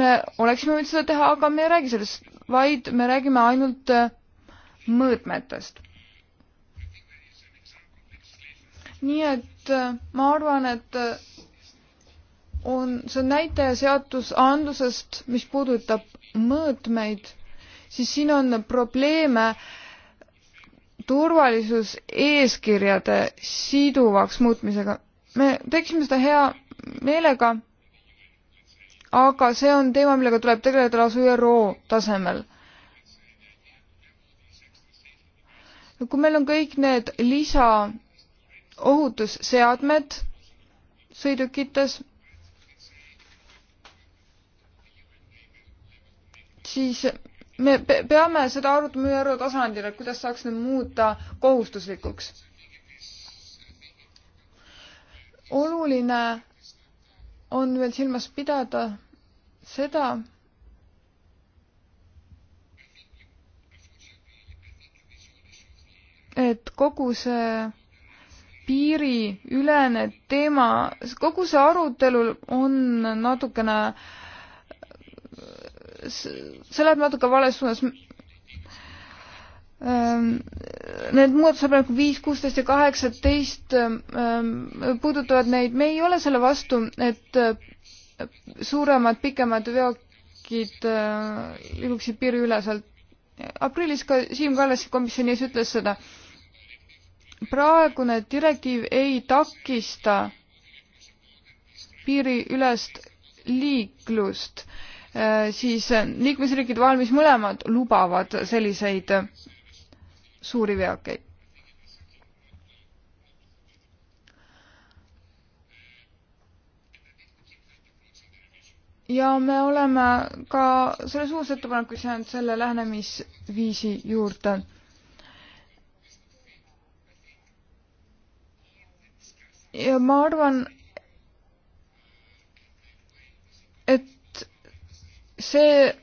me oleksime võinud seda teha, aga me ei räägi sellest, vaid me räägime ainult äh, mõõtmetest. nii et äh, ma arvan, et äh, on, see on näitaja seadusandlusest, mis puudutab mõõtmeid, siis siin on probleeme turvalisuseeskirjade siduvaks muutmisega me teeksime seda hea meelega, aga see on teema, millega tuleb tegeleda lausa ÜRO tasemel. kui meil on kõik need lisaohutusseadmed sõidukites, siis me peame seda arutama ÜRO tasandil, et kuidas saaks need muuta kohustuslikuks oluline on veel silmas pidada seda, et kogu see piiriülene teema, kogu see arutelu on natukene, see läheb natuke vales suunas. Ehm, need muudatusepanekud viis, kuusteist ja kaheksateist ähm, ähm, puudutavad neid, me ei ole selle vastu, et äh, suuremad, pikemad veokid äh, liiguksid piiriüleselt. aprillis ka Siim Kallas komisjoni ees ütles seda. praegune direktiiv ei takista piiriülest liiklust, äh, siis liikmesriikide vahel, mis mõlemad lubavad selliseid suuri veokeid. ja me oleme ka selles uus ettepanekus jäänud selle lähenemisviisi juurde. ja ma arvan, et see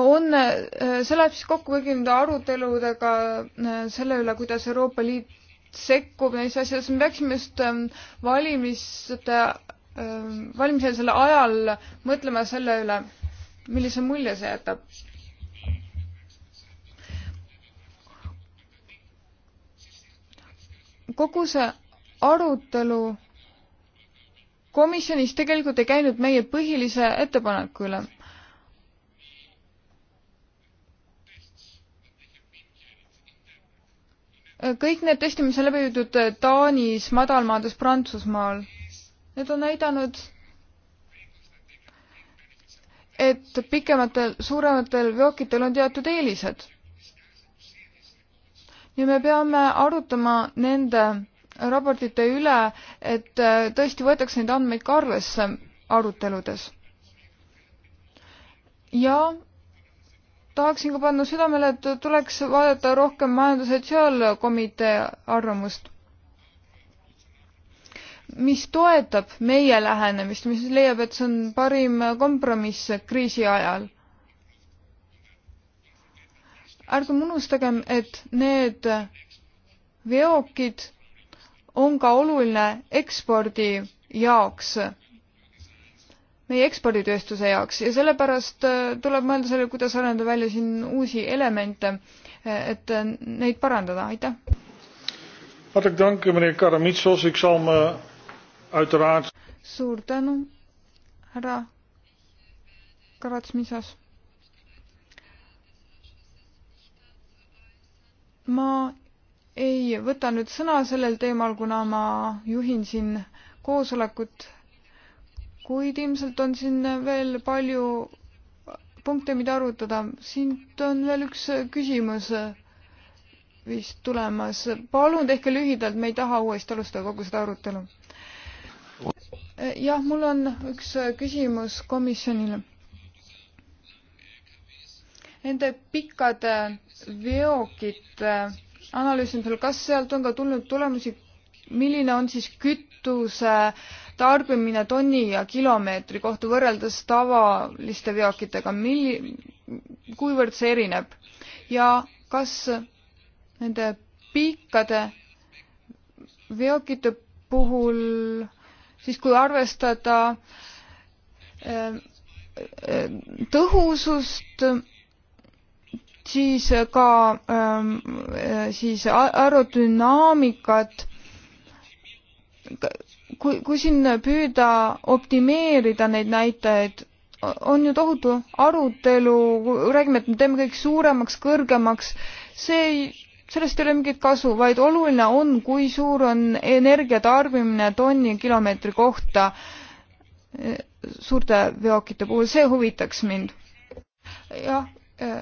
on, äh, see läheb siis kokku kõigi nende aruteludega äh, selle üle, kuidas Euroopa Liit sekkub neisse asjadesse, me peaksime just ähm, valimiste, ähm, valimiseelsel ajal mõtlema selle üle, millise mulje see jätab. kogu see arutelu komisjonis tegelikult ei käinud meie põhilise ettepaneku üle kõik need testid, mis on läbi viidud Taanis, Madalmaades, Prantsusmaal, need on näidanud, et pikematel, suurematel veokitel on teatud eelised. ja me peame arutama nende raportite üle, et tõesti võetakse neid andmeid ka arvesse aruteludes. ja tahaksin ka panna südamele, et tuleks vaadata rohkem majandus- ja sotsiaalkomitee arvamust, mis toetab meie lähenemist, mis leiab, et see on parim kompromiss kriisi ajal. ärgem unustagem, et need veokid on ka oluline ekspordi jaoks meie eksporditööstuse jaoks ja sellepärast äh, tuleb mõelda sellele, kuidas arendada välja siin uusi elemente, äh, et äh, neid parandada, aitäh. Hartelijk dank, meneer Karamitsos. Ik zal me uiteraard. Suur tänu, härra Karatsmisas. ma ei võta nüüd sõna sellel teemal, kuna ma juhin siin koosolekut kuid ilmselt on siin veel palju punkte, mida arutada. siin on veel üks küsimus vist tulemas. palun tehke lühidalt, me ei taha uuesti alustada kogu seda arutelu. jah, mul on üks küsimus komisjonile. Nende pikkade veokite analüüsimisel, kas sealt on ka tulnud tulemusi milline on siis kütuse tarbimine tonni ja kilomeetri kohta võrreldes tavaliste veokitega, milli-, kuivõrd see erineb ja kas nende pikkade veokite puhul siis, kui arvestada eh, eh, tõhusust, siis ka eh, siis aerodünaamikat kui, kui siin püüda optimeerida neid näitajaid, on ju tohutu arutelu, räägime, et me teeme kõik suuremaks, kõrgemaks, see ei, sellest ei ole mingit kasu, vaid oluline on, kui suur on energia tarbimine tonni kilomeetri kohta e, suurte veokite puhul, see huvitaks mind. jah, e,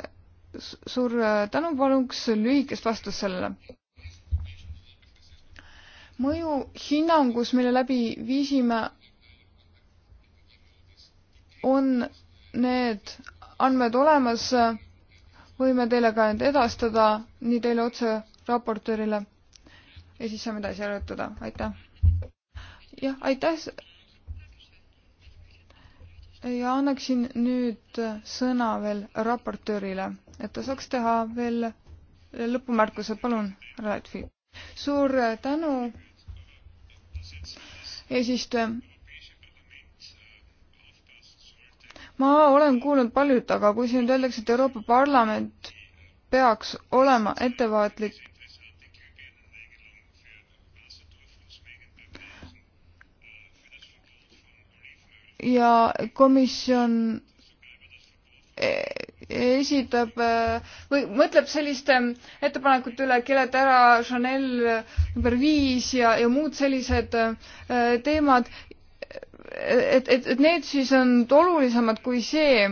suur tänu, paluks lühikest vastust sellele mõjuhinnangus, mille läbi viisime, on need andmed olemas, võime teile ka need edastada, nii teile otse raportöörile ja siis saame edasi arutada, aitäh. jah, aitäh. ja annaksin nüüd sõna veel raportöörile, et ta saaks teha veel lõpumärkused, palun, Radfi. suur tänu eesistuja. ma olen kuulnud paljut, aga kui siin nüüd öeldakse, et Euroopa Parlament peaks olema ettevaatlik, ja komisjon esitab äh, või mõtleb selliste ähm, ettepanekute üle, keeled ära Chanel äh, number viis ja, ja muud sellised äh, teemad, et, et, et need siis on olulisemad kui see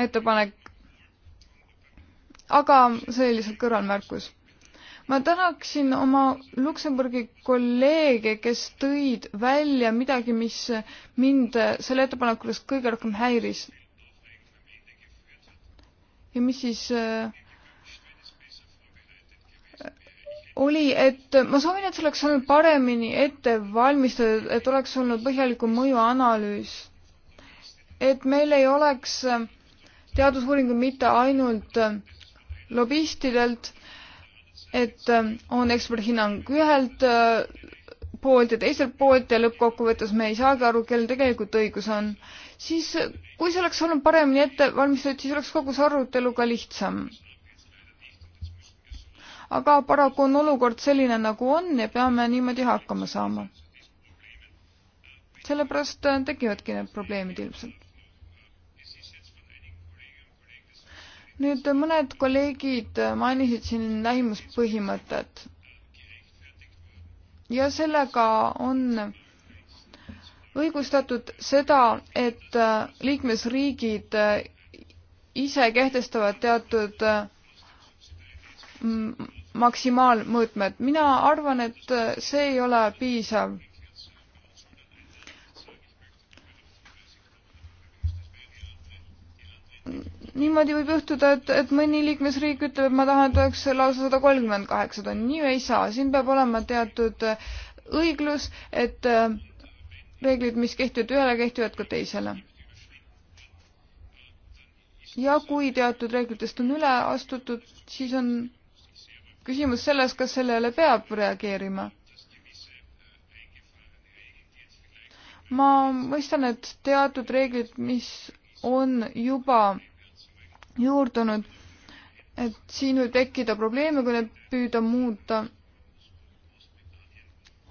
ettepanek. aga see oli lihtsalt kõrvalmärkus. ma tahaksin oma Luksemburgi kolleege, kes tõid välja midagi, mis mind selle ettepaneku juures kõige rohkem häiris ja mis siis äh, äh, oli, et ma soovin, et see oleks olnud paremini ette valmistatud, et oleks olnud põhjalikum mõjuanalüüs. et meil ei oleks äh, teadusuuringud mitte ainult lobistidelt, et on eksperthinnang ühelt poolt ja teiselt poolt ja lõppkokkuvõttes me ei saagi aru, kellel tegelikult õigus on, siis kui see oleks olnud paremini ette valmistatud, siis oleks kogu see arutelu ka lihtsam. aga paraku on olukord selline, nagu on ja peame niimoodi hakkama saama. sellepärast äh, tekivadki need probleemid ilmselt. nüüd äh, mõned kolleegid äh, mainisid siin lähimuspõhimõtet ja sellega on õigustatud seda, et äh, liikmesriigid äh, ise kehtestavad teatud äh, maksimaalmõõtmed. mina arvan, et see ei ole piisav. niimoodi võib juhtuda, et, et mõni liikmesriik ütleb, et ma tahan, et oleks lausa sada kolmkümmend kaheksa tonni, nii ei saa, siin peab olema teatud õiglus, et äh, reeglid, mis kehtivad ühele, kehtivad ka teisele. ja kui teatud reeglitest on üle astutud, siis on küsimus selles, kas sellele peab reageerima. ma mõistan, et teatud reeglid, mis on juba juurdunud, et siin võib tekkida probleeme, kui need püüda muuta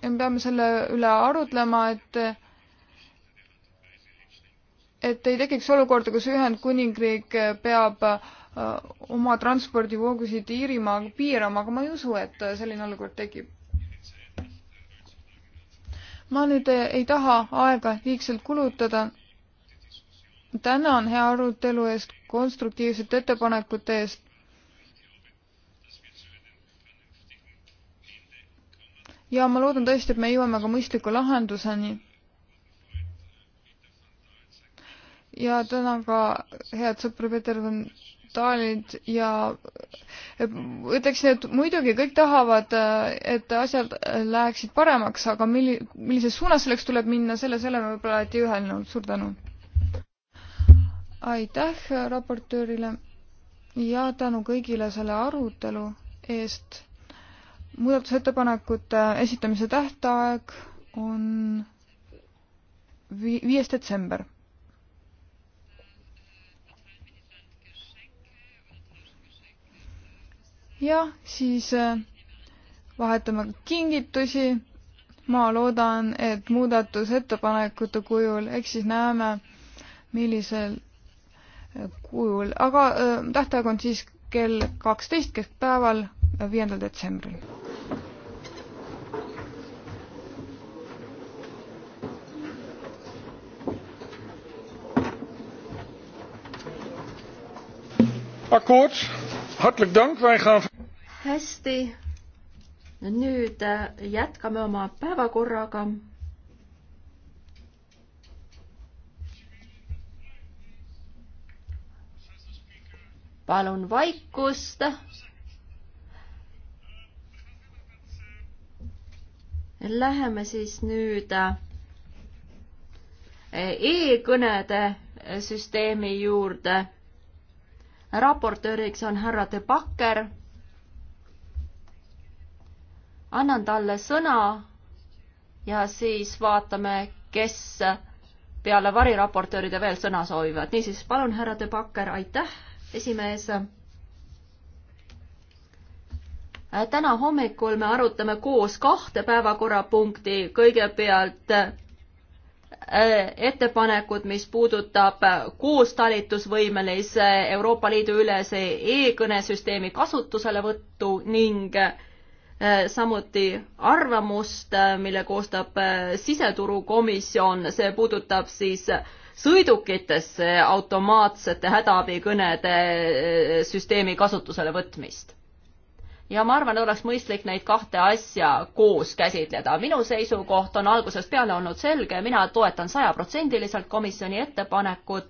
ja me peame selle üle arutlema, et et ei tekiks olukorda, kus Ühendkuningriik peab äh, oma transpordivoogusid Iirimaaga piirama, aga ma ei usu, et äh, selline olukord tekib. ma nüüd äh, ei taha aega liigselt kulutada. tänan hea arutelu eest, konstruktiivsete ettepanekute eest. ja ma loodan tõesti, et me jõuame ka mõistliku lahenduseni ja tänan ka head sõpra Peter von Dalit ja ütleksin, et muidugi kõik tahavad, et asjad läheksid paremaks, aga milli-, millises suunas selleks tuleb minna, selles ei ole võib-olla alati ühel nõul. suur tänu! aitäh raportöörile ja tänu kõigile selle arutelu eest. muudatusettepanekute esitamise tähtaeg on vi-, viies detsember ja siis äh, vahetame kingitusi. ma loodan, et muudatusettepanekute kujul, eks siis näeme, millisel äh, kujul, aga äh, tähtaeg on siis kell kaksteist keskpäeval, äh, viiendal detsembril. akkoord hartelijk dank, wij gaan. hästi, nüüd äh, jätkame oma päevakorraga. palun vaikust. Läheme siis nüüd äh, e-kõnede süsteemi juurde raportööriks on härra De Backer. annan talle sõna ja siis vaatame, kes peale variraportööride veel sõna soovivad. niisiis, palun, härra De Backer, aitäh, esimees. täna hommikul me arutame koos kahte päevakorrapunkti, kõigepealt Äh, ettepanekut, mis puudutab koostalitusvõimelise äh, Euroopa Liidu ülese e-kõnesüsteemi kasutuselevõttu ning äh, samuti arvamust, mille koostab siseturukomisjon, see puudutab siis sõidukitesse automaatsete hädaabikõnede süsteemi kasutusele võtmist ja ma arvan, oleks mõistlik neid kahte asja koos käsitleda. minu seisukoht on algusest peale olnud selge, mina toetan sajaprotsendiliselt komisjoni ettepanekut.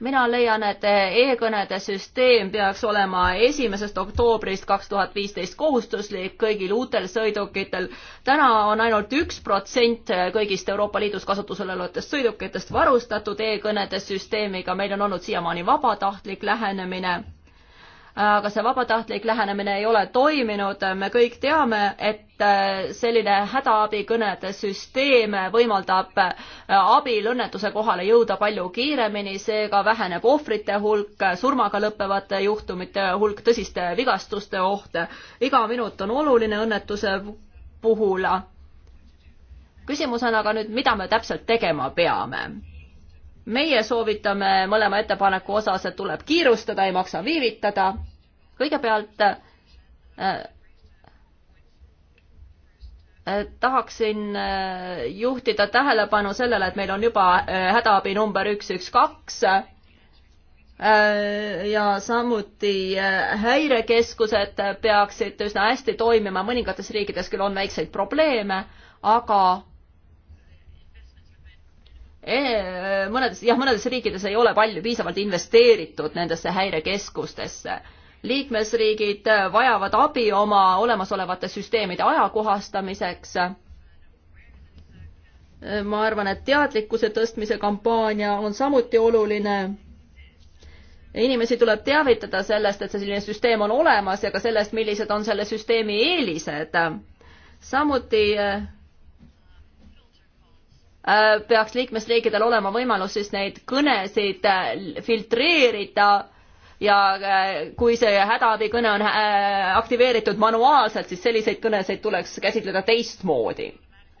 mina leian, et e-kõnede süsteem peaks olema esimesest oktoobrist kaks tuhat viisteist kohustuslik kõigil uutel sõidukitel. täna on ainult üks protsent kõigist Euroopa Liidus kasutusel olevatest sõidukitest varustatud e-kõnede süsteemiga, meil on olnud siiamaani vabatahtlik lähenemine aga see vabatahtlik lähenemine ei ole toiminud, me kõik teame, et äh, selline hädaabikõnede süsteem võimaldab äh, abil õnnetuse kohale jõuda palju kiiremini, seega väheneb ohvrite hulk, surmaga lõppevate juhtumite hulk, tõsiste vigastuste oht. iga minut on oluline õnnetuse puhul. küsimus on aga nüüd, mida me täpselt tegema peame meie soovitame mõlema ettepaneku osas, et tuleb kiirustada, ei maksa viivitada kõigepealt äh, äh, tahaksin äh, juhtida tähelepanu sellele, et meil on juba hädaabi number üks, üks, kaks ja samuti häirekeskused peaksid üsna hästi toimima, mõningates riikides küll on väikseid probleeme, aga eh, mõnedes, jah, mõnedes riikides ei ole palju, piisavalt investeeritud nendesse häirekeskustesse liikmesriigid vajavad abi oma olemasolevate süsteemide ajakohastamiseks. ma arvan, et teadlikkuse tõstmise kampaania on samuti oluline. inimesi tuleb teavitada sellest, et selline süsteem on olemas ja ka sellest, millised on selle süsteemi eelised. samuti äh, peaks liikmesriikidel olema võimalus siis neid kõnesid äh, filtreerida ja äh, kui see hädaabikõne on äh, aktiveeritud manuaalselt, siis selliseid kõnesid tuleks käsitleda teistmoodi,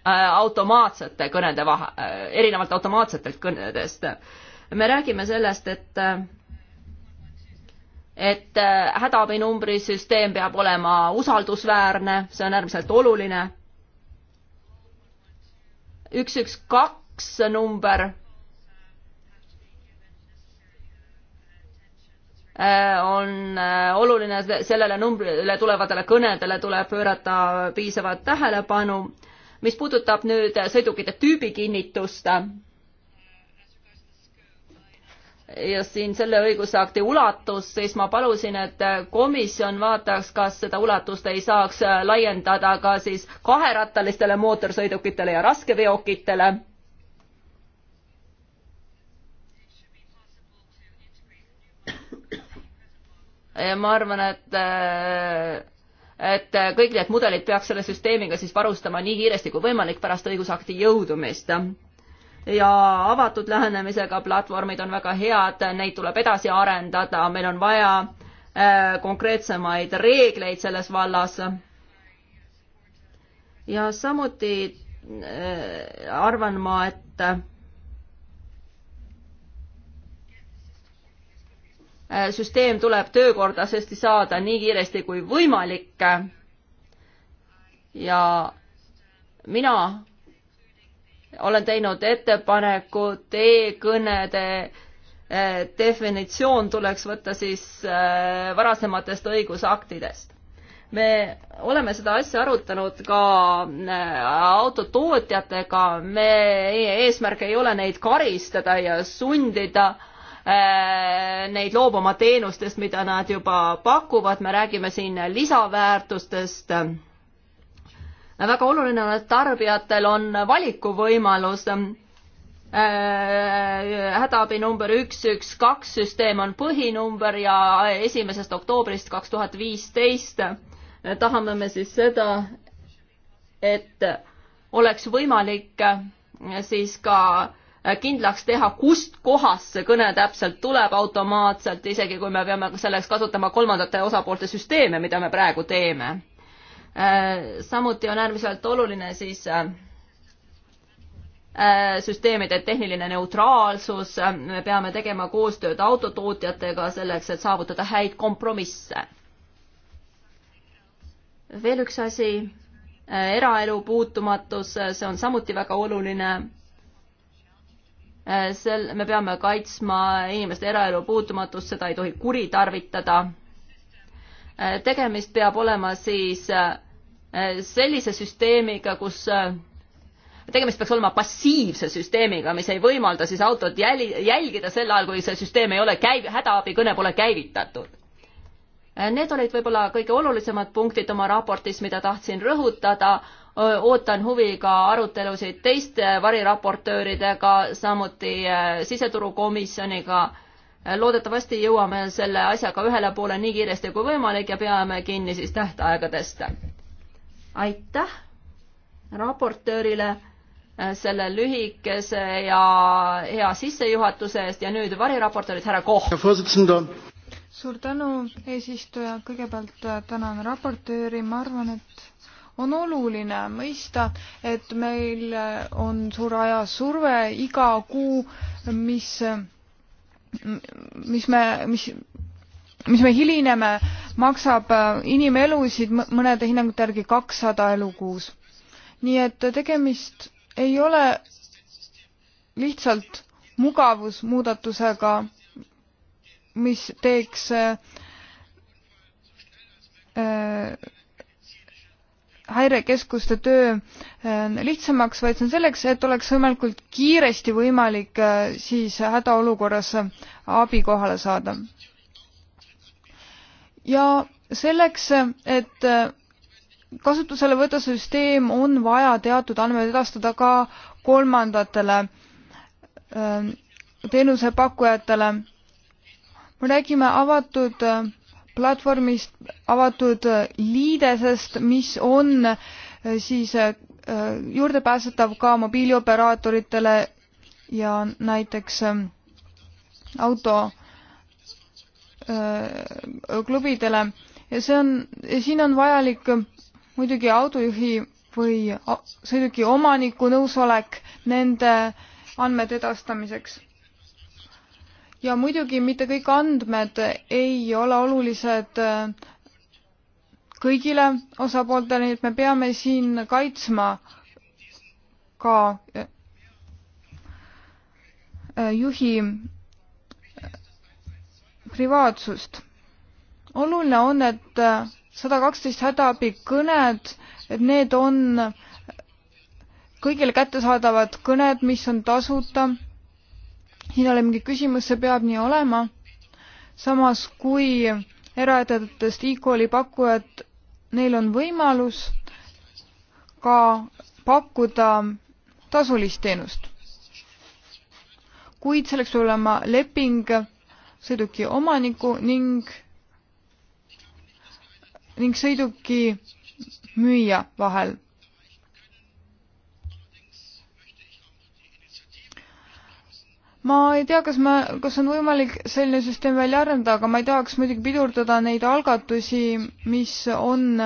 äh, automaatsete kõnede vahe, erinevalt automaatsetelt kõnedest. me räägime sellest, et et hädaabinumbrisüsteem peab olema usaldusväärne, see on äärmiselt oluline. üks, üks, kaks number Äh, on äh, oluline, sellele numbrile tulevatele kõnedele tuleb pöörata piisavat tähelepanu. mis puudutab nüüd sõidukite tüübikinnitust ja siin selle õigusakti ulatust, siis ma palusin, et komisjon vaataks, kas seda ulatust ei saaks laiendada ka siis kaherattalistele mootorsõidukitele ja raskeveokitele ma arvan, et äh, et kõik need mudelid peaks selle süsteemiga siis varustama nii kiiresti kui võimalik pärast õigusakti jõudumist. ja avatud lähenemisega platvormid on väga head, neid tuleb edasi arendada, meil on vaja äh, konkreetsemaid reegleid selles vallas. ja samuti äh, arvan ma, et Äh, süsteem tuleb töökorda sest saada nii kiiresti kui võimalik. ja mina olen teinud ettepaneku e-kõnede äh, definitsioon tuleks võtta siis äh, varasematest õigusaktidest. me oleme seda asja arutanud ka autotootjatega, me, meie eesmärk ei ole neid karistada ja sundida Äh, neid loobuma teenustest, mida nad juba pakuvad, me räägime siin lisaväärtustest. väga oluline on, et tarbijatel on valikuvõimalus äh, hädaabi number üks, üks, kaks süsteem on põhinumber ja esimesest oktoobrist kaks tuhat viisteist tahame me siis seda, et oleks võimalik siis ka Äh, kindlaks teha, kust kohast see kõne täpselt tuleb automaatselt, isegi kui me peame selleks kasutama kolmandate osapoolte süsteeme, mida me praegu teeme. Äh, samuti on äärmiselt oluline siis äh, süsteemide tehniline neutraalsus, me peame tegema koostööd autotootjatega selleks, et saavutada häid kompromisse. veel üks asi, eraelu puutumatus, see on samuti väga oluline Äh, sel-, me peame kaitsma inimeste eraelu puutumatust, seda ei tohi kuritarvitada. Äh, tegemist peab olema siis äh, sellise süsteemiga, kus tegemist peaks olema passiivse süsteemiga, mis ei võimalda siis autot jäli, jälgida sel ajal, kui see süsteem ei ole käiv-, hädaabikõne pole käivitatud. Need olid võib-olla kõige olulisemad punktid oma raportis, mida tahtsin rõhutada, ootan huviga arutelusid teiste variraportööridega, samuti äh, siseturukomisjoniga. Äh, loodetavasti jõuame selle asjaga ühele poole nii kiiresti kui võimalik ja peame kinni siis tähtaegadest. aitäh raportöörile äh, selle lühikese ja hea sissejuhatuse eest ja nüüd variraportöörid, härra Koh. suur tänu, eesistuja, kõigepealt tänan raportööri, ma arvan, et on oluline mõista, et meil on suure aja surve iga kuu, mis, mis me, mis mis me hilineme, maksab inimelusid mõnede hinnangute järgi kakssada elu kuus. nii et tegemist ei ole lihtsalt mugavusmuudatusega, mis teeks äh, häirekeskuste töö äh, lihtsamaks, vaid see on selleks, et oleks võimalikult kiiresti võimalik äh, siis hädaolukorras abi kohale saada. ja selleks, et äh, kasutusele võtta süsteem, on vaja teatud andmeid edastada ka kolmandatele teenusepakkujatele. me räägime avatud platvormist avatud liidesest, mis on äh, siis äh, juurdepääsetav ka mobiilioperaatoritele ja näiteks äh, auto klubidele ja see on, siin on vajalik muidugi autojuhi või sõiduki omaniku nõusolek nende andmete edastamiseks ja muidugi mitte kõik andmed ei ole olulised äh, kõigile osapooltele, nii et me peame siin kaitsma ka äh, äh, juhi privaatsust. oluline on, et sada kaksteist hädaabikõned, et need on kõigile kättesaadavad kõned, mis on tasuta siin ei ole mingit küsimust, see peab nii olema. samas, kui eraettevõtetest e-kooli pakkujad, neil on võimalus ka pakkuda tasulist teenust. kuid selleks peab olema leping sõiduki omaniku ning, ning sõiduki müüja vahel ma ei tea, kas ma, kas on võimalik selline süsteem välja arendada, aga ma ei tahaks muidugi pidurdada neid algatusi, mis on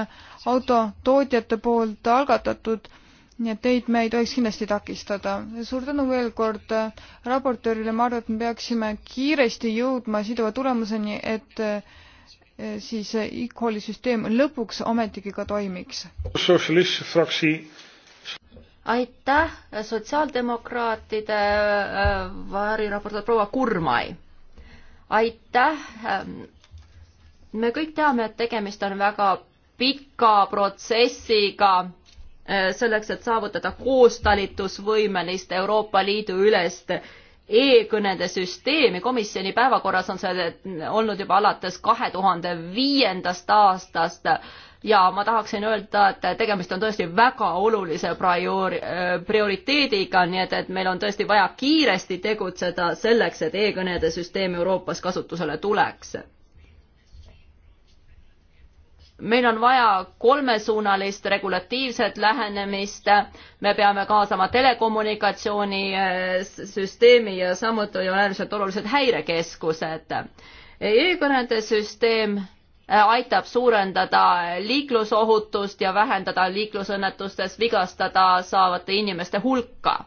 autotootjate poolt algatatud, nii et teid me ei tohiks kindlasti takistada. suur tänu veel kord äh, raportöörile, ma arvan, et me peaksime kiiresti jõudma siduva tulemuseni, et äh, siis äh, e-kooli süsteem lõpuks ometigi ka toimiks. sotsialistfraktsioon aitäh, sotsiaaldemokraatide äh, variraportöör proua Kurmai. aitäh. Ähm, me kõik teame, et tegemist on väga pika protsessiga äh, selleks, et saavutada koostalitusvõimelist Euroopa Liidu ülest e-kõnede süsteemi, komisjoni päevakorras on see olnud juba alates kahe tuhande viiendast aastast ja ma tahaksin öelda, et tegemist on tõesti väga olulise priori-, prioriteediga, nii et, et meil on tõesti vaja kiiresti tegutseda selleks, et e-kõnede süsteem Euroopas kasutusele tuleks meil on vaja kolmesuunalist regulatiivset lähenemist, me peame kaasama telekommunikatsioonisüsteemi eh, ja samuti on äärmiselt olulised häirekeskused e. e-kõnede süsteem eh, aitab suurendada liiklusohutust ja vähendada liiklusõnnetustes vigastada saavate inimeste hulka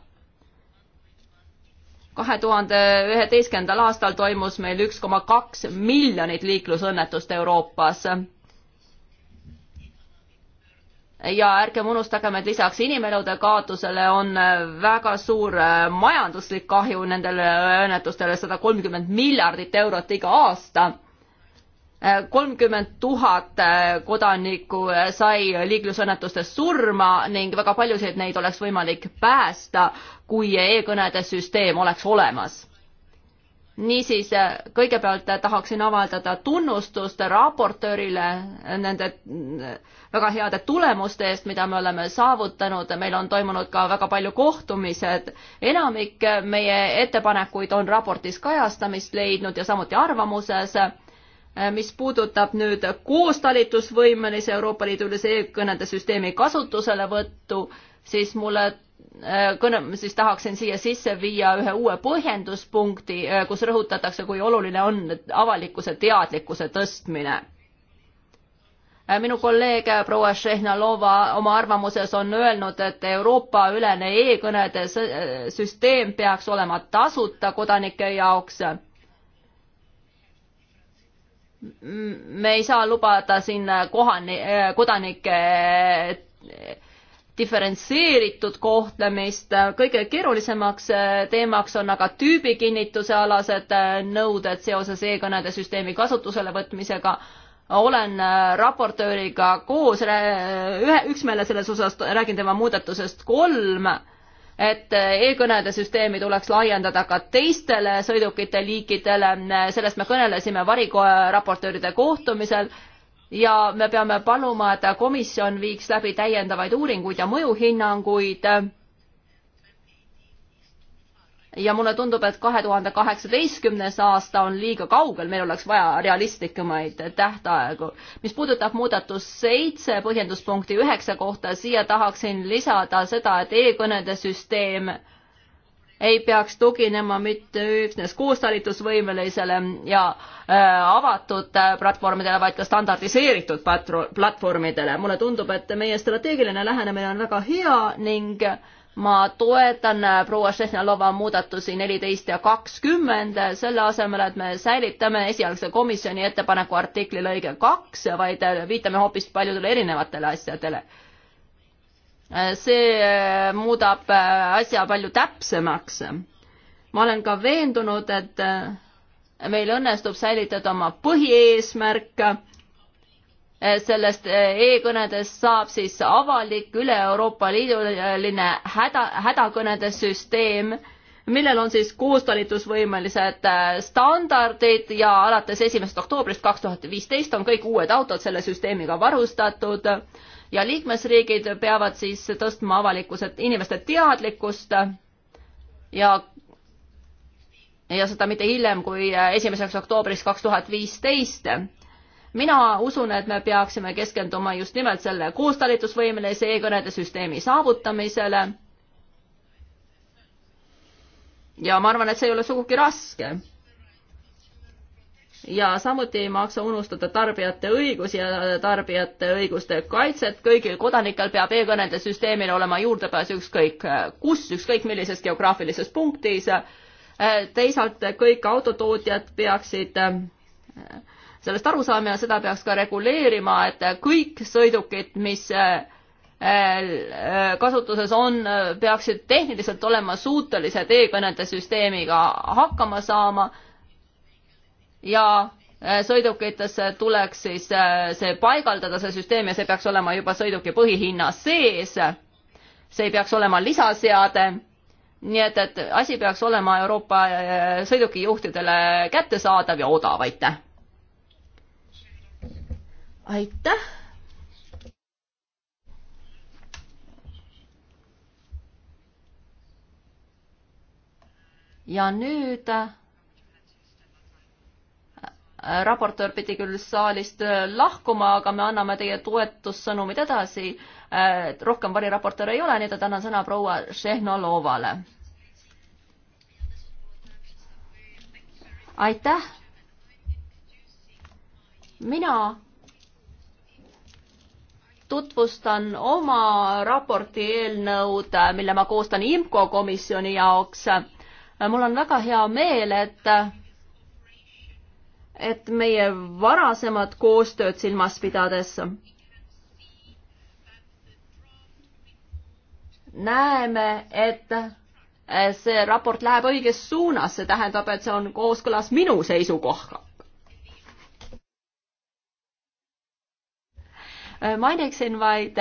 kahe tuhande üheteistkümnendal aastal toimus meil üks koma kaks miljonit liiklusõnnetust Euroopas ja ärgem unustagem, et lisaks inimelude kaotusele on äh, väga suur äh, majanduslik kahju nendele õnnetustele, sada kolmkümmend miljardit eurot iga aasta. Äh, kolmkümmend tuhat kodanikku sai liiklusõnnetustes surma ning väga paljusid neid oleks võimalik päästa, kui e-kõnede süsteem oleks olemas niisiis, äh, kõigepealt äh, tahaksin avaldada tunnustust raportöörile nende äh, väga heade tulemuste eest, mida me oleme saavutanud, meil on toimunud ka väga palju kohtumised, enamik meie ettepanekuid on raportis kajastamist leidnud ja samuti arvamuses, mis puudutab nüüd koostalitusvõimelise Euroopa Liidu üldise e-kõnede süsteemi kasutuselevõttu, siis mulle Äh, kõne, siis tahaksin siia sisse viia ühe uue põhjenduspunkti, äh, kus rõhutatakse, kui oluline on avalikkuse teadlikkuse tõstmine äh, minu kolleeg proua Šehnalova oma arvamuses on öelnud, et Euroopa-ülene e-kõnede süsteem peaks olema tasuta kodanike jaoks. me ei saa lubada siin kohani-, kodanike diferentseeritud kohtlemist. kõige keerulisemaks äh, teemaks on aga tüübikinnituse alased äh, nõuded seoses e-kõnede süsteemi kasutusele võtmisega. olen äh, raportööriga koos ühe, üksmeele selles osas, räägin tema muudatusest kolm, et e-kõnede süsteemi tuleks laiendada ka teistele sõidukite liikidele, sellest me kõnelesime varikoja raportööride kohtumisel ja me peame paluma, et komisjon viiks läbi täiendavaid uuringuid ja mõjuhinnanguid. ja mulle tundub, et kahe tuhande kaheksateistkümnes aasta on liiga kaugel, meil oleks vaja realistlikumaid tähtaegu. mis puudutab muudatust seitse põhjenduspunkti üheksa kohta, siia tahaksin lisada seda, et e-kõnede süsteem ei peaks tuginema mitte üksnes koostalitusvõimelisele ja äh, avatud äh, platvormidele, vaid ka standardiseeritud platvormidele. mulle tundub, et meie strateegiline lähenemine on väga hea ning ma toetan äh, proua Šehnalova muudatusi neliteist ja kakskümmend, selle asemel, et me säilitame esialgse komisjoni ettepaneku artikli lõige kaks, vaid viitame hoopis paljudele erinevatele asjadele Äh, see äh, muudab äh, asja palju täpsemaks. ma olen ka veendunud, et meil õnnestub säilitada oma põhieesmärk. sellest e-kõnedest saab siis avalik üle Euroopa Liiduline häda, hädakõnede süsteem, millel on siis koostalitusvõimelised standardid ja alates esimesest oktoobrist kaks tuhat viisteist on kõik uued autod selle süsteemiga varustatud ja liikmesriigid peavad siis tõstma avalikkuse, inimeste teadlikkust ja ja seda mitte hiljem kui esimeseks oktoobriks kaks tuhat viisteist. mina usun, et me peaksime keskenduma just nimelt selle koostalitusvõimelise e-kõnede süsteemi saavutamisele. ja ma arvan, et see ei ole sugugi raske ja samuti ei maksa unustada tarbijate õigusi ja tarbijate õiguste kaitset. kõigil kodanikel peab e-kõnede süsteemil olema juurdepääs ükskõik äh, kus, ükskõik millises geograafilises punktis. Äh, teisalt kõik autotootjad peaksid äh, sellest aru saama ja seda peaks ka reguleerima, et kõik sõidukid, mis kasutuses on, peaksid tehniliselt olema suutelised e-kõnede süsteemiga hakkama saama ja äh, sõidukitesse tuleks siis äh, see paigaldada, see süsteem ja see peaks olema juba sõiduki põhihinnas sees. see ei peaks olema lisaseade. nii et, et asi peaks olema Euroopa äh, sõidukijuhtidele kättesaadav ja odav, aitäh. aitäh. ja nüüd raportöör pidi küll saalist äh, lahkuma, aga me anname teie toetussõnumid edasi. Äh, rohkem variraportööre ei ole, nii et annan sõna proua Šehnolovale. aitäh. mina tutvustan oma raporti eelnõud, mille ma koostan IMCO komisjoni jaoks. mul on väga hea meel, et et meie varasemat koostööd silmas pidades näeme, et see raport läheb õiges suunas, see tähendab, et see on kooskõlas minu seisukohaga. mainiksin vaid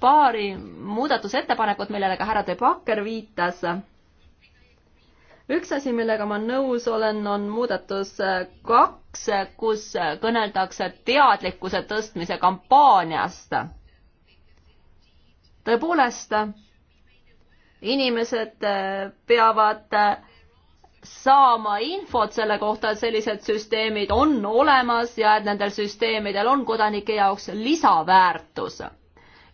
paari muudatusettepanekut, millele ka härra De Backer viitas üks asi, millega ma nõus olen, on muudatus kaks, kus kõneldakse teadlikkuse tõstmise kampaaniast. tõepoolest, inimesed peavad saama infot selle kohta, et sellised süsteemid on olemas ja et nendel süsteemidel on kodanike jaoks lisaväärtus.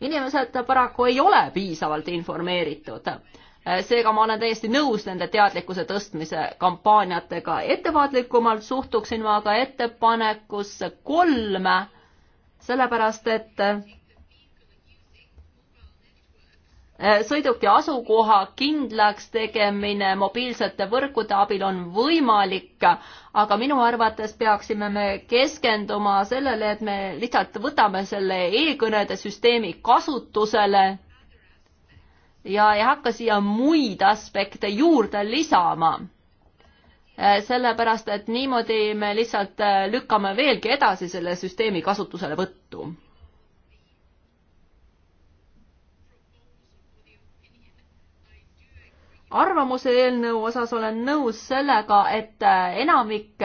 inimesed paraku ei ole piisavalt informeeritud Äh, seega ma olen täiesti nõus nende teadlikkuse tõstmise kampaaniatega. ettevaatlikumalt suhtuksin ma aga ettepanekusse kolm, sellepärast et äh, sõiduki asukoha kindlaks tegemine mobiilsete võrkude abil on võimalik, aga minu arvates peaksime me keskenduma sellele, et me lihtsalt võtame selle e-kõnede süsteemi kasutusele ja ei hakka siia muid aspekte juurde lisama. Eh, sellepärast, et niimoodi me lihtsalt eh, lükkame veelgi edasi selle süsteemi kasutuselevõttu. arvamuse eelnõu osas olen nõus sellega, et eh, enamik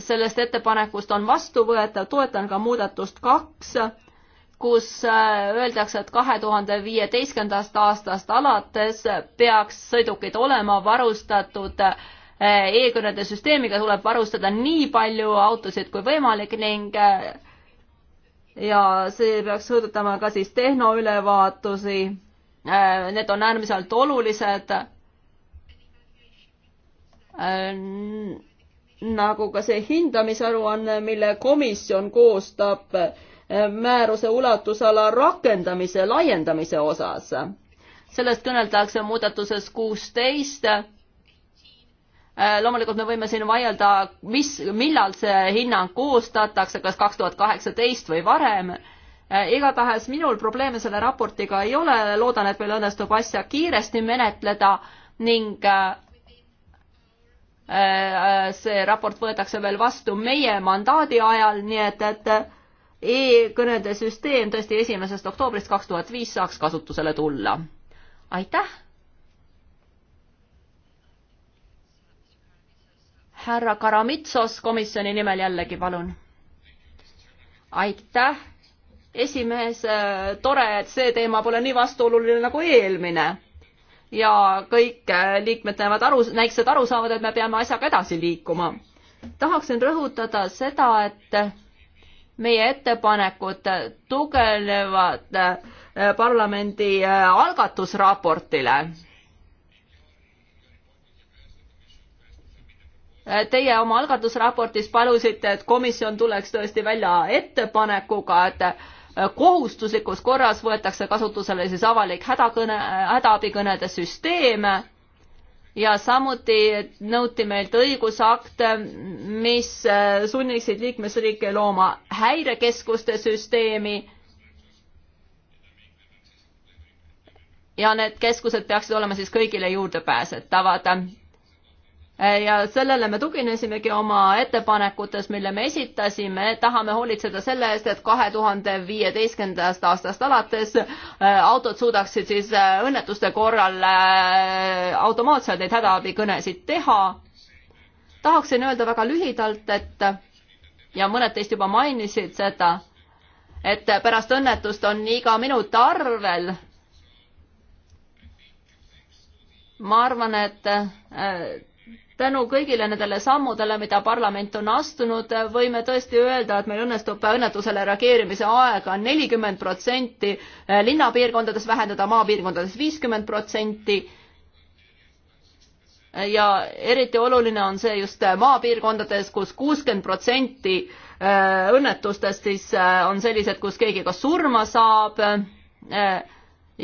sellest ettepanekust on vastuvõetav, toetan ka muudatust kaks kus äh, öeldakse, et kahe tuhande viieteistkümnendast aastast alates peaks sõidukid olema varustatud äh, e-kõnede süsteemiga, tuleb varustada nii palju autosid kui võimalik ning äh, ja see peaks hõõdutama ka siis tehnoülevaatusi. Need on äärmiselt olulised. nagu ka see hindamisaruanne, mille komisjon koostab määruse ulatusala rakendamise laiendamise osas. sellest kõneldakse muudatuses kuusteist. loomulikult me võime siin vaielda, mis, millal see hinnang koostatakse, kas kaks tuhat kaheksateist või varem. igatahes minul probleeme selle raportiga ei ole, loodan, et meil õnnestub asja kiiresti menetleda ning äh, äh, see raport võetakse veel vastu meie mandaadi ajal, nii et, et e-kõnede süsteem tõesti esimesest oktoobrist kaks tuhat viis saaks kasutusele tulla. aitäh. härra Karamitsos komisjoni nimel jällegi, palun. aitäh, esimees, äh, tore, et see teema pole nii vastuoluline nagu eelmine ja kõik äh, liikmed näevad aru, näiksed aru saavad, et me peame asjaga edasi liikuma. tahaksin rõhutada seda, et meie ettepanekud tugevnevad eh, parlamendi eh, algatusraportile eh, Teie oma algatusraportis palusite, et komisjon tuleks tõesti välja ettepanekuga, et kohustuslikus korras võetakse kasutusele siis avalik hädakõne, hädaabikõnede süsteem ja samuti nõuti meilt õigusakte, mis äh, sunniksid liikmesriike looma häirekeskuste süsteemi. ja need keskused peaksid olema siis kõigile juurdepääsetavad Äh, ja sellele me tuginesimegi oma ettepanekutes, mille me esitasime, tahame hoolitseda selle eest, et kahe tuhande viieteistkümnendast aastast alates äh, autod suudaksid siis äh, õnnetuste korral automaatselt neid hädaabikõnesid teha. tahaksin öelda väga lühidalt, et ja mõned teist juba mainisid seda, et pärast õnnetust on iga minut arvel ma arvan, et tänu kõigile nendele sammudele, mida parlament on astunud, võime tõesti öelda, et meil õnnestub õnnetusele reageerimise aega nelikümmend protsenti, eh, linnapiirkondades vähendada, maapiirkondades viiskümmend protsenti. ja eriti oluline on see just maapiirkondades kus, kus kuuskümmend protsenti eh, õnnetustest siis eh, on sellised, kus keegi kas surma saab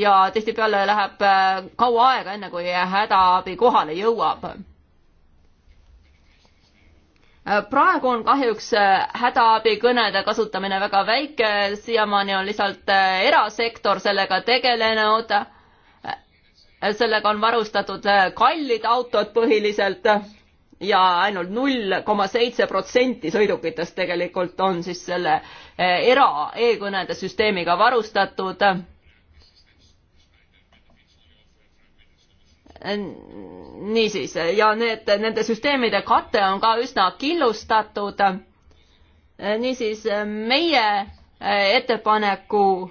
ja tihtipeale läheb kaua aega, enne kui hädaabi kohale jõuab Äh, praegu on kahjuks äh, hädaabikõnede kasutamine väga väike, siiamaani on lihtsalt äh, erasektor sellega tegelenud. sellega on varustatud kallid autod põhiliselt ja ainult null koma seitse protsenti sõidukitest tegelikult on siis selle era e-kõnede süsteemiga varustatud niisiis, ja need, nende süsteemide kate on ka üsna killustatud. niisiis meie äh, ettepaneku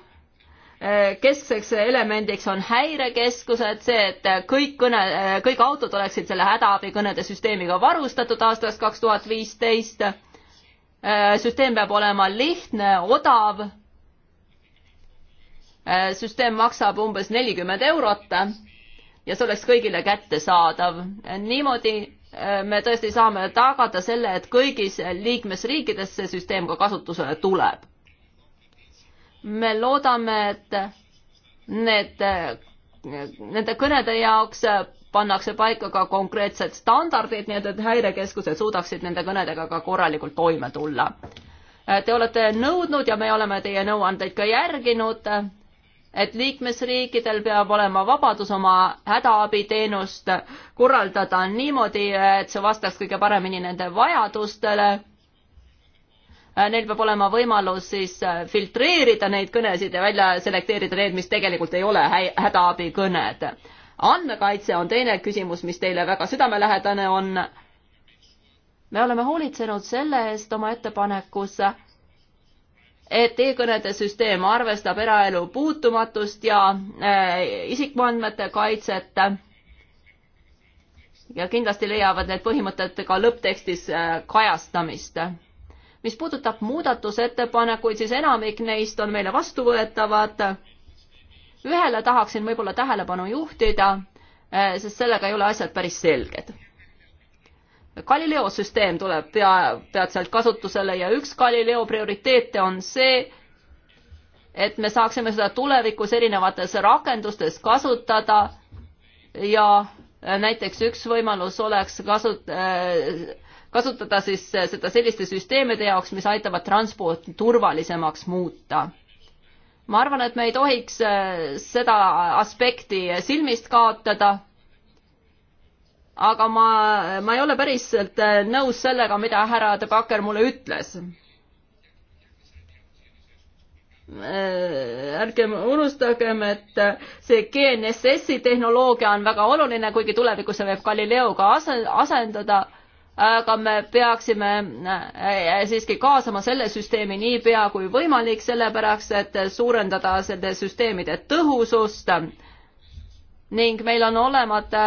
äh, keskseks elemendiks on häirekeskused, see, et kõik kõne, äh, kõik autod oleksid selle hädaabikõnede süsteemiga varustatud aastast kaks tuhat viisteist. süsteem peab olema lihtne, odav. süsteem maksab umbes nelikümmend eurot ja see oleks kõigile kättesaadav. niimoodi äh, me tõesti saame tagada selle, et kõigis liikmesriikides see süsteem ka kasutusele tuleb. me loodame, et need, nende kõnede jaoks pannakse paika ka konkreetsed standardid, nii et, et häirekeskused suudaksid nende kõnedega ka korralikult toime tulla. Te olete nõudnud ja me oleme teie nõuandeid ka järginud et liikmesriikidel peab olema vabadus oma hädaabiteenust korraldada niimoodi, et see vastaks kõige paremini nende vajadustele. Neil peab olema võimalus siis filtreerida neid kõnesid ja välja selekteerida need, mis tegelikult ei ole hädaabikõned. andmekaitse on teine küsimus, mis teile väga südamelähedane on. me oleme hoolitsenud selle eest oma ettepanekus et e-kõnede süsteem arvestab eraelu puutumatust ja äh, isikuandmete kaitset. ja kindlasti leiavad need põhimõtted ka lõpptekstis äh, kajastamist. mis puudutab muudatusettepanekuid, siis enamik neist on meile vastuvõetavad. ühele tahaksin võib-olla tähelepanu juhtida äh,, sest sellega ei ole asjad päris selged Galileo süsteem tuleb pea, peatselt kasutusele ja üks Galileo prioriteete on see, et me saaksime seda tulevikus erinevates rakendustes kasutada ja äh, näiteks üks võimalus oleks kasut-, äh, kasutada siis äh, seda selliste süsteemide jaoks, mis aitavad transporti turvalisemaks muuta ma arvan, et me ei tohiks seda aspekti silmist kaotada aga ma, ma ei ole päriselt äh, nõus sellega, mida härra De Backer mulle ütles. Äh, ärgem unustagem, et äh, see GNSS-i tehnoloogia on väga oluline, kuigi tulevikus see võib Galileoga asendada, aga me peaksime siiski kaasama selle süsteemi niipea kui võimalik, sellepärast et suurendada nende süsteemide tõhusust ning meil on olemata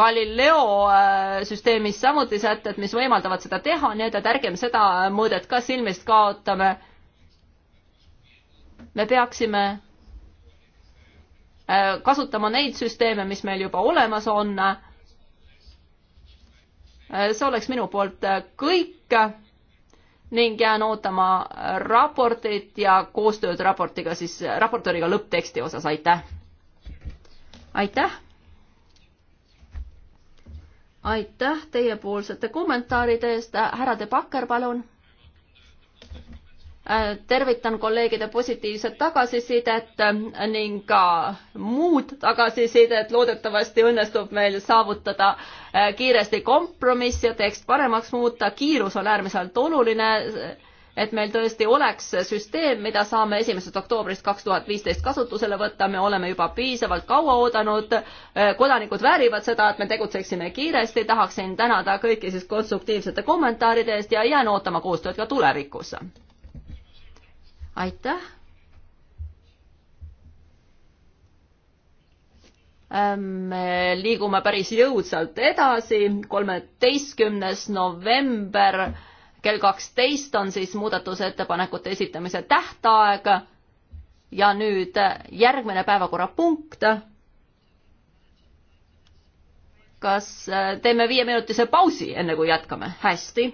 Galileo äh, süsteemis samuti sätted, mis võimaldavad seda teha, nii et ärgem seda mõõdet ka silmist kaotame. me peaksime äh, kasutama neid süsteeme, mis meil juba olemas on. Äh, see oleks minu poolt kõik ning jään ootama raportit ja koostööd raportiga siis, raportööriga lõppteksti osas, aitäh! aitäh! aitäh teiepoolsete kommentaaride eest, härra De Backer, palun. Äh, tervitan kolleegide positiivset tagasisidet äh, ning ka muud tagasisidet, loodetavasti õnnestub meil saavutada äh, kiiresti kompromiss ja tekst paremaks muuta, kiirus on äärmiselt oluline et meil tõesti oleks süsteem, mida saame esimesest oktoobrist kaks tuhat viisteist kasutusele võtta, me oleme juba piisavalt kaua oodanud, kodanikud väärivad seda, et me tegutseksime kiiresti, tahaksin tänada kõiki siis konstruktiivsete kommentaaride eest ja jään ootama koostööd ka tulevikus. aitäh. Ehm, me liigume päris jõudsalt edasi, kolmeteistkümnes november kell kaksteist on siis muudatusettepanekute esitamise tähtaeg ja nüüd järgmine päevakorrapunkt. kas äh, teeme viieminutise pausi, enne kui jätkame? hästi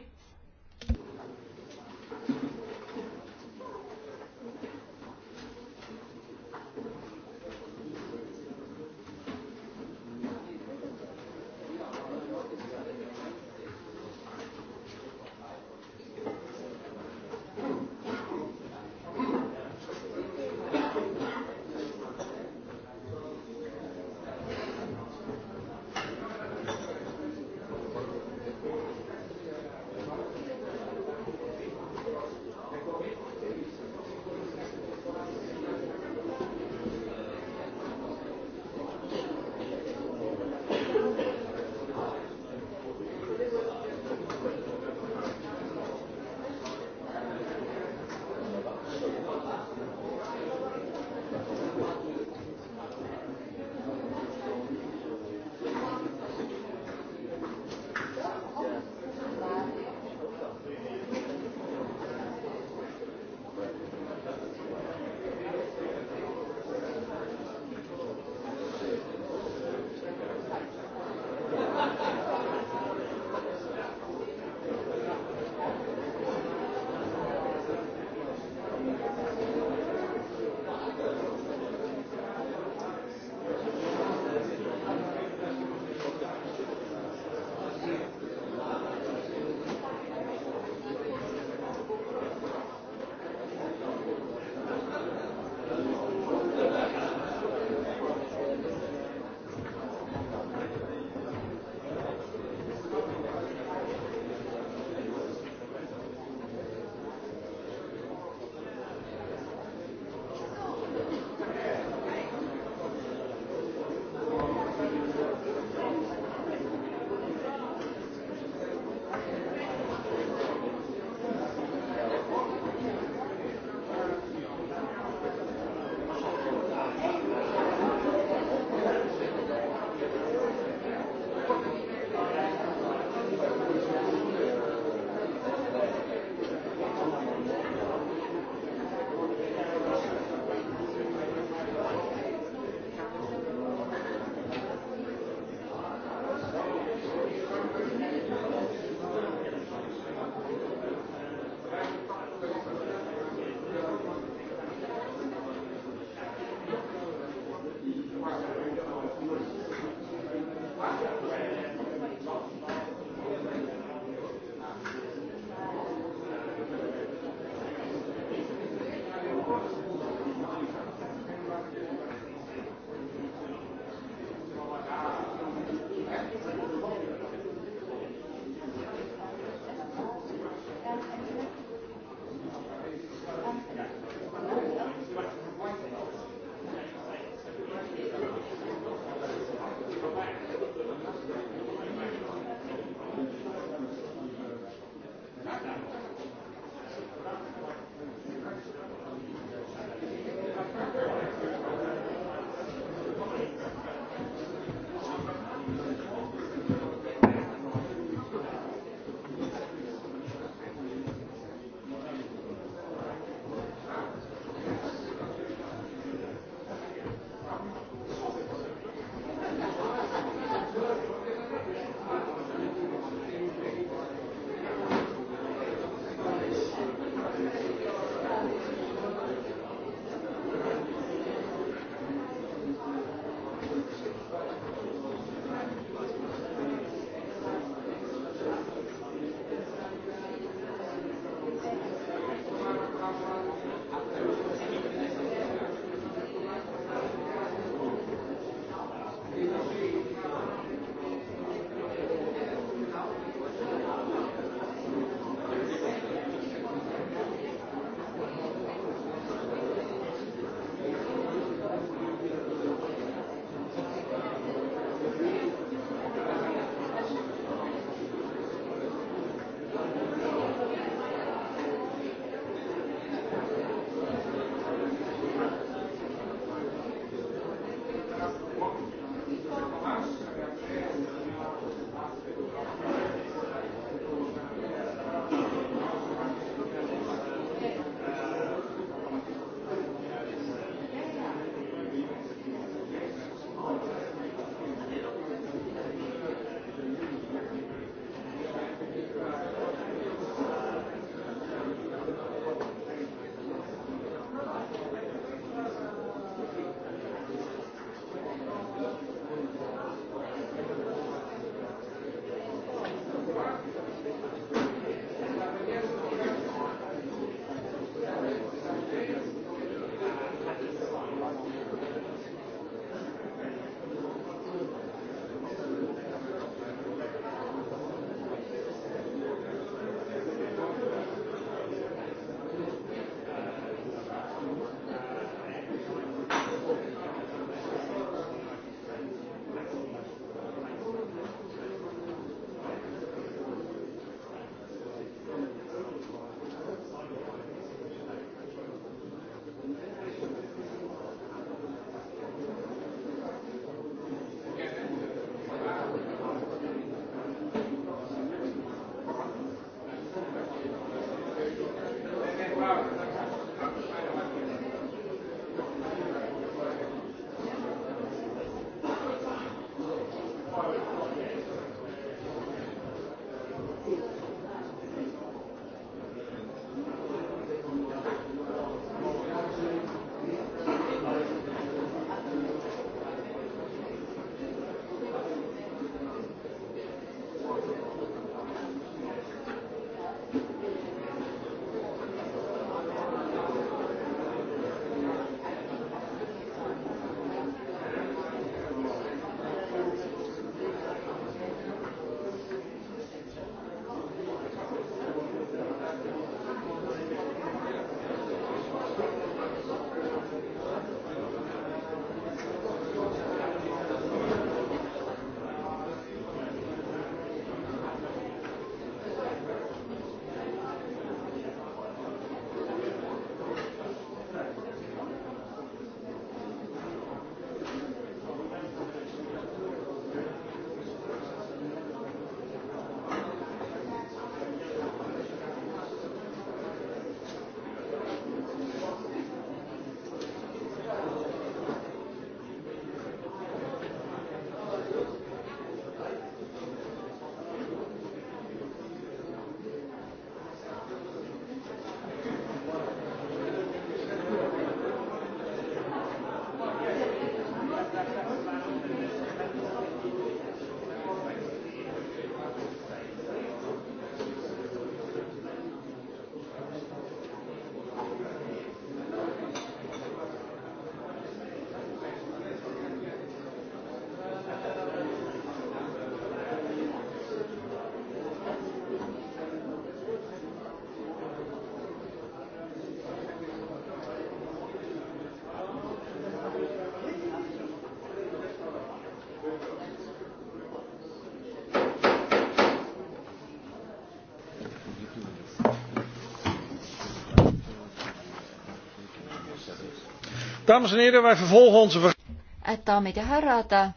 daamid ja härrad,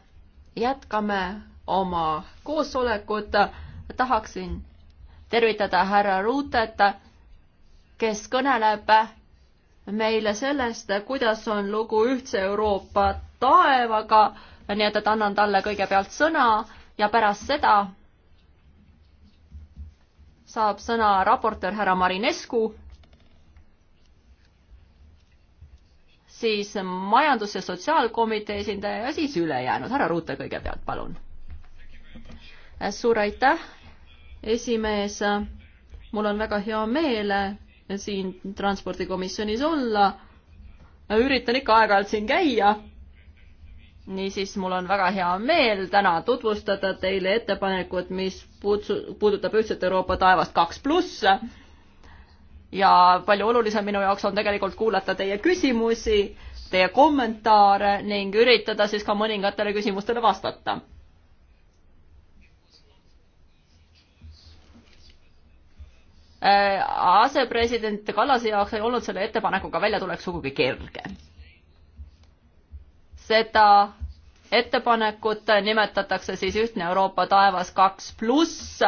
jätkame oma koosolekut. tahaksin tervitada härra Ruutet, kes kõneleb meile sellest, kuidas on lugu Ühtse Euroopa taevaga, nii et, et annan talle kõigepealt sõna ja pärast seda saab sõna raportöör härra Marinescu siis majandus- ja sotsiaalkomitee esindaja ja siis ülejäänud. härra Ruute kõigepealt, palun. suur aitäh, esimees. mul on väga hea meel siin transpordikomisjonis olla. üritan ikka aeg-ajalt siin käia. niisiis, mul on väga hea meel täna tutvustada teile ettepanekut, mis puudutab ühtset Euroopa taevast kaks pluss ja palju olulisem minu jaoks on tegelikult kuulata teie küsimusi, teie kommentaare ning üritada siis ka mõningatele küsimustele vastata. Äh, asepresident Kallase jaoks ei olnud selle ettepanekuga väljatulek sugugi kerge. seda ettepanekut nimetatakse siis Ühtne Euroopa taevas kaks pluss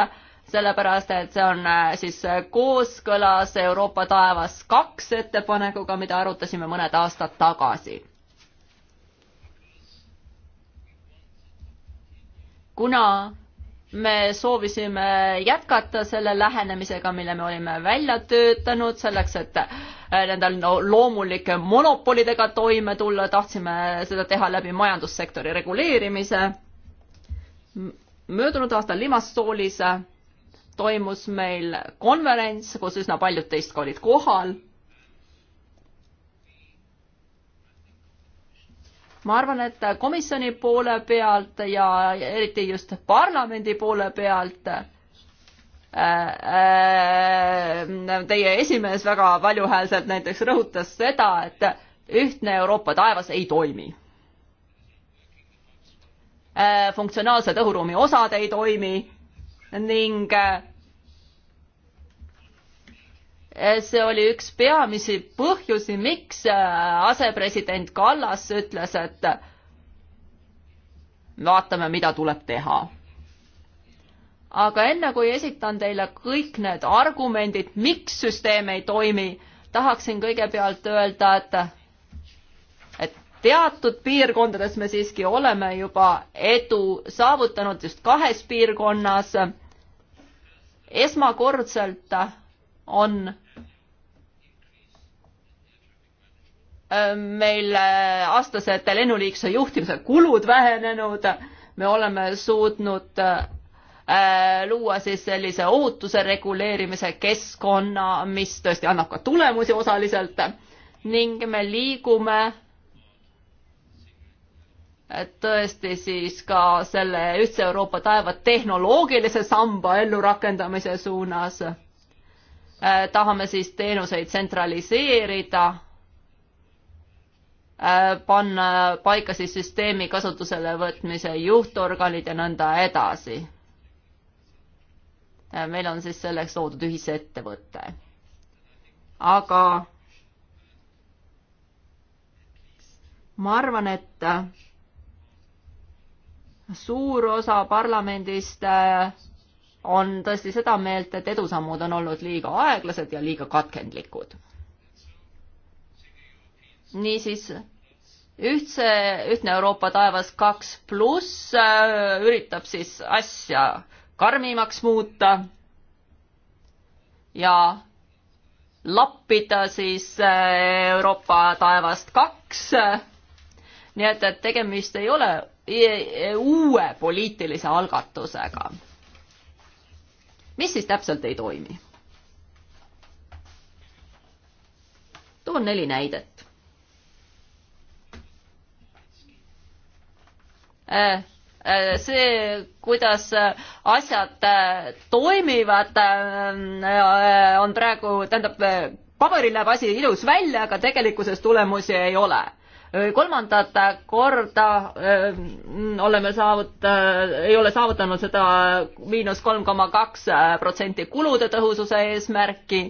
sellepärast et see on äh, siis äh, kooskõlas Euroopa taevas kaks ettepanekuga, mida arutasime mõned aastad tagasi. kuna me soovisime jätkata selle lähenemisega, mille me olime välja töötanud selleks, et äh, nende loomulike monopolidega toime tulla, tahtsime seda teha läbi majandussektori reguleerimise. möödunud aastal Limassoolis toimus meil konverents, kus üsna paljud teist ka olid kohal. ma arvan, et komisjoni poole pealt ja eriti just parlamendi poole pealt äh, äh, teie esimees väga valjuhäälselt näiteks rõhutas seda, et ühtne Euroopa taevas ei toimi. Äh, funktsionaalsed õhuruumi osad ei toimi ning äh, see oli üks peamisi põhjusi, miks äh, asepresident Kallas ütles, et vaatame, mida tuleb teha. aga enne kui esitan teile kõik need argumendid, miks süsteem ei toimi, tahaksin kõigepealt öelda, et, et teatud piirkondades me siiski oleme juba edu saavutanud just kahes piirkonnas esmakordselt on äh, meil äh, aastased lennuliikluse juhtimise kulud vähenenud, me oleme suutnud äh, luua siis sellise ohutuse reguleerimise keskkonna, mis tõesti annab ka tulemusi osaliselt ning me liigume tõesti siis ka selle Ühtse Euroopa taeva tehnoloogilise samba ellurakendamise suunas. Äh, tahame siis teenuseid tsentraliseerida, äh, panna paika siis süsteemi kasutusele võtmise juhtorganid ja nõnda edasi. Äh, meil on siis selleks loodud ühisettevõte. aga ma arvan, et suur osa parlamendist äh, on tõesti seda meelt, et edusammud on olnud liiga aeglased ja liiga katkendlikud. niisiis ühtse, ühtne Euroopa taevas kaks pluss äh, üritab siis asja karmimaks muuta ja lappida siis äh, Euroopa taevast kaks. nii et, et tegemist ei ole E, e, uue poliitilise algatusega. mis siis täpselt ei toimi? toon neli näidet äh, äh see, kuidas asjad äh, toimivad, äh, on praegu, tähendab, paberil näeb asi ilus välja, aga tegelikkuses tulemusi ei ole kolmandat korda oleme saavut-, ei ole saavutanud seda miinus kolm koma kaks protsenti kulude tõhususe eesmärki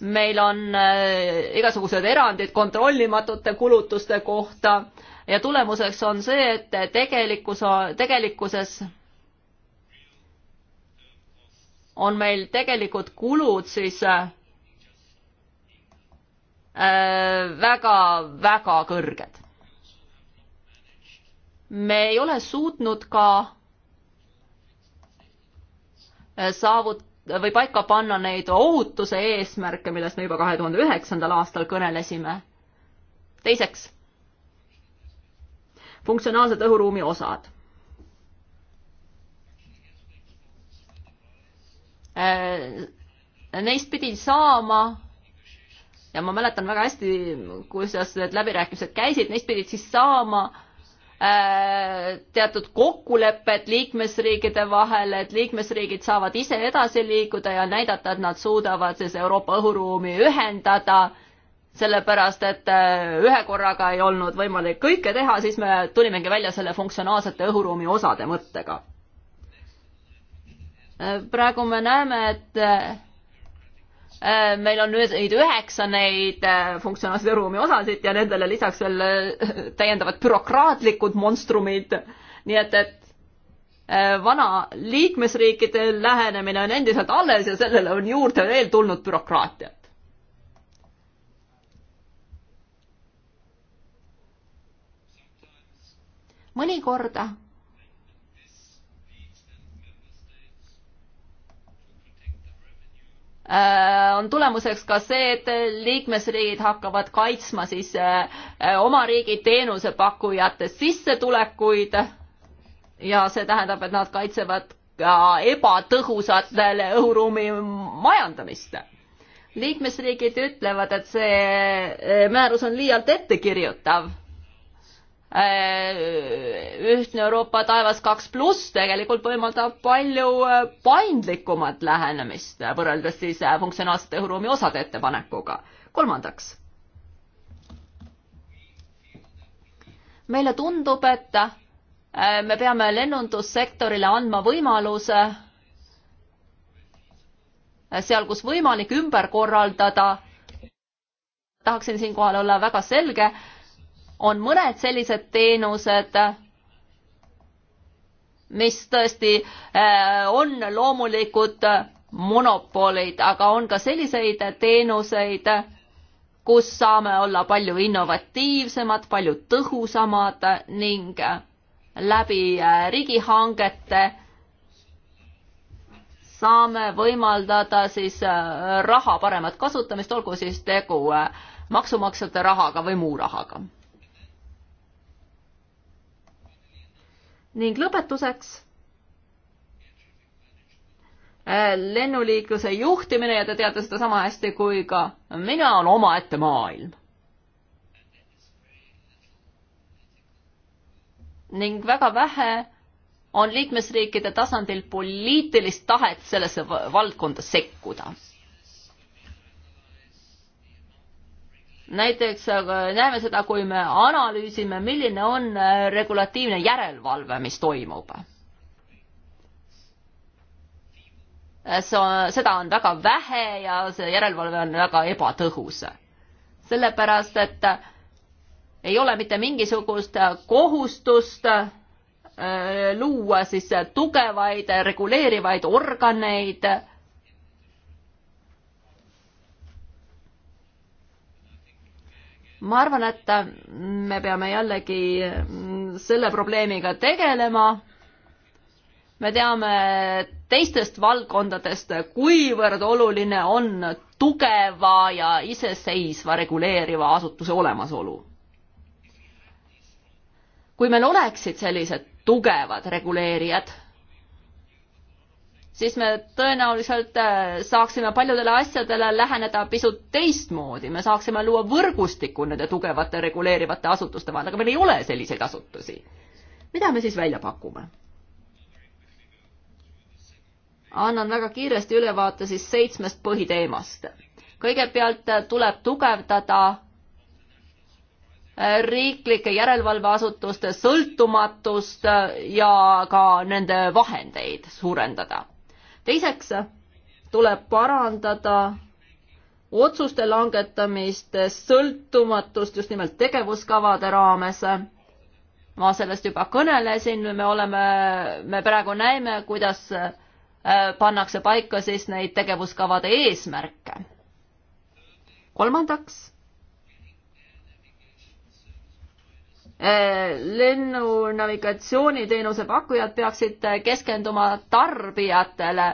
meil on igasugused erandid kontrollimatute kulutuste kohta ja tulemuseks on see, et tegelikkus, tegelikkuses on meil tegelikud kulud siis väga-väga kõrged me ei ole suutnud ka äh, saavut- või paika panna neid ohutuse eesmärke, millest me juba kahe tuhande üheksandal aastal kõnelesime. teiseks, funktsionaalsed õhuruumi osad. Äh, neist pidi saama ja ma mäletan väga hästi, kuidas need läbirääkimised käisid, neist pidid siis saama äh, Äh, teatud kokkulepped liikmesriikide vahel, et liikmesriigid saavad ise edasi liikuda ja näidata, et nad suudavad siis Euroopa õhuruumi ühendada, sellepärast et äh, ühe korraga ei olnud võimalik kõike teha, siis me tulimegi välja selle funktsionaalsete õhuruumi osade mõttega. Äh, praegu me näeme, et Äh, meil on neid üheksa neid äh, funktsionaalse ruumi osasid ja nendele lisaks veel äh, täiendavad bürokraatlikud monstrumid. nii et, et vana liikmesriikide lähenemine on endiselt alles ja sellele on juurde veel tulnud bürokraatiat. mõnikord Äh, on tulemuseks ka see, et liikmesriigid hakkavad kaitsma siis äh, oma riigi teenusepakkujate sissetulekuid ja see tähendab, et nad kaitsevad ka ebatõhusat õhuruumi majandamist. liikmesriigid ütlevad, et see äh, määrus on liialt ettekirjutav Äh, ühtne Euroopa taevas kaks pluss tegelikult võimaldab palju äh, paindlikumat lähenemist võrreldes siis äh, funktsionaalsete õhuruumi osade ettepanekuga. kolmandaks. meile tundub, et me peame lennundussektorile andma võimaluse seal, kus võimalik, ümber korraldada. tahaksin siinkohal olla väga selge on mõned sellised teenused, mis tõesti äh, on loomulikud monopolid, aga on ka selliseid teenuseid, kus saame olla palju innovatiivsemad, palju tõhusamad ning läbi äh, riigihangete saame võimaldada siis äh, raha paremat kasutamist, olgu siis tegu maksumaksjate rahaga või muu rahaga ning lõpetuseks äh, lennuliikluse juhtimine ja te teate seda sama hästi kui ka mina on omaette maailm. ning väga vähe on liikmesriikide tasandil poliitilist tahet sellesse valdkonda sekkuda näiteks näeme seda, kui me analüüsime, milline on äh, regulatiivne järelevalve, mis toimub. Äh, seda on väga vähe ja see järelevalve on väga ebatõhus. sellepärast, et äh, ei ole mitte mingisugust kohustust luua siis tugevaid reguleerivaid organeid ma arvan, et me peame jällegi selle probleemiga tegelema. me teame teistest valdkondadest, kuivõrd oluline on tugeva ja iseseisva reguleeriva asutuse olemasolu. kui meil oleksid sellised tugevad reguleerijad siis me tõenäoliselt äh, saaksime paljudele asjadele läheneda pisut teistmoodi, me saaksime luua võrgustiku nende tugevate reguleerivate asutuste vahel, aga meil ei ole selliseid asutusi. mida me siis välja pakume? annan väga kiiresti ülevaate siis seitsmest põhiteemast. kõigepealt äh, tuleb tugevdada äh, riiklike järelevalveasutuste sõltumatust ja ka nende vahendeid suurendada teiseks tuleb parandada otsuste langetamist, sõltumatust just nimelt tegevuskavade raames. ma sellest juba kõnelesin, me oleme, me praegu näeme, kuidas äh, pannakse paika siis neid tegevuskavade eesmärke. kolmandaks Eh, lennunavigatsiooniteenuse pakkujad peaksid eh, keskenduma tarbijatele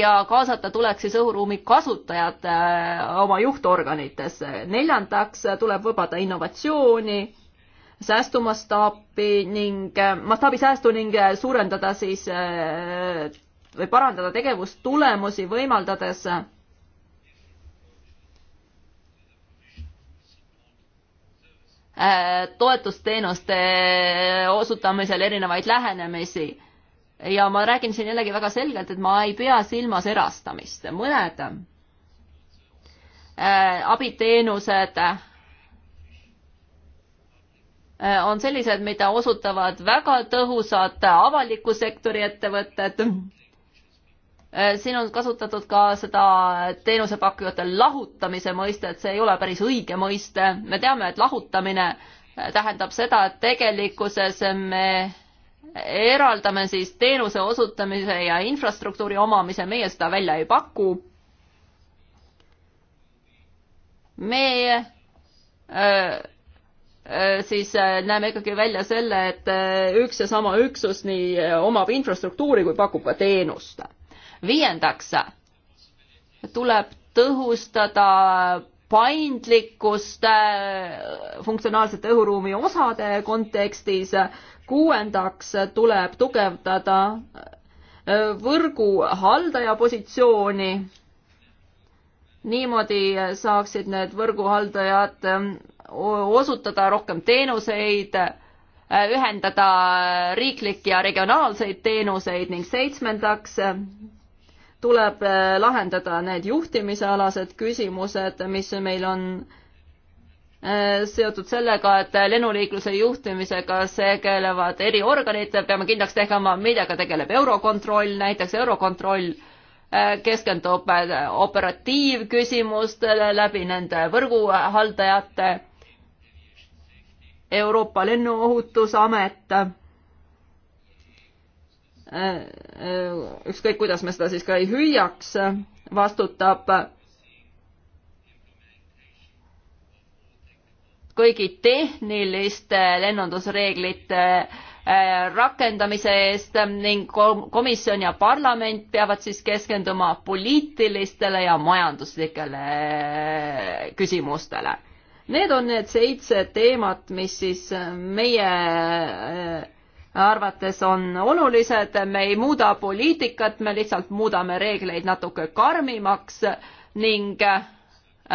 ja kaasata tuleks siis õhuruumi kasutajad eh, oma juhtorganitesse. neljandaks tuleb võbada innovatsiooni, säästumastaapi ning, mastaabisäästu ning suurendada siis või parandada tegevustulemusi, võimaldades Äh, toetusteenuste osutamisel erinevaid lähenemisi. ja ma räägin siin jällegi väga selgelt, et ma ei pea silmas erastamist, mõned äh, abiteenused äh, on sellised, mida osutavad väga tõhusad avaliku sektori ettevõtted et Äh, siin on kasutatud ka seda teenusepakkujate lahutamise mõistet, see ei ole päris õige mõiste, me teame, et lahutamine äh, tähendab seda, et tegelikkuses me eraldame siis teenuse osutamise ja infrastruktuuri omamise, meie seda välja ei paku. meie öö, äh, siis näeme ikkagi välja selle, et üks ja sama üksus nii omab infrastruktuuri kui pakub ka teenust viiendaks tuleb tõhustada paindlikkust äh, funktsionaalsete õhuruumi osade kontekstis. kuuendaks tuleb tugevdada äh, võrgu haldaja positsiooni. niimoodi saaksid need võrguhaldajad äh, osutada rohkem teenuseid, ühendada riiklikke ja regionaalseid teenuseid ning seitsmendaks tuleb äh, lahendada need juhtimisealased küsimused, mis meil on äh, seotud sellega, et lennuliikluse juhtimisega tegelevad eriorganid, peame kindlaks tegema, millega tegeleb Eurokontroll, näiteks Eurokontroll äh, keskendub operatiivküsimustele läbi nende võrguhaldajate, Euroopa Lennuohutusamet Äh, äh, ükskõik kuidas me seda siis ka ei hüüaks, vastutab kõigi tehniliste lennundusreeglite äh, rakendamise eest ning komisjon ja parlament peavad siis keskenduma poliitilistele ja majanduslikele küsimustele. Need on need seitse teemat, mis siis meie arvates on olulised, me ei muuda poliitikat, me lihtsalt muudame reegleid natuke karmimaks ning äh,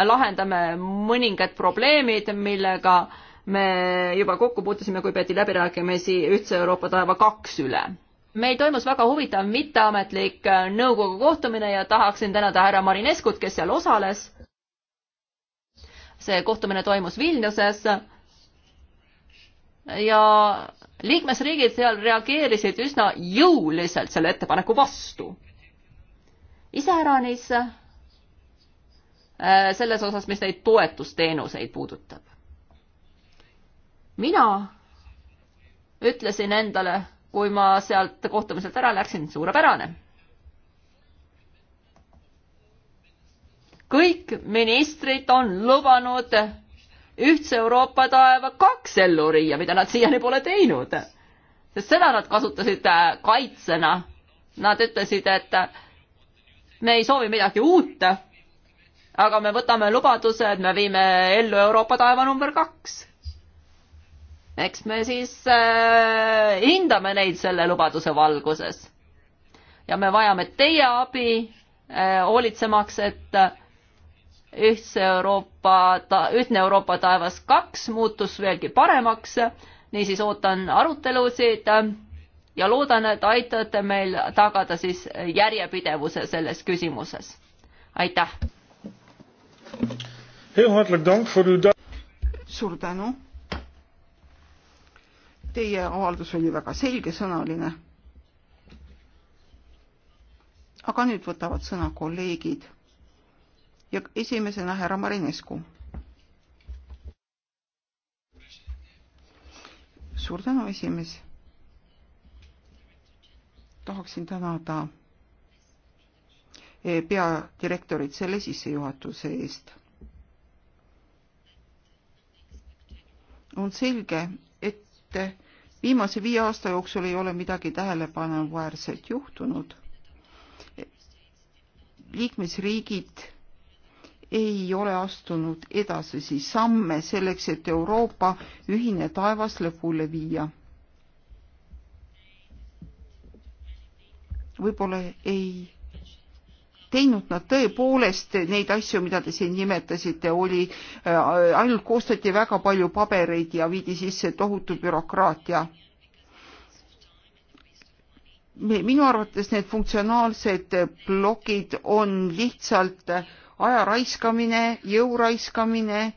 lahendame mõningad probleemid, millega me juba kokku puutusime, kui peeti läbirääkimisi Ühtse Euroopa taeva kaks üle. meil toimus väga huvitav mitteametlik äh, nõukogu kohtumine ja tahaksin tänada härra Marineskut, kes seal osales. see kohtumine toimus Vilniuses ja liikmesriigid seal reageerisid üsna jõuliselt selle ettepaneku vastu. iseäranis äh, selles osas, mis neid toetusteenuseid puudutab. mina ütlesin endale, kui ma sealt kohtumiselt ära läksin, suurepärane. kõik ministrid on lubanud ühtse Euroopa taeva kaks ellu viia, mida nad siiani pole teinud. sest seda nad kasutasid äh, kaitsena. Nad ütlesid, et äh, me ei soovi midagi uut, aga me võtame lubaduse, et me viime ellu Euroopa taeva number kaks. eks me siis äh, hindame neid selle lubaduse valguses. ja me vajame teie abi äh, hoolitsemaks, et äh, ühtse Euroopa, ühtne Euroopa taevas kaks muutus veelgi paremaks. niisiis ootan arutelusid ja loodan, et aitate meil tagada siis järjepidevuse selles küsimuses. aitäh! suur tänu! Teie avaldus oli väga selgesõnaline. aga nüüd võtavad sõna kolleegid ja esimesena härra Marinescu. suur tänu, esimees. tahaksin tänada eh, peadirektorit selle sissejuhatuse eest. on selge, et viimase viie aasta jooksul ei ole midagi tähelepanuväärset juhtunud. liikmesriigid ei ole astunud edasisi samme selleks, et Euroopa ühine taevas lõpule viia. võib-olla ei teinud nad tõepoolest neid asju, mida te siin nimetasite, oli, äh, ainult koostati väga palju pabereid ja viidi sisse tohutu bürokraatia minu arvates need funktsionaalsed plokid on lihtsalt aja raiskamine, jõu raiskamine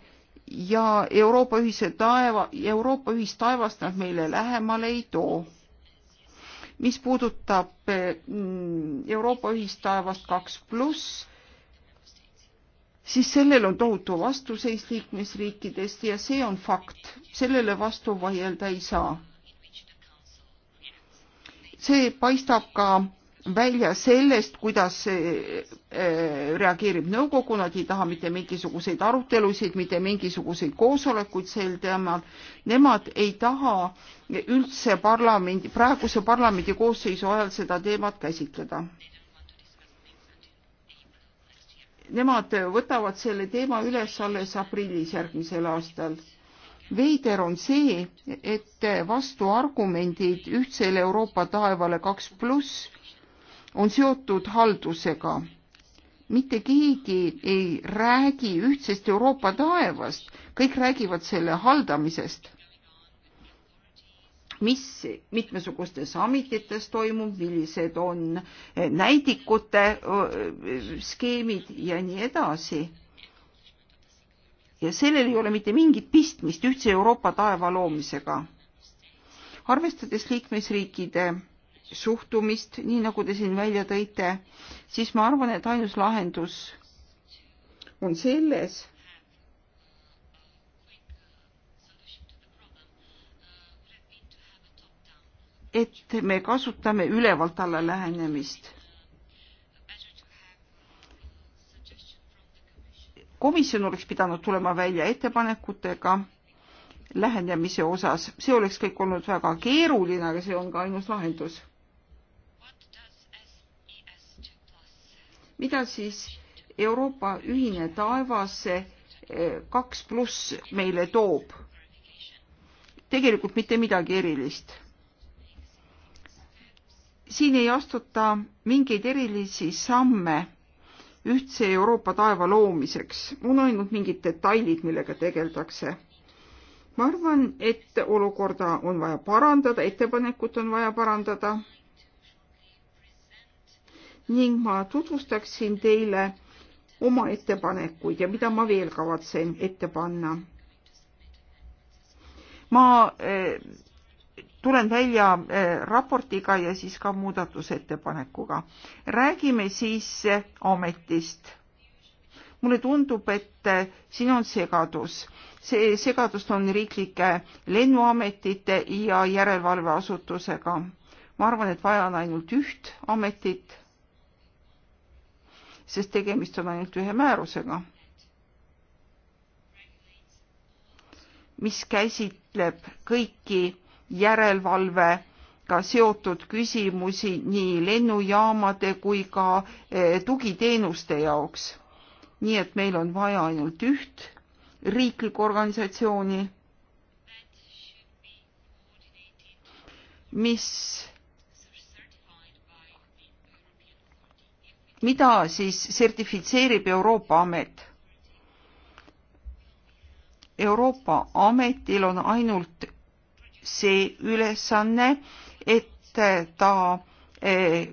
ja Euroopa ühise taeva, Euroopa ühist taevast nad meile lähemale ei too. mis puudutab mm, Euroopa ühist taevast kaks pluss, siis sellel on tohutu vastuseis liikmesriikidest ja see on fakt, sellele vastu vaielda ei saa. see paistab ka välja sellest, kuidas eh, reageerib nõukogu, nad ei taha mitte mingisuguseid arutelusid, mitte mingisuguseid koosolekuid sel teemal. Nemad ei taha üldse parlamendi, praeguse parlamendi koosseisu ajal seda teemat käsitleda. Nemad võtavad selle teema üles alles aprillis järgmisel aastal veider on see, et vastuargumendid ühtsele Euroopa taevale kaks pluss on seotud haldusega. mitte keegi ei räägi ühtsest Euroopa taevast, kõik räägivad selle haldamisest. mis mitmesugustes ametites toimub, millised on näidikute skeemid ja nii edasi. ja sellel ei ole mitte mingit pistmist ühtse Euroopa taeva loomisega. arvestades liikmesriikide suhtumist, nii nagu te siin välja tõite, siis ma arvan, et ainus lahendus on selles, et me kasutame ülevalt alla lähenemist. komisjon oleks pidanud tulema välja ettepanekutega lähenemise osas, see oleks kõik olnud väga keeruline, aga see on ka ainus lahendus mida siis Euroopa ühine taevas eh, kaks pluss meile toob? tegelikult mitte midagi erilist. siin ei astuta mingeid erilisi samme ühtse Euroopa taeva loomiseks, on ainult mingid detailid, millega tegeldakse. ma arvan, et olukorda on vaja parandada, ettepanekut on vaja parandada ning ma tutvustaksin teile oma ettepanekuid ja mida ma veel kavatsen ette panna. ma eh, tulen välja eh, raportiga ja siis ka muudatusettepanekuga. räägime siis eh, ametist. mulle tundub, et siin on segadus. see segadust on riiklike lennuametite ja järelevalveasutusega. ma arvan, et vaja on ainult üht ametit sest tegemist on ainult ühe määrusega, mis käsitleb kõiki järelevalvega seotud küsimusi nii lennujaamade kui ka eh, tugiteenuste jaoks. nii et meil on vaja ainult üht riiklikku organisatsiooni, mis mida siis sertifitseerib Euroopa Amet? Euroopa Ametil on ainult see ülesanne, et ta eh,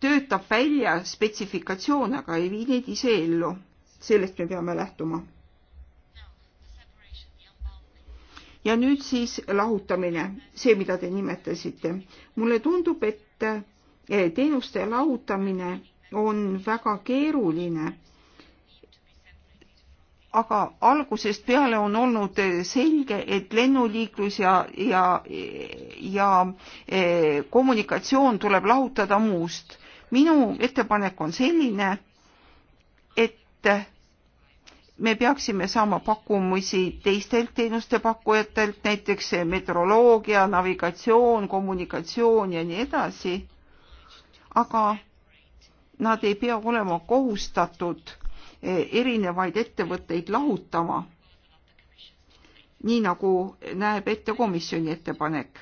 töötab välja spetsifikatsioone, aga ei vii neid ise ellu. sellest me peame lähtuma. ja nüüd siis lahutamine, see, mida te nimetasite. mulle tundub, et Eh, teenuste lahutamine on väga keeruline. aga algusest peale on olnud selge, et lennuliiklus ja, ja, ja eh, kommunikatsioon tuleb lahutada muust. minu ettepanek on selline, et me peaksime saama pakkumusi teistelt teenuste pakkujatelt, näiteks metroloogia, navigatsioon, kommunikatsioon ja nii edasi aga nad ei pea olema kohustatud eh, erinevaid ettevõtteid lahutama, nii nagu näeb ette komisjoni ettepanek.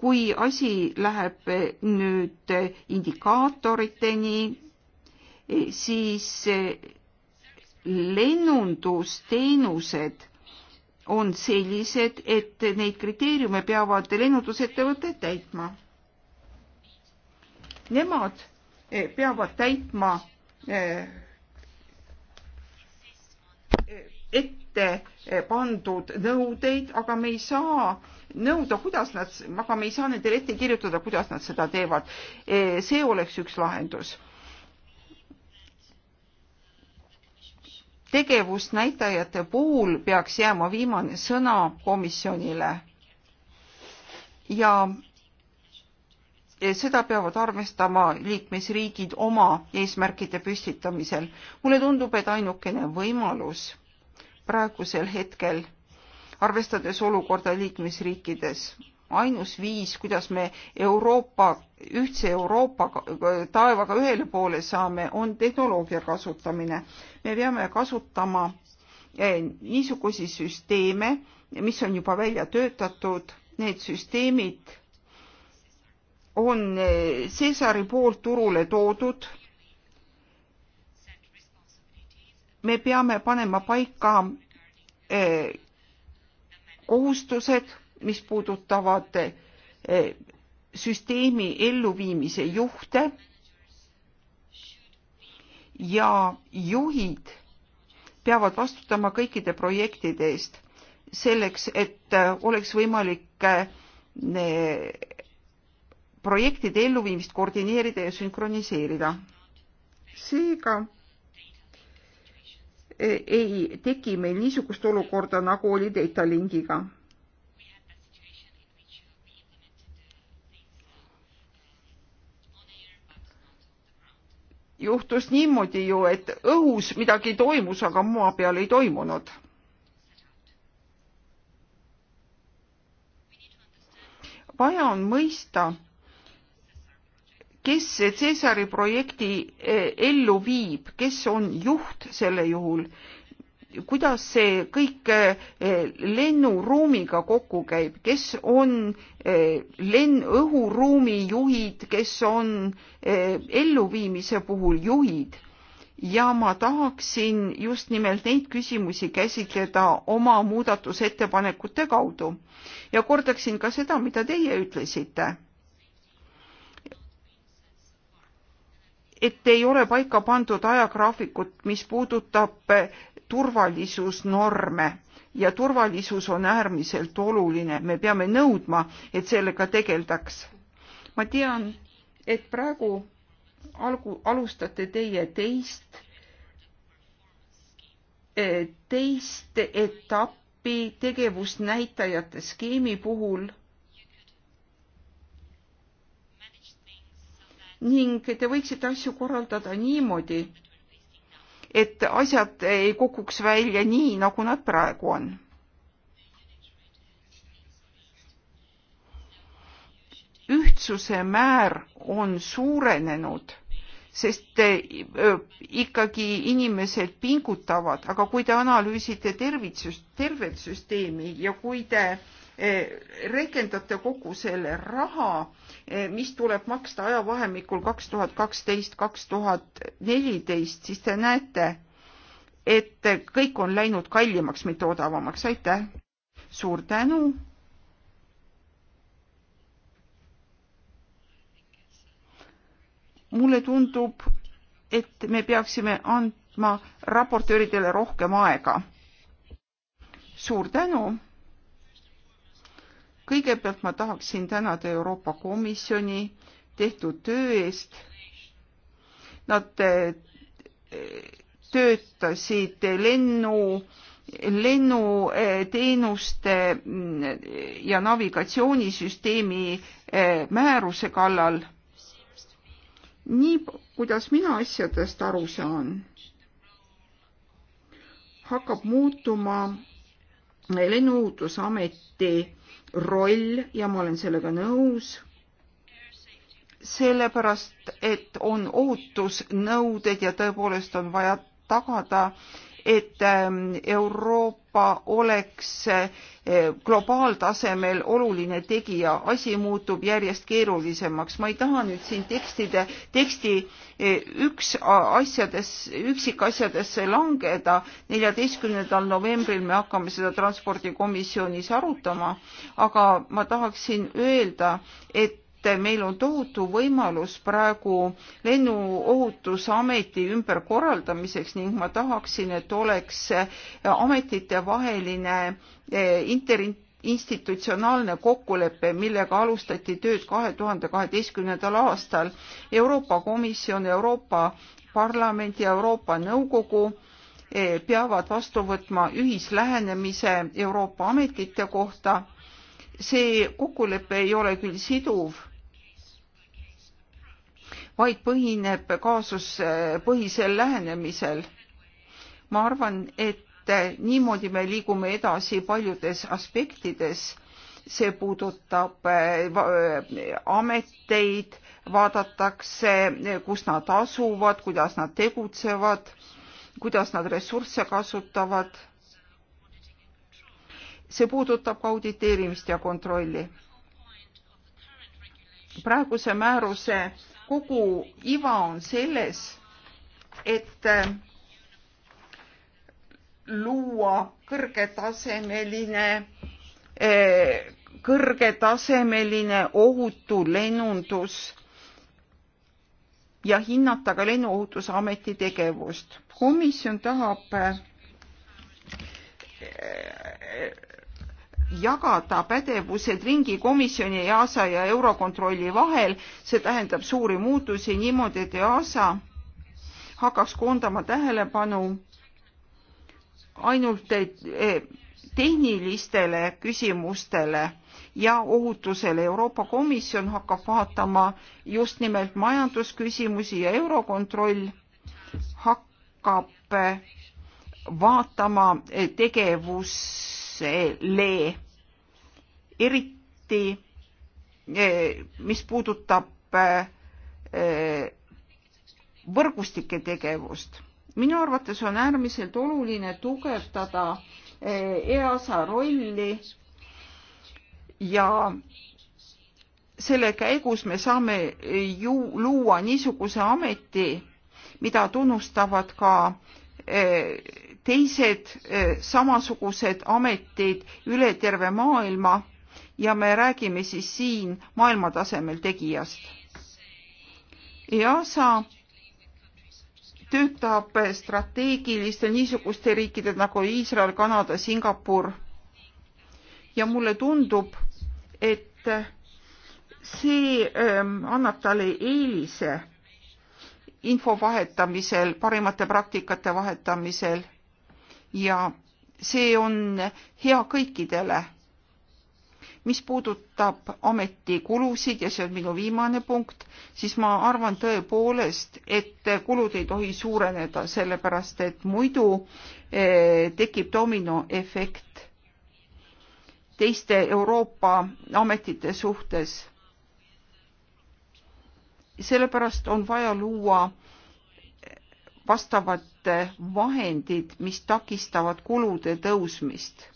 kui asi läheb eh, nüüd eh, indikaatoriteni, siis lennundusteenused on sellised, et neid kriteeriume peavad lennundusettevõtted täitma nemad eh, peavad täitma eh, eh, ette pandud nõudeid, aga me ei saa nõuda, kuidas nad, aga me ei saa nendele ette kirjutada, kuidas nad seda teevad. see oleks üks lahendus. tegevusnäitajate puhul peaks jääma viimane sõna komisjonile ja seda peavad arvestama liikmesriigid oma eesmärkide püstitamisel. mulle tundub, et ainukene võimalus praegusel hetkel, arvestades olukorda liikmesriikides, ainus viis, kuidas me Euroopa, ühtse Euroopa taevaga ühele poole saame, on tehnoloogia kasutamine. me peame kasutama eh, niisuguseid süsteeme, mis on juba välja töötatud, need süsteemid on eh, Cesari poolt turule toodud. me peame panema paika eh, kohustused, mis puudutavad eh, süsteemi elluviimise juhte ja juhid peavad vastutama kõikide projektide eest selleks, et oleks võimalik projektide elluviimist koordineerida ja sünkroniseerida. seega e, ei teki meil niisugust olukorda, nagu oli Data Linkiga. juhtus niimoodi ju, et õhus midagi toimus, aga maa peal ei toimunud vaja on mõista, kes Cesari projekti eh, ellu viib, kes on juht selle juhul, kuidas see kõik eh, lennuruumiga kokku käib, kes on eh, lenn-, õhuruumi juhid, kes on elluviimise puhul juhid ja ma tahaksin just nimelt neid küsimusi käsitleda oma muudatusettepanekute kaudu ja kordaksin ka seda, mida teie ütlesite et ei ole paika pandud ajagraafikut, mis puudutab eh, turvalisusnorme ja turvalisus on äärmiselt oluline, me peame nõudma, et sellega tegeldaks. ma tean, et praegu algu-, alustate teie teist, eh, teist etappi tegevusnäitajate skeemi puhul ning te võiksite asju korraldada niimoodi, et asjad ei kukuks välja nii, nagu nad praegu on. ühtsuse määr on suurenenud, sest ikkagi inimesed pingutavad, aga kui te analüüsite tervitsust, tervet süsteemi ja kui te äh, Eh, rehkendate kogu selle raha, eh, mis tuleb maksta ajavahemikul kaks tuhat kaksteist, kaks tuhat neliteist, siis te näete, et kõik on läinud kallimaks, mitte odavamaks. aitäh! suur tänu! mulle tundub, et me peaksime andma raportööridele rohkem aega. suur tänu! kõigepealt ma tahaksin tänada Euroopa Komisjoni tehtud töö eest. Nad eh, töötasid lennu, lennuteenuste mm, ja navigatsioonisüsteemi eh, määruse kallal. nii, kuidas mina asjadest aru saan, hakkab muutuma lennuohutusameti roll ja ma olen sellega nõus, sellepärast et on ohutusnõuded ja tõepoolest on vaja tagada, et ähm, Euroopa oleks äh, globaaltasemel oluline tegija, asi muutub järjest keerulisemaks. ma ei taha nüüd siin tekstide, teksti äh, üks asjades, üksikasjadesse langeda. neljateistkümnendal novembril me hakkame seda transpordikomisjonis arutama, aga ma tahaksin öelda, et et meil on tohutu võimalus praegu lennuohutusameti ümberkorraldamiseks ning ma tahaksin, et oleks ametitevaheline eh, interinstitutsionaalne kokkulepe, millega alustati tööd kahe tuhande kaheteistkümnendal aastal. Euroopa Komisjon, Euroopa Parlament ja Euroopa Nõukogu eh, peavad vastu võtma ühislähenemise Euroopa ametite kohta see kokkulepe ei ole küll siduv vaid põhineb kaasuspõhisel eh, lähenemisel. ma arvan, et eh, niimoodi me liigume edasi paljudes aspektides. see puudutab eh, ameteid, vaadatakse, kus nad asuvad, kuidas nad tegutsevad, kuidas nad ressursse kasutavad. see puudutab ka auditeerimist ja kontrolli. praeguse määruse kogu iva on selles, et äh, luua kõrgetasemeline, äh, kõrgetasemeline ohutu lennundus ja hinnata ka Lennuohutusameti tegevust. komisjon tahab äh, jagada pädevused ringi komisjoni EASA ja Eurokontrolli vahel, see tähendab suuri muutusi niimoodi, et EASA hakkaks koondama tähelepanu ainult eh, tehnilistele küsimustele ja ohutusele. Euroopa Komisjon hakkab vaatama just nimelt majandusküsimusi ja Eurokontroll hakkab eh, vaatama eh, tegevusele eriti eh, mis puudutab eh, eh, võrgustike tegevust. minu arvates on äärmiselt oluline tugevdada EASA rolli ja selle käigus me saame ju luua niisuguse ameti, mida tunnustavad ka teised samasugused ametid üle terve maailma ja me räägime siis siin maailmatasemel tegijast. EASA töötab strateegilistel niisuguste riikide nagu Iisrael, Kanada, Singapur ja mulle tundub, et see ähm, annab talle eelise info vahetamisel, parimate praktikate vahetamisel ja see on hea kõikidele mis puudutab ametikulusid ja see on minu viimane punkt, siis ma arvan tõepoolest, et kulud ei tohi suureneda, sellepärast et muidu eh, tekib dominoefekt teiste Euroopa ametite suhtes. sellepärast on vaja luua eh, vastavad eh, vahendid, mis takistavad kulude tõusmist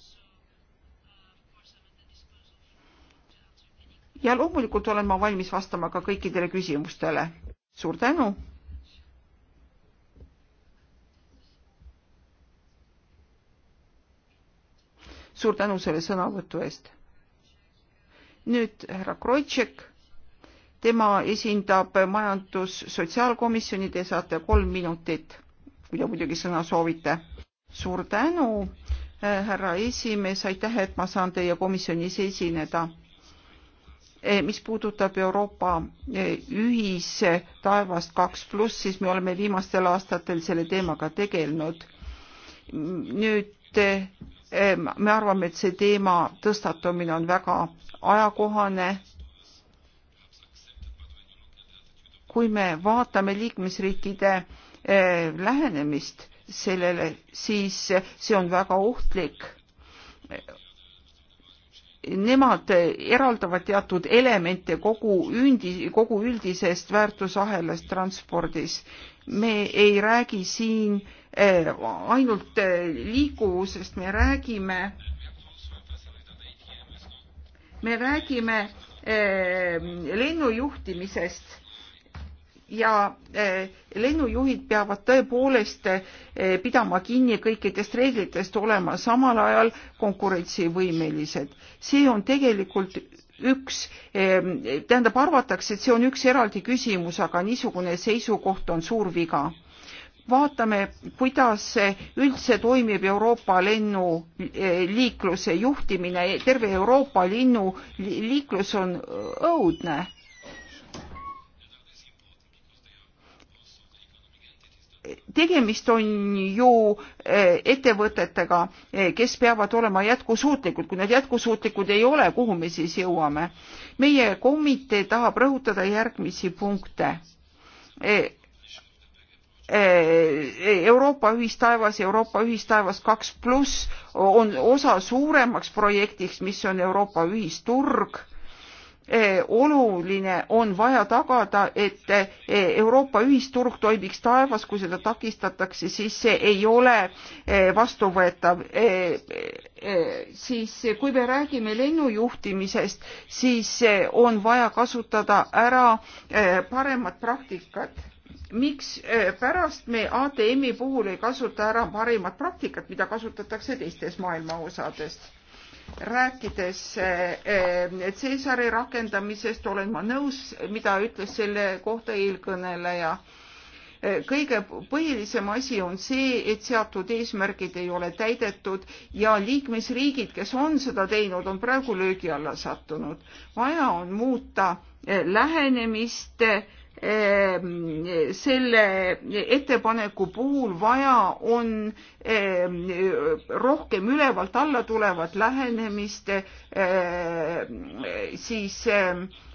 ja loomulikult olen ma valmis vastama ka kõikidele küsimustele. suur tänu. suur tänu selle sõnavõtu eest. nüüd härra Krojtšek, tema esindab majandus-sotsiaalkomisjoni, te saate kolm minutit, kui te muidugi sõna soovite. suur tänu, eh, härra esimees, aitäh, et ma saan teie komisjonis esineda Eh, mis puudutab Euroopa eh, ühistaevast kaks pluss, siis me oleme viimastel aastatel selle teemaga tegelenud. nüüd eh, me arvame, et see teema tõstatumine on väga ajakohane. kui me vaatame liikmesriikide lähenemist sellele, siis see on väga ohtlik nemad eraldavad teatud elemente kogu ündi, kogu üldisest väärtusahelast transpordis. me ei räägi siin eh, ainult eh, liikuvusest, me räägime, me räägime eh, lennujuhtimisest ja eh, lennujuhid peavad tõepoolest eh, pidama kinni kõikidest reeglitest, olema samal ajal konkurentsivõimelised. see on tegelikult üks, eh, tähendab, arvatakse, et see on üks eraldi küsimus, aga niisugune seisukoht on suur viga. vaatame, kuidas üldse toimib Euroopa lennuliikluse juhtimine, terve Euroopa linnu liiklus on õudne tegemist on ju eh, ettevõtetega, eh, kes peavad olema jätkusuutlikud, kui nad jätkusuutlikud ei ole, kuhu me siis jõuame? meie komitee tahab rõhutada järgmisi punkte. Eh, Euroopa ühistaevas, Euroopa ühistaevas kaks pluss on osa suuremaks projektiks, mis on Euroopa ühisturg Eh, oluline on vaja tagada, et eh, Euroopa ühisturg toimiks taevas, kui seda takistatakse, siis see ei ole eh, vastuvõetav. siis kui me räägime lennujuhtimisest, siis on vaja kasutada ära paremat praktikat miks pärast me ATM-i puhul ei kasuta ära parimat praktikat, mida kasutatakse teistes maailma osades? rääkides eh, Caesari rakendamisest olen ma nõus, mida ütles selle kohta eelkõneleja. Eh, kõige põhilisem asi on see, et seatud eesmärgid ei ole täidetud ja liikmesriigid, kes on seda teinud, on praegu löögi alla sattunud. vaja on muuta eh, lähenemist Ehm, selle ettepaneku puhul vaja on ehm, rohkem ülevalt alla tulevat lähenemist ehm, siis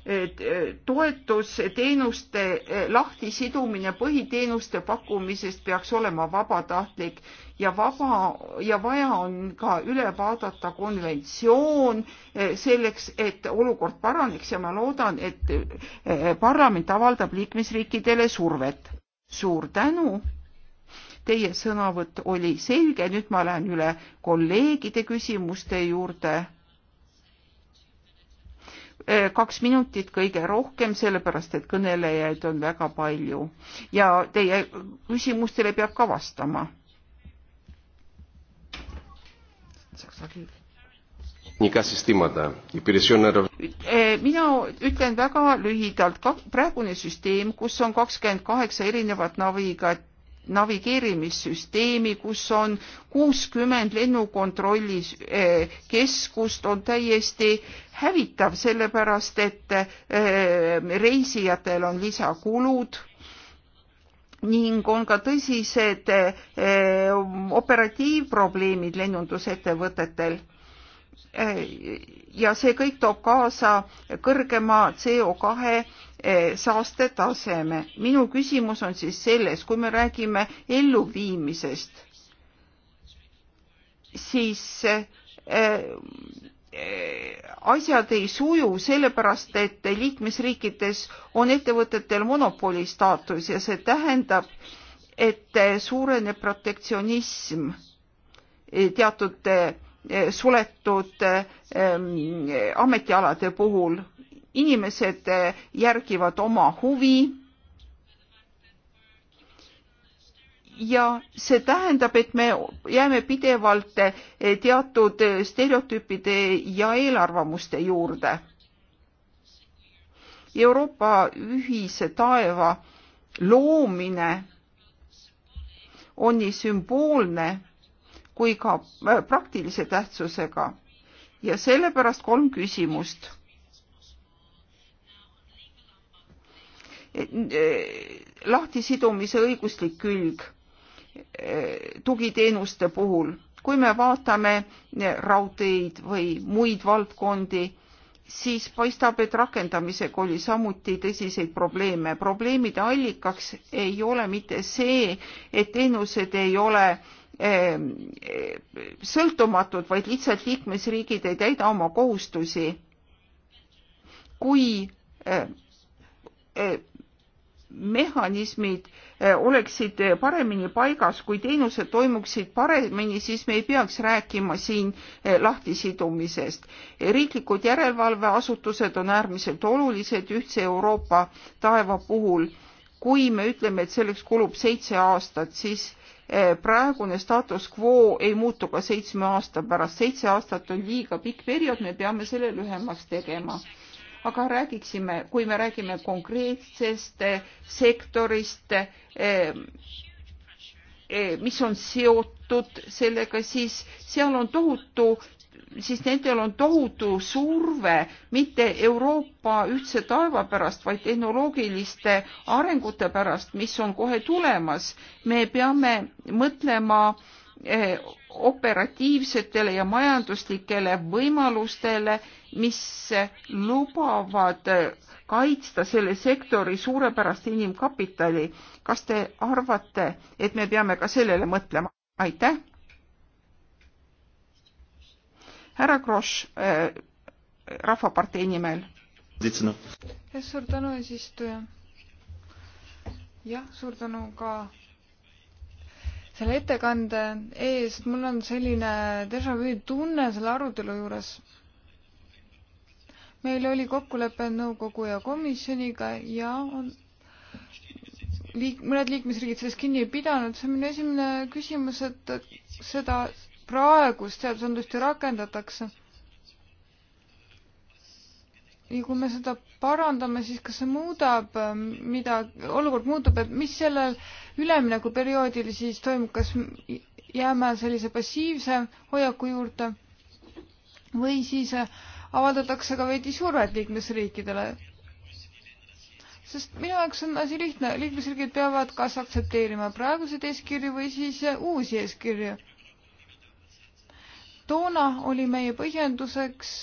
Eh, toetus, teenuste eh, lahtisidumine põhiteenuste pakkumisest peaks olema vabatahtlik ja vaba ja vaja on ka üle vaadata konventsioon eh, selleks, et olukord paraneks ja ma loodan, et parlament avaldab liikmesriikidele survet. suur tänu. Teie sõnavõtt oli selge, nüüd ma lähen üle kolleegide küsimuste juurde Äh, kaks minutit kõige rohkem, sellepärast et kõnelejaid on väga palju ja teie küsimustele peab ka vastama. Äh, mina ütlen väga lühidalt, praegune süsteem, kus on kakskümmend kaheksa erinevat navigat-, navigeerimissüsteemi, kus on kuuskümmend lennukontrollikeskust, eh, on täiesti hävitav, sellepärast et eh, reisijatel on lisakulud ning on ka tõsised eh, operatiivprobleemid lennundusettevõtetel ja see kõik toob kaasa kõrgema CO2 Eh, saastetaseme. minu küsimus on siis selles, kui me räägime elluviimisest, siis eh, eh, asjad ei suju sellepärast, et liikmesriikides on ettevõtetel monopoli staatus ja see tähendab, et suureneb protektsionism teatud suletud ametialade puhul inimesed eh, järgivad oma huvi. ja see tähendab, et me jääme pidevalt eh, teatud eh, stereotüüpide ja eelarvamuste juurde. Euroopa ühise taeva loomine on nii sümboolne kui ka praktilise tähtsusega ja sellepärast kolm küsimust lahtisidumise õiguslik külg eh, tugiteenuste puhul. kui me vaatame eh, raudteid või muid valdkondi, siis paistab, et rakendamisega oli samuti tõsiseid probleeme. probleemide allikaks ei ole mitte see, et teenused ei ole ehm, sõltumatud, vaid lihtsalt liikmesriigid ei täida oma kohustusi. kui eh, mehhanismid eh, oleksid eh, paremini paigas, kui teenused toimuksid paremini, siis me ei peaks rääkima siin eh, lahtisidumisest. riiklikud järelevalveasutused on äärmiselt olulised ühtse Euroopa taeva puhul. kui me ütleme, et selleks kulub seitse aastat, siis praegune status quo ei muutu ka seitsme aasta pärast. seitse aastat on liiga pikk periood, me peame selle lühemaks tegema aga räägiksime, kui me räägime konkreetsest eh, sektorist, eh, eh, mis on seotud sellega, siis seal on tohutu siis nendel on tohutu surve mitte Euroopa ühtse taeva pärast, vaid tehnoloogiliste arengute pärast, mis on kohe tulemas. me peame mõtlema operatiivsetele ja majanduslikele võimalustele mis lubavad kaitsta selle sektori suurepärast inimkapitali. kas te arvate, et me peame ka sellele mõtlema? aitäh. härra Grosch äh, Rahvapartei nimel. suur tänu, eesistuja. jah, suur tänu ka selle ettekande eest. mul on selline déjà vu tunne selle arutelu juures meil oli kokkulepe nõukogu ja komisjoniga ja on liik-, mõned liikmesriigid sellest kinni ei pidanud, see on minu esimene küsimus, et, et seda praegust seadusandlust ju rakendatakse. ja kui me seda parandame, siis kas see muudab ähm, midagi, olukord muutub, et mis sellel üleminekuperioodil siis toimub, kas jääme sellise passiivse hoiaku juurde või siis äh, avaldatakse ka veidi survet liikmesriikidele. sest minu jaoks on asi lihtne, liikmesriigid peavad kas aktsepteerima praeguseid eeskirju või siis eh, uusi eeskirju. toona oli meie põhjenduseks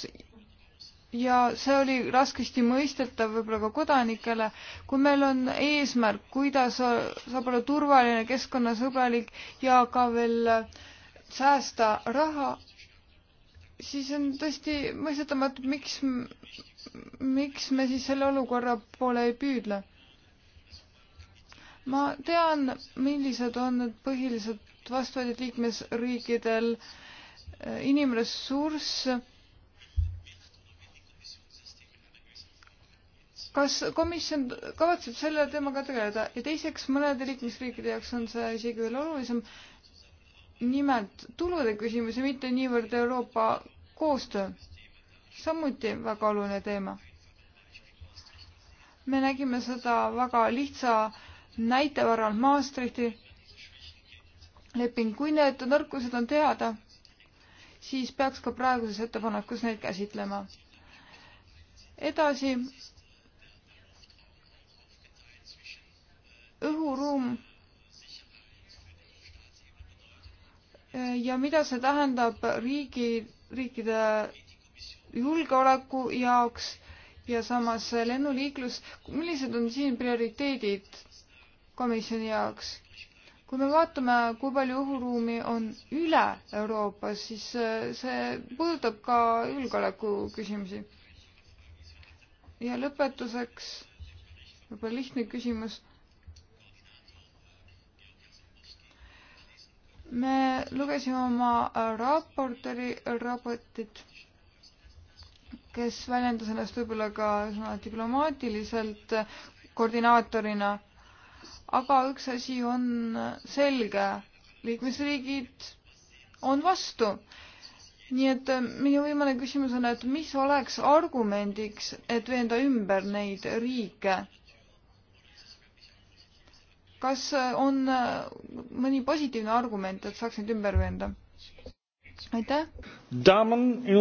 ja see oli raskesti mõistetav võib-olla ka kodanikele, kui meil on eesmärk, kuidas saab olla turvaline, keskkonnasõbralik ja ka veel säästa raha, siis on tõesti mõistetamatu, miks, miks me siis selle olukorra poole ei püüdle. ma tean, millised on need põhilised vastuväidid liikmesriikidel, äh, inimressurss, kas komisjon kavatseb selle teemaga tegeleda ja teiseks mõnede liikmesriikide jaoks on see isegi veel olulisem, nimelt tulude küsimus ja mitte niivõrd Euroopa koostöö. samuti väga oluline teema. me nägime seda väga lihtsa näite varal Maastrichti leping, kui need nõrkused on teada, siis peaks ka praeguses ettepanekus neid käsitlema. edasi, õhuruum ja mida see tähendab riigi, riikide julgeoleku jaoks ja samas lennuliiklus, millised on siin prioriteedid komisjoni jaoks? kui me vaatame, kui palju õhuruumi on üle Euroopas, siis äh, see puudutab ka julgeoleku küsimusi. ja lõpetuseks võib-olla lihtne küsimus me lugesime oma äh, raportööri äh, raportit, kes väljendas ennast võib-olla ka sõna diplomaatiliselt äh, koordinaatorina. aga üks asi on selge, liikmesriigid on vastu. nii et minu viimane küsimus on, et mis oleks argumendiks, et veenda ümber neid riike kas äh, on äh, mõni positiivne argument, et saaks neid ümber veenda? aitäh. Äh,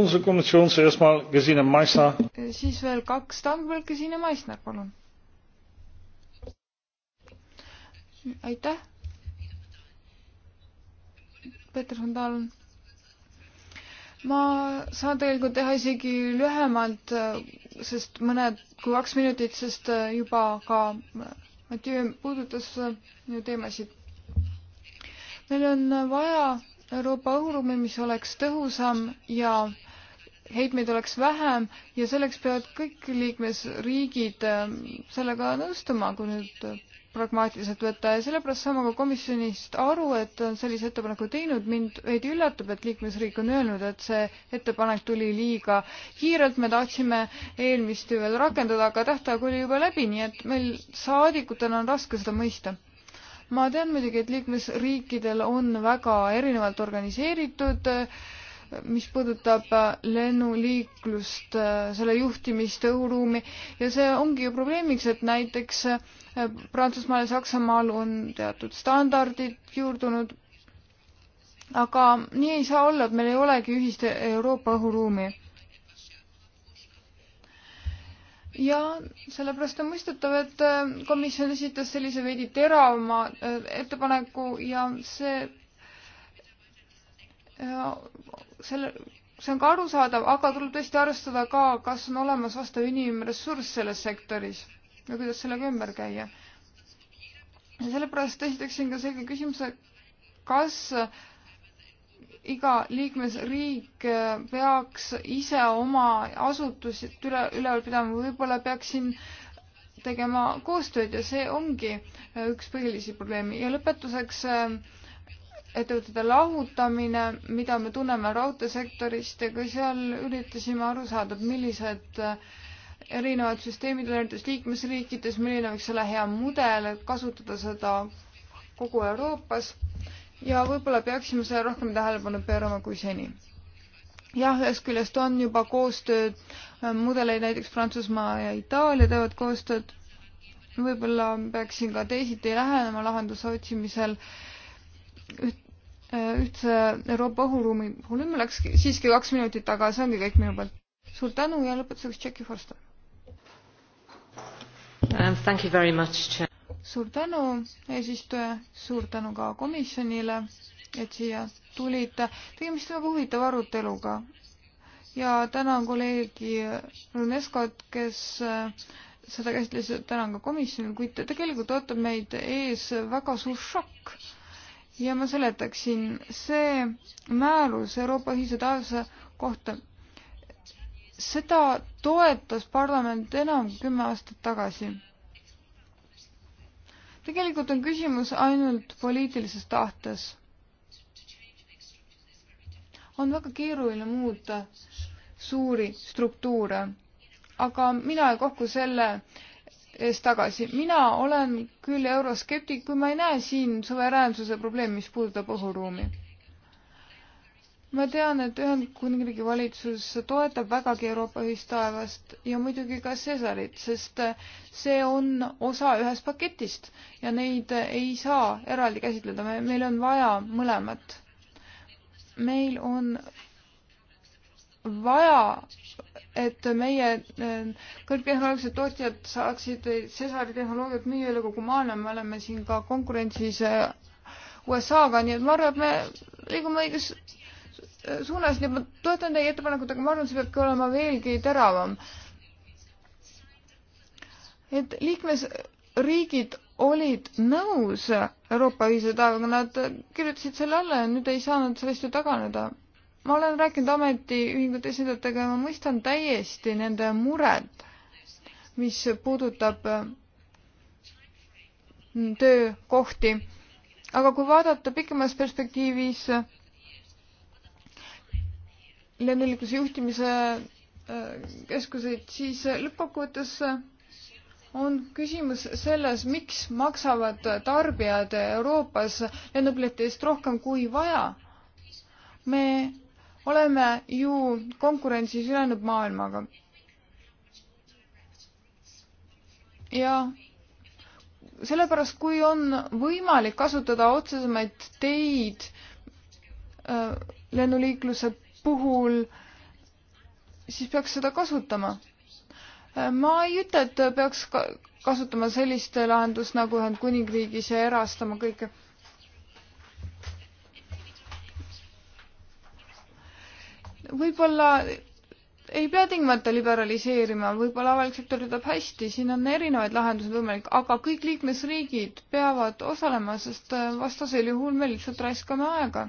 siis veel kaks daami pealt, Gesine Meissner, palun. aitäh. Peeter Sandal. ma saan tegelikult teha isegi lühemalt, sest mõned, kui kaks minutit, sest juba ka Mathieu puudutas äh, ju teemasid. meil on äh, vaja Euroopa õhuruumi, mis oleks tõhusam ja heitmeid oleks vähem ja selleks peavad kõik liikmesriigid äh, sellega nõustuma, kui nüüd pragmaatiliselt võtta ja sellepärast saame ka komisjonist aru, et on sellise ettepaneku teinud. mind veidi üllatab, et liikmesriik on öelnud, et see ettepanek tuli liiga kiirelt, me tahtsime eelmist ju veel rakendada, aga tähtaeg oli juba läbi, nii et meil saadikutel on raske seda mõista ma tean muidugi, et liikmesriikidel on väga erinevalt organiseeritud äh, mis puudutab äh, lennuliiklust, äh, selle juhtimist, õhuruumi ja see ongi ju probleemiks, et näiteks äh, Prantsusmaal ja Saksamaal on teatud standardid juurdunud, aga nii ei saa olla, et meil ei olegi ühist Euroopa õhuruumi. ja sellepärast on mõistetav, et komisjon esitas sellise veidi teravama ettepaneku ja see selle, see on ka arusaadav, aga tuleb tõesti arvestada ka, kas on olemas vastav inimressurss selles sektoris ja kuidas sellega ümber käia. ja sellepärast esitaksin ka selge küsimuse, kas iga liikmesriik peaks ise oma asutusi üle, üleval pidama, võib-olla peaksin tegema koostööd ja see ongi üks põhilisi probleeme ja lõpetuseks äh, ettevõtete lahutamine, mida me tunneme raudteesektorist ja ka seal üritasime aru saada, millised äh, erinevad süsteemid on erinevates liikmesriikides, milline võiks olla hea mudel, et kasutada seda kogu Euroopas ja võib-olla peaksime sellele rohkem tähelepanu pöörama kui seni. jah, ühest küljest on juba koostööd, äh, mudeleid näiteks Prantsusmaa ja Itaalia teevad koostööd, võib-olla peaksin ka teisiti lähenema lahenduse otsimisel üht ühtse Euroopa õhuruumi puhul. nüüd mul läks siiski kaks minutit, aga see ongi kõik minu poolt. suur tänu ja lõpetuseks Jackie Forster um,. suur tänu, eesistuja, suur tänu ka komisjonile, et siia tulite. tegemist on väga huvitava aruteluga ja tänan kolleegi Runescot, kes äh, seda käsitles, tänan ka komisjoni, kuid tegelikult ootab meid ees väga suur šokk ja ma seletaksin, see määrus Euroopa ühise taevase kohta, seda toetas parlament enam kümme aastat tagasi. tegelikult on küsimus ainult poliitilises tahtes. on väga keeruline muuta suuri struktuure, aga mina ei kohku selle ees tagasi. mina olen küll euroskeptik, kui ma ei näe siin suveräänsuse probleemi, mis puudutab õhuruumi. ma tean, et Ühendkuningriigi valitsus toetab vägagi Euroopa ühistaevast ja muidugi ka Cesarit, sest see on osa ühest paketist ja neid ei saa eraldi käsitleda, meil on vaja mõlemat. meil on vaja, et meie äh, kõrgtehnoloogilised tootjad saaksid sesaritehnoloogiat müüa üle kogu maailma, me oleme siin ka konkurentsis äh, USA-ga, nii et ma arvan, et me liigume õiges äh, suunas, nii et ma toetan teie ettepanekut, aga ma arvan, see peabki olema veelgi teravam. et liikmesriigid olid nõus Euroopa ühise taevaga, nad kirjutasid selle alla ja nüüd ei saanud sellest ju taganeda ma olen rääkinud ametiühingute esindajatega ja ma mõistan täiesti nende mured, mis puudutab mm, töökohti. aga kui vaadata pikemas perspektiivis lennuliikluse juhtimise äh, keskuseid, siis lõppkokkuvõttes on küsimus selles, miks maksavad tarbijad Euroopas lennupileti eest rohkem kui vaja. me oleme ju konkurentsis ülejäänud maailmaga. ja sellepärast, kui on võimalik kasutada otsesemaid teid äh, lennuliikluse puhul, siis peaks seda kasutama. Äh, ma ei ütle, et peaks kasutama sellist lahendust nagu Ühendkuningriigis ja erastama kõike võib-olla ei pea tingimata liberaliseerima, võib-olla avalik sektor töötab hästi, siin on erinevaid lahendusi võimalik, aga kõik liikmesriigid peavad osalema, sest äh, vastasel juhul me lihtsalt raiskame aega.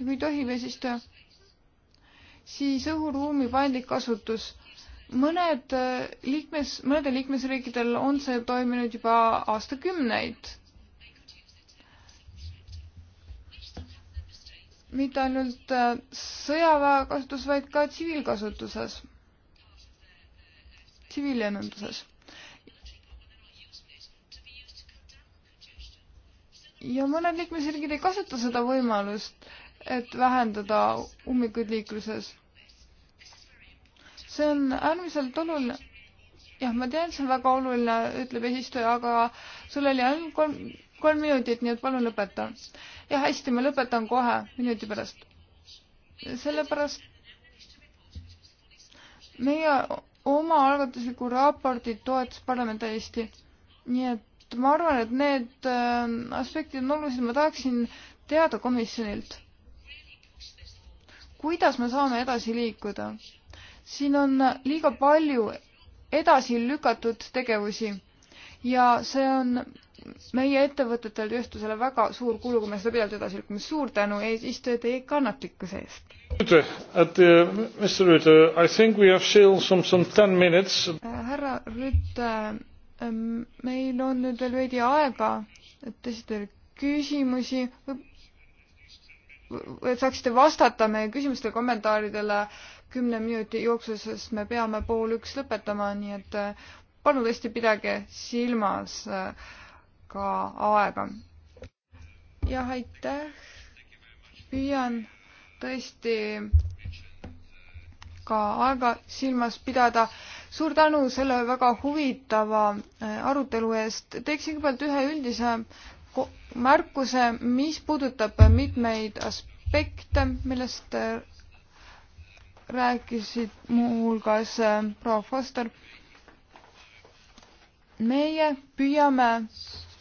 ja kui tohib, eesistuja, siis õhuruumi paindlik kasutus. mõned äh, liikmes, mõnedel liikmesriikidel on see toiminud juba aastakümneid mitte ainult äh, sõjaväe kasutus, vaid ka tsiviilkasutuses, tsiviillennunduses. ja mõned liikmesriigid ei kasuta seda võimalust, et vähendada ummikuid liikluses. see on äärmiselt oluline. jah, ma tean, see on väga oluline, ütleb eesistuja, aga sul oli ainult kolm, kolm minutit, nii et palun lõpeta ja hästi, ma lõpetan kohe minuti pärast. sellepärast meie omaalgatuslikku raportit toetas parlament täiesti. nii et ma arvan, et need äh, aspektid on olulised, ma tahaksin teada komisjonilt, kuidas me saame edasi liikuda. siin on liiga palju edasi lükatud tegevusi ja see on meie ettevõtetel, tööstusele väga suur kulu, kui me seda pidevalt edasi lükkame. suur tänu eesistuja teie kannatlikkuse eest. Äh, äh, härra Rüütel, ähm, meil on nüüd veel veidi aega, et esitada küsimusi või et saaksite vastata meie küsimustele, kommentaaridele kümne minuti jooksul, sest me peame pool üks lõpetama, nii et äh, palun tõesti pidage silmas äh, ka aega. jah, aitäh. püüan tõesti ka aega silmas pidada. suur tänu selle väga huvitava äh, arutelu eest. teeksin kõigepealt ühe üldise märkuse, mis puudutab mitmeid aspekte, millest äh, rääkisid muuhulgas proua Foster meie püüame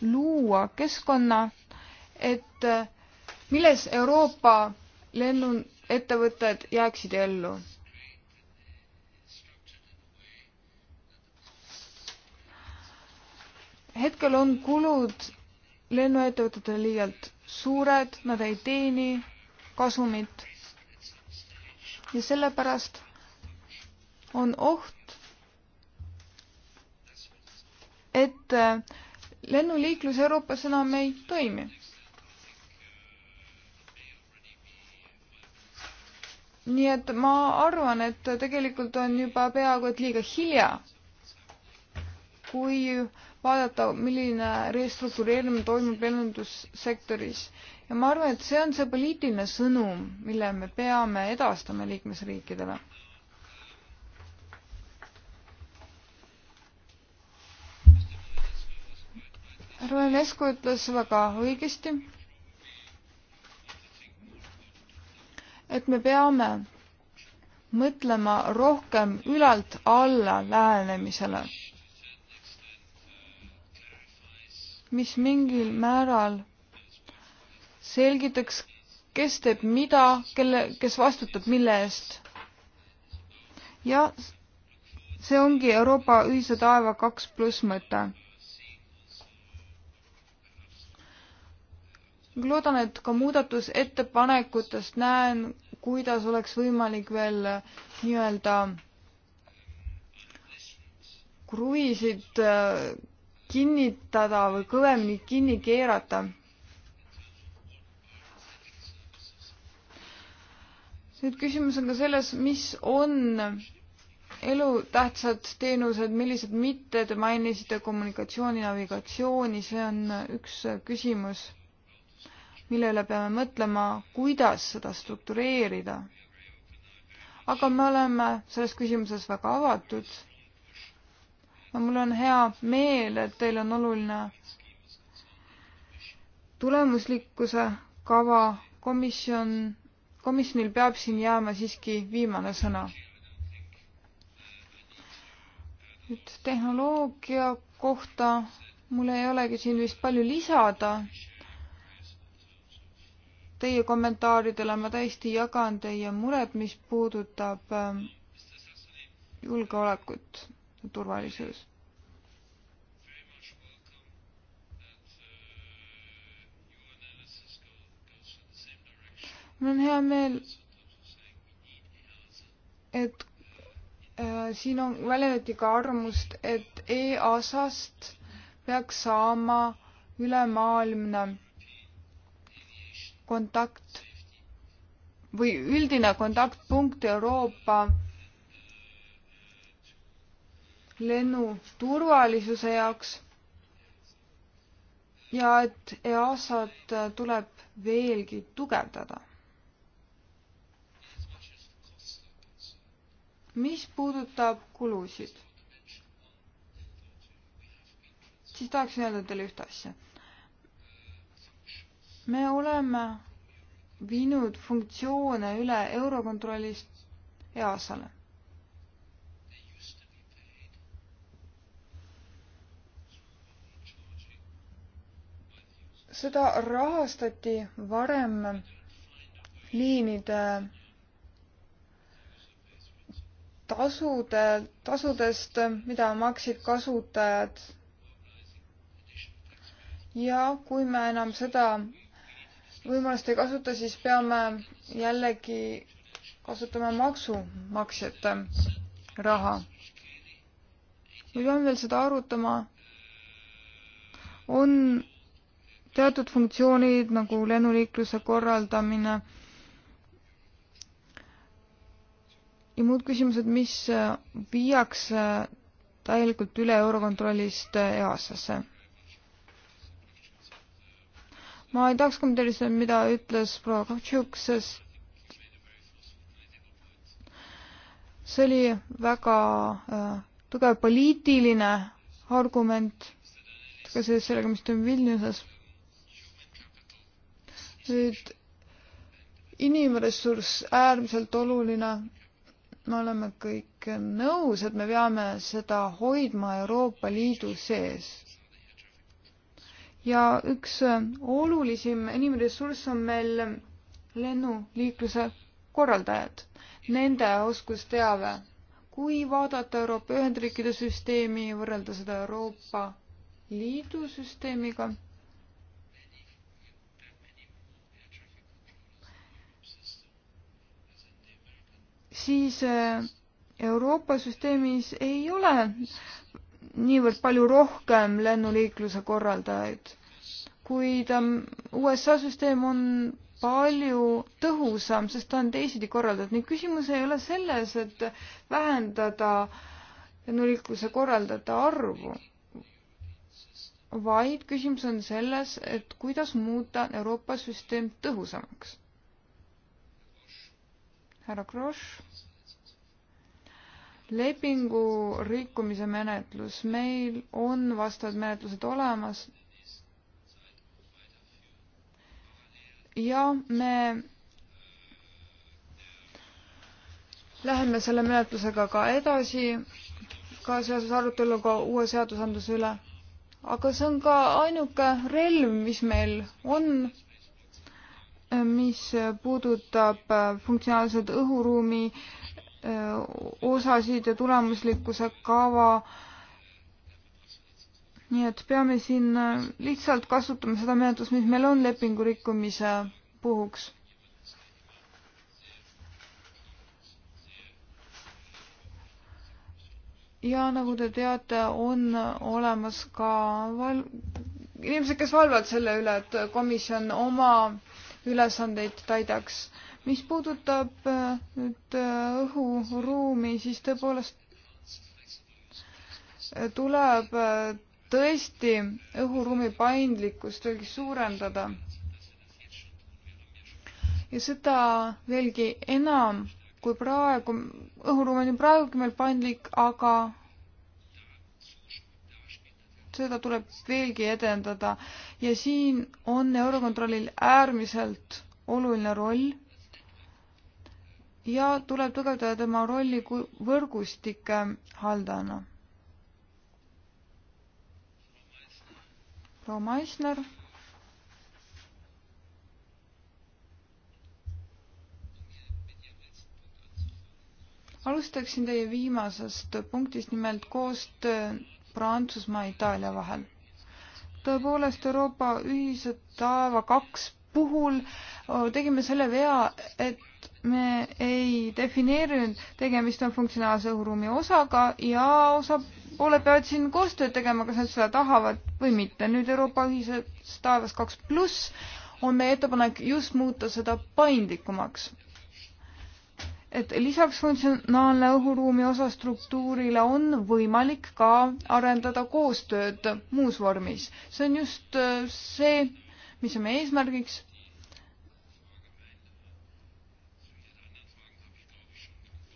luua keskkonna, et äh, milles Euroopa lennuettevõtted jääksid ellu. hetkel on kulud lennuettevõtetele liialt suured, nad ei teeni kasumit. ja sellepärast on oht, et äh, lennuliiklus Euroopas enam ei toimi. nii et ma arvan, et tegelikult on juba peaaegu et liiga hilja, kui vaadata, milline restruktureerimine toimub lennundussektoris ja ma arvan, et see on see poliitiline sõnum, mille me peame edastama liikmesriikidele härra Lesko ütles väga õigesti, et me peame mõtlema rohkem ülalt alla lähenemisele, mis mingil määral selgitaks, kes teeb mida, kelle, kes vastutab mille eest. ja see ongi Euroopa ühise taeva kaks pluss mõte loodan, et ka muudatusettepanekutest näen, kuidas oleks võimalik veel nii-öelda kruvisid äh, kinnitada või kõvemini kinni keerata. nüüd küsimus on ka selles, mis on elutähtsad teenused, millised mitte, te mainisite kommunikatsiooni, navigatsiooni, see on üks küsimus mille üle peame mõtlema, kuidas seda struktureerida. aga me oleme selles küsimuses väga avatud. no mul on hea meel, et teil on oluline tulemuslikkuse kava, komisjon, komisjonil peab siin jääma siiski viimane sõna. nüüd tehnoloogia kohta mul ei olegi siin vist palju lisada teie kommentaaridele, ma täiesti jagan teie muret, mis puudutab ähm, julgeolekut ja turvalisus. mul on hea meel, et äh, siin on väljendati ka arvamust, et EASA-st peaks saama ülemaailmne kontakt või üldine kontaktpunkt Euroopa lennuturvalisuse jaoks ja et EASA-t tuleb veelgi tugevdada. mis puudutab kulusid, siis tahaksin öelda teile ühte asja me oleme viinud funktsioone üle Eurokontrollist EASale. seda rahastati varem liinide tasude, tasudest, mida maksid kasutajad. ja kui me enam seda võimalust ei kasuta, siis peame jällegi kasutama maksumaksjate raha. me peame veel seda arutama. on teatud funktsioonid nagu lennuliikluse korraldamine ja muud küsimused, mis viiakse täielikult üle Eurokontrollist EASA-sse ma ei tahaks kommenteerida, mida ütles proua Kovtšuk, sest see oli väga äh, tugev poliitiline argument ka seoses sellega, mis toimub Vilniuses. nüüd inimressurss äärmiselt oluline. me oleme kõik nõus, et me peame seda hoidma Euroopa Liidu sees ja üks äh, olulisim inimressurss on meil lennuliikluse korraldajad, nende oskusteave. kui vaadata Euroopa Ühendriikide süsteemi, võrrelda seda Euroopa Liidu süsteemiga, siis äh, Euroopa süsteemis ei ole niivõrd palju rohkem lennuliikluse korraldajaid, kuid ähm, USA süsteem on palju tõhusam, sest ta on teisiti korraldatud ning küsimus ei ole selles, et vähendada lennuliikluse korraldajate arvu, vaid küsimus on selles, et kuidas muuta Euroopa süsteem tõhusamaks. härra Kross lepingu rikkumise menetlus, meil on vastavad menetlused olemas. ja me läheme selle menetlusega ka edasi, ka seoses aruteluga uue seadusandluse üle. aga see on ka ainuke relv, mis meil on, mis puudutab funktsionaalset õhuruumi äh, osasid ja tulemuslikkuse kava. nii et peame siin lihtsalt kasutama seda menetlust, mis meil on lepingu rikkumise puhuks. ja nagu te teate, on olemas ka val-, inimesed, kes valvavad selle üle, et komisjon oma ülesandeid täidaks mis puudutab äh, nüüd äh, õhuruumi, siis tõepoolest äh, tuleb tõesti õhuruumi paindlikkust veelgi suurendada. ja seda veelgi enam kui praegu, õhuruum on ju praegugi meil paindlik, aga seda tuleb veelgi edendada ja siin on Eurokontrollil äärmiselt oluline roll ja tuleb tugevdada tema rolli võrgustike haldajana. proua Maisner. alustaksin teie viimasest punktist, nimelt koostöö Prantsusmaa ja Itaalia vahel. tõepoolest Euroopa ühise taeva kaks puhul äh, tegime selle vea, et me ei defineerinud, tegemist on funktsionaalse õhuruumi osaga ja osapooled peavad siin koostööd tegema, kas nad seda tahavad või mitte. nüüd Euroopa ühises taevas kaks pluss on meie ettepanek just muuta seda paindlikumaks. et lisaks funktsionaalne õhuruumi osa struktuurile on võimalik ka arendada koostööd muus vormis. see on just äh, see, mis on meie eesmärgiks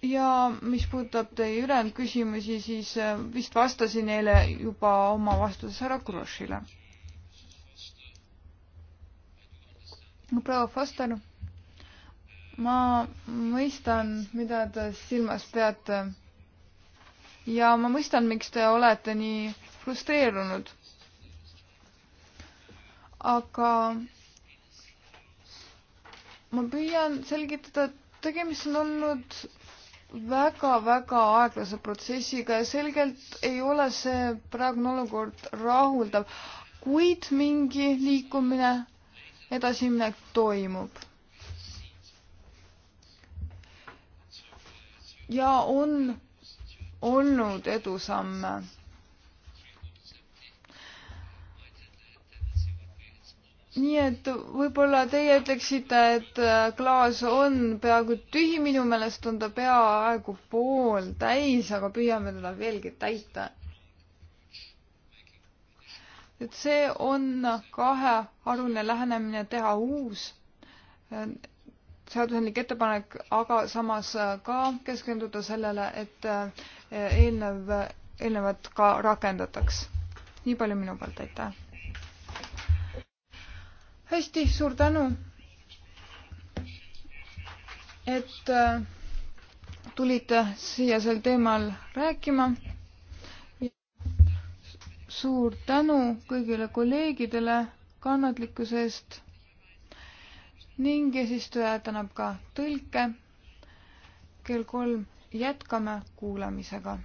ja mis puudutab teie ülejäänud küsimusi, siis äh, vist vastasin eile juba oma vastuses härra Grossile. proua Foster, ma mõistan, mida te silmas peate. ja ma mõistan, miks te olete nii frustreerunud. aga ma püüan selgitada, et tegemist on olnud väga-väga aeglase protsessiga ja selgelt ei ole see praegune olukord rahuldav, kuid mingi liikumine, edasiminek toimub ja on olnud edusamme nii et võib-olla teie ütleksite, et äh, klaas on peaaegu tühi, minu meelest on ta peaaegu pooltäis, aga püüame teda veelgi täita. et see on kaheharuline lähenemine, teha uus äh, seadusandlik ettepanek, aga samas äh, ka keskenduda sellele, et eelnev, eelnevat ka rakendataks. nii palju minu poolt, aitäh! hästi, suur tänu, et äh, tulite siia sel teemal rääkima. suur tänu kõigile kolleegidele kannatlikkuse eest ning eesistuja tänab ka tõlke. kell kolm jätkame kuulamisega.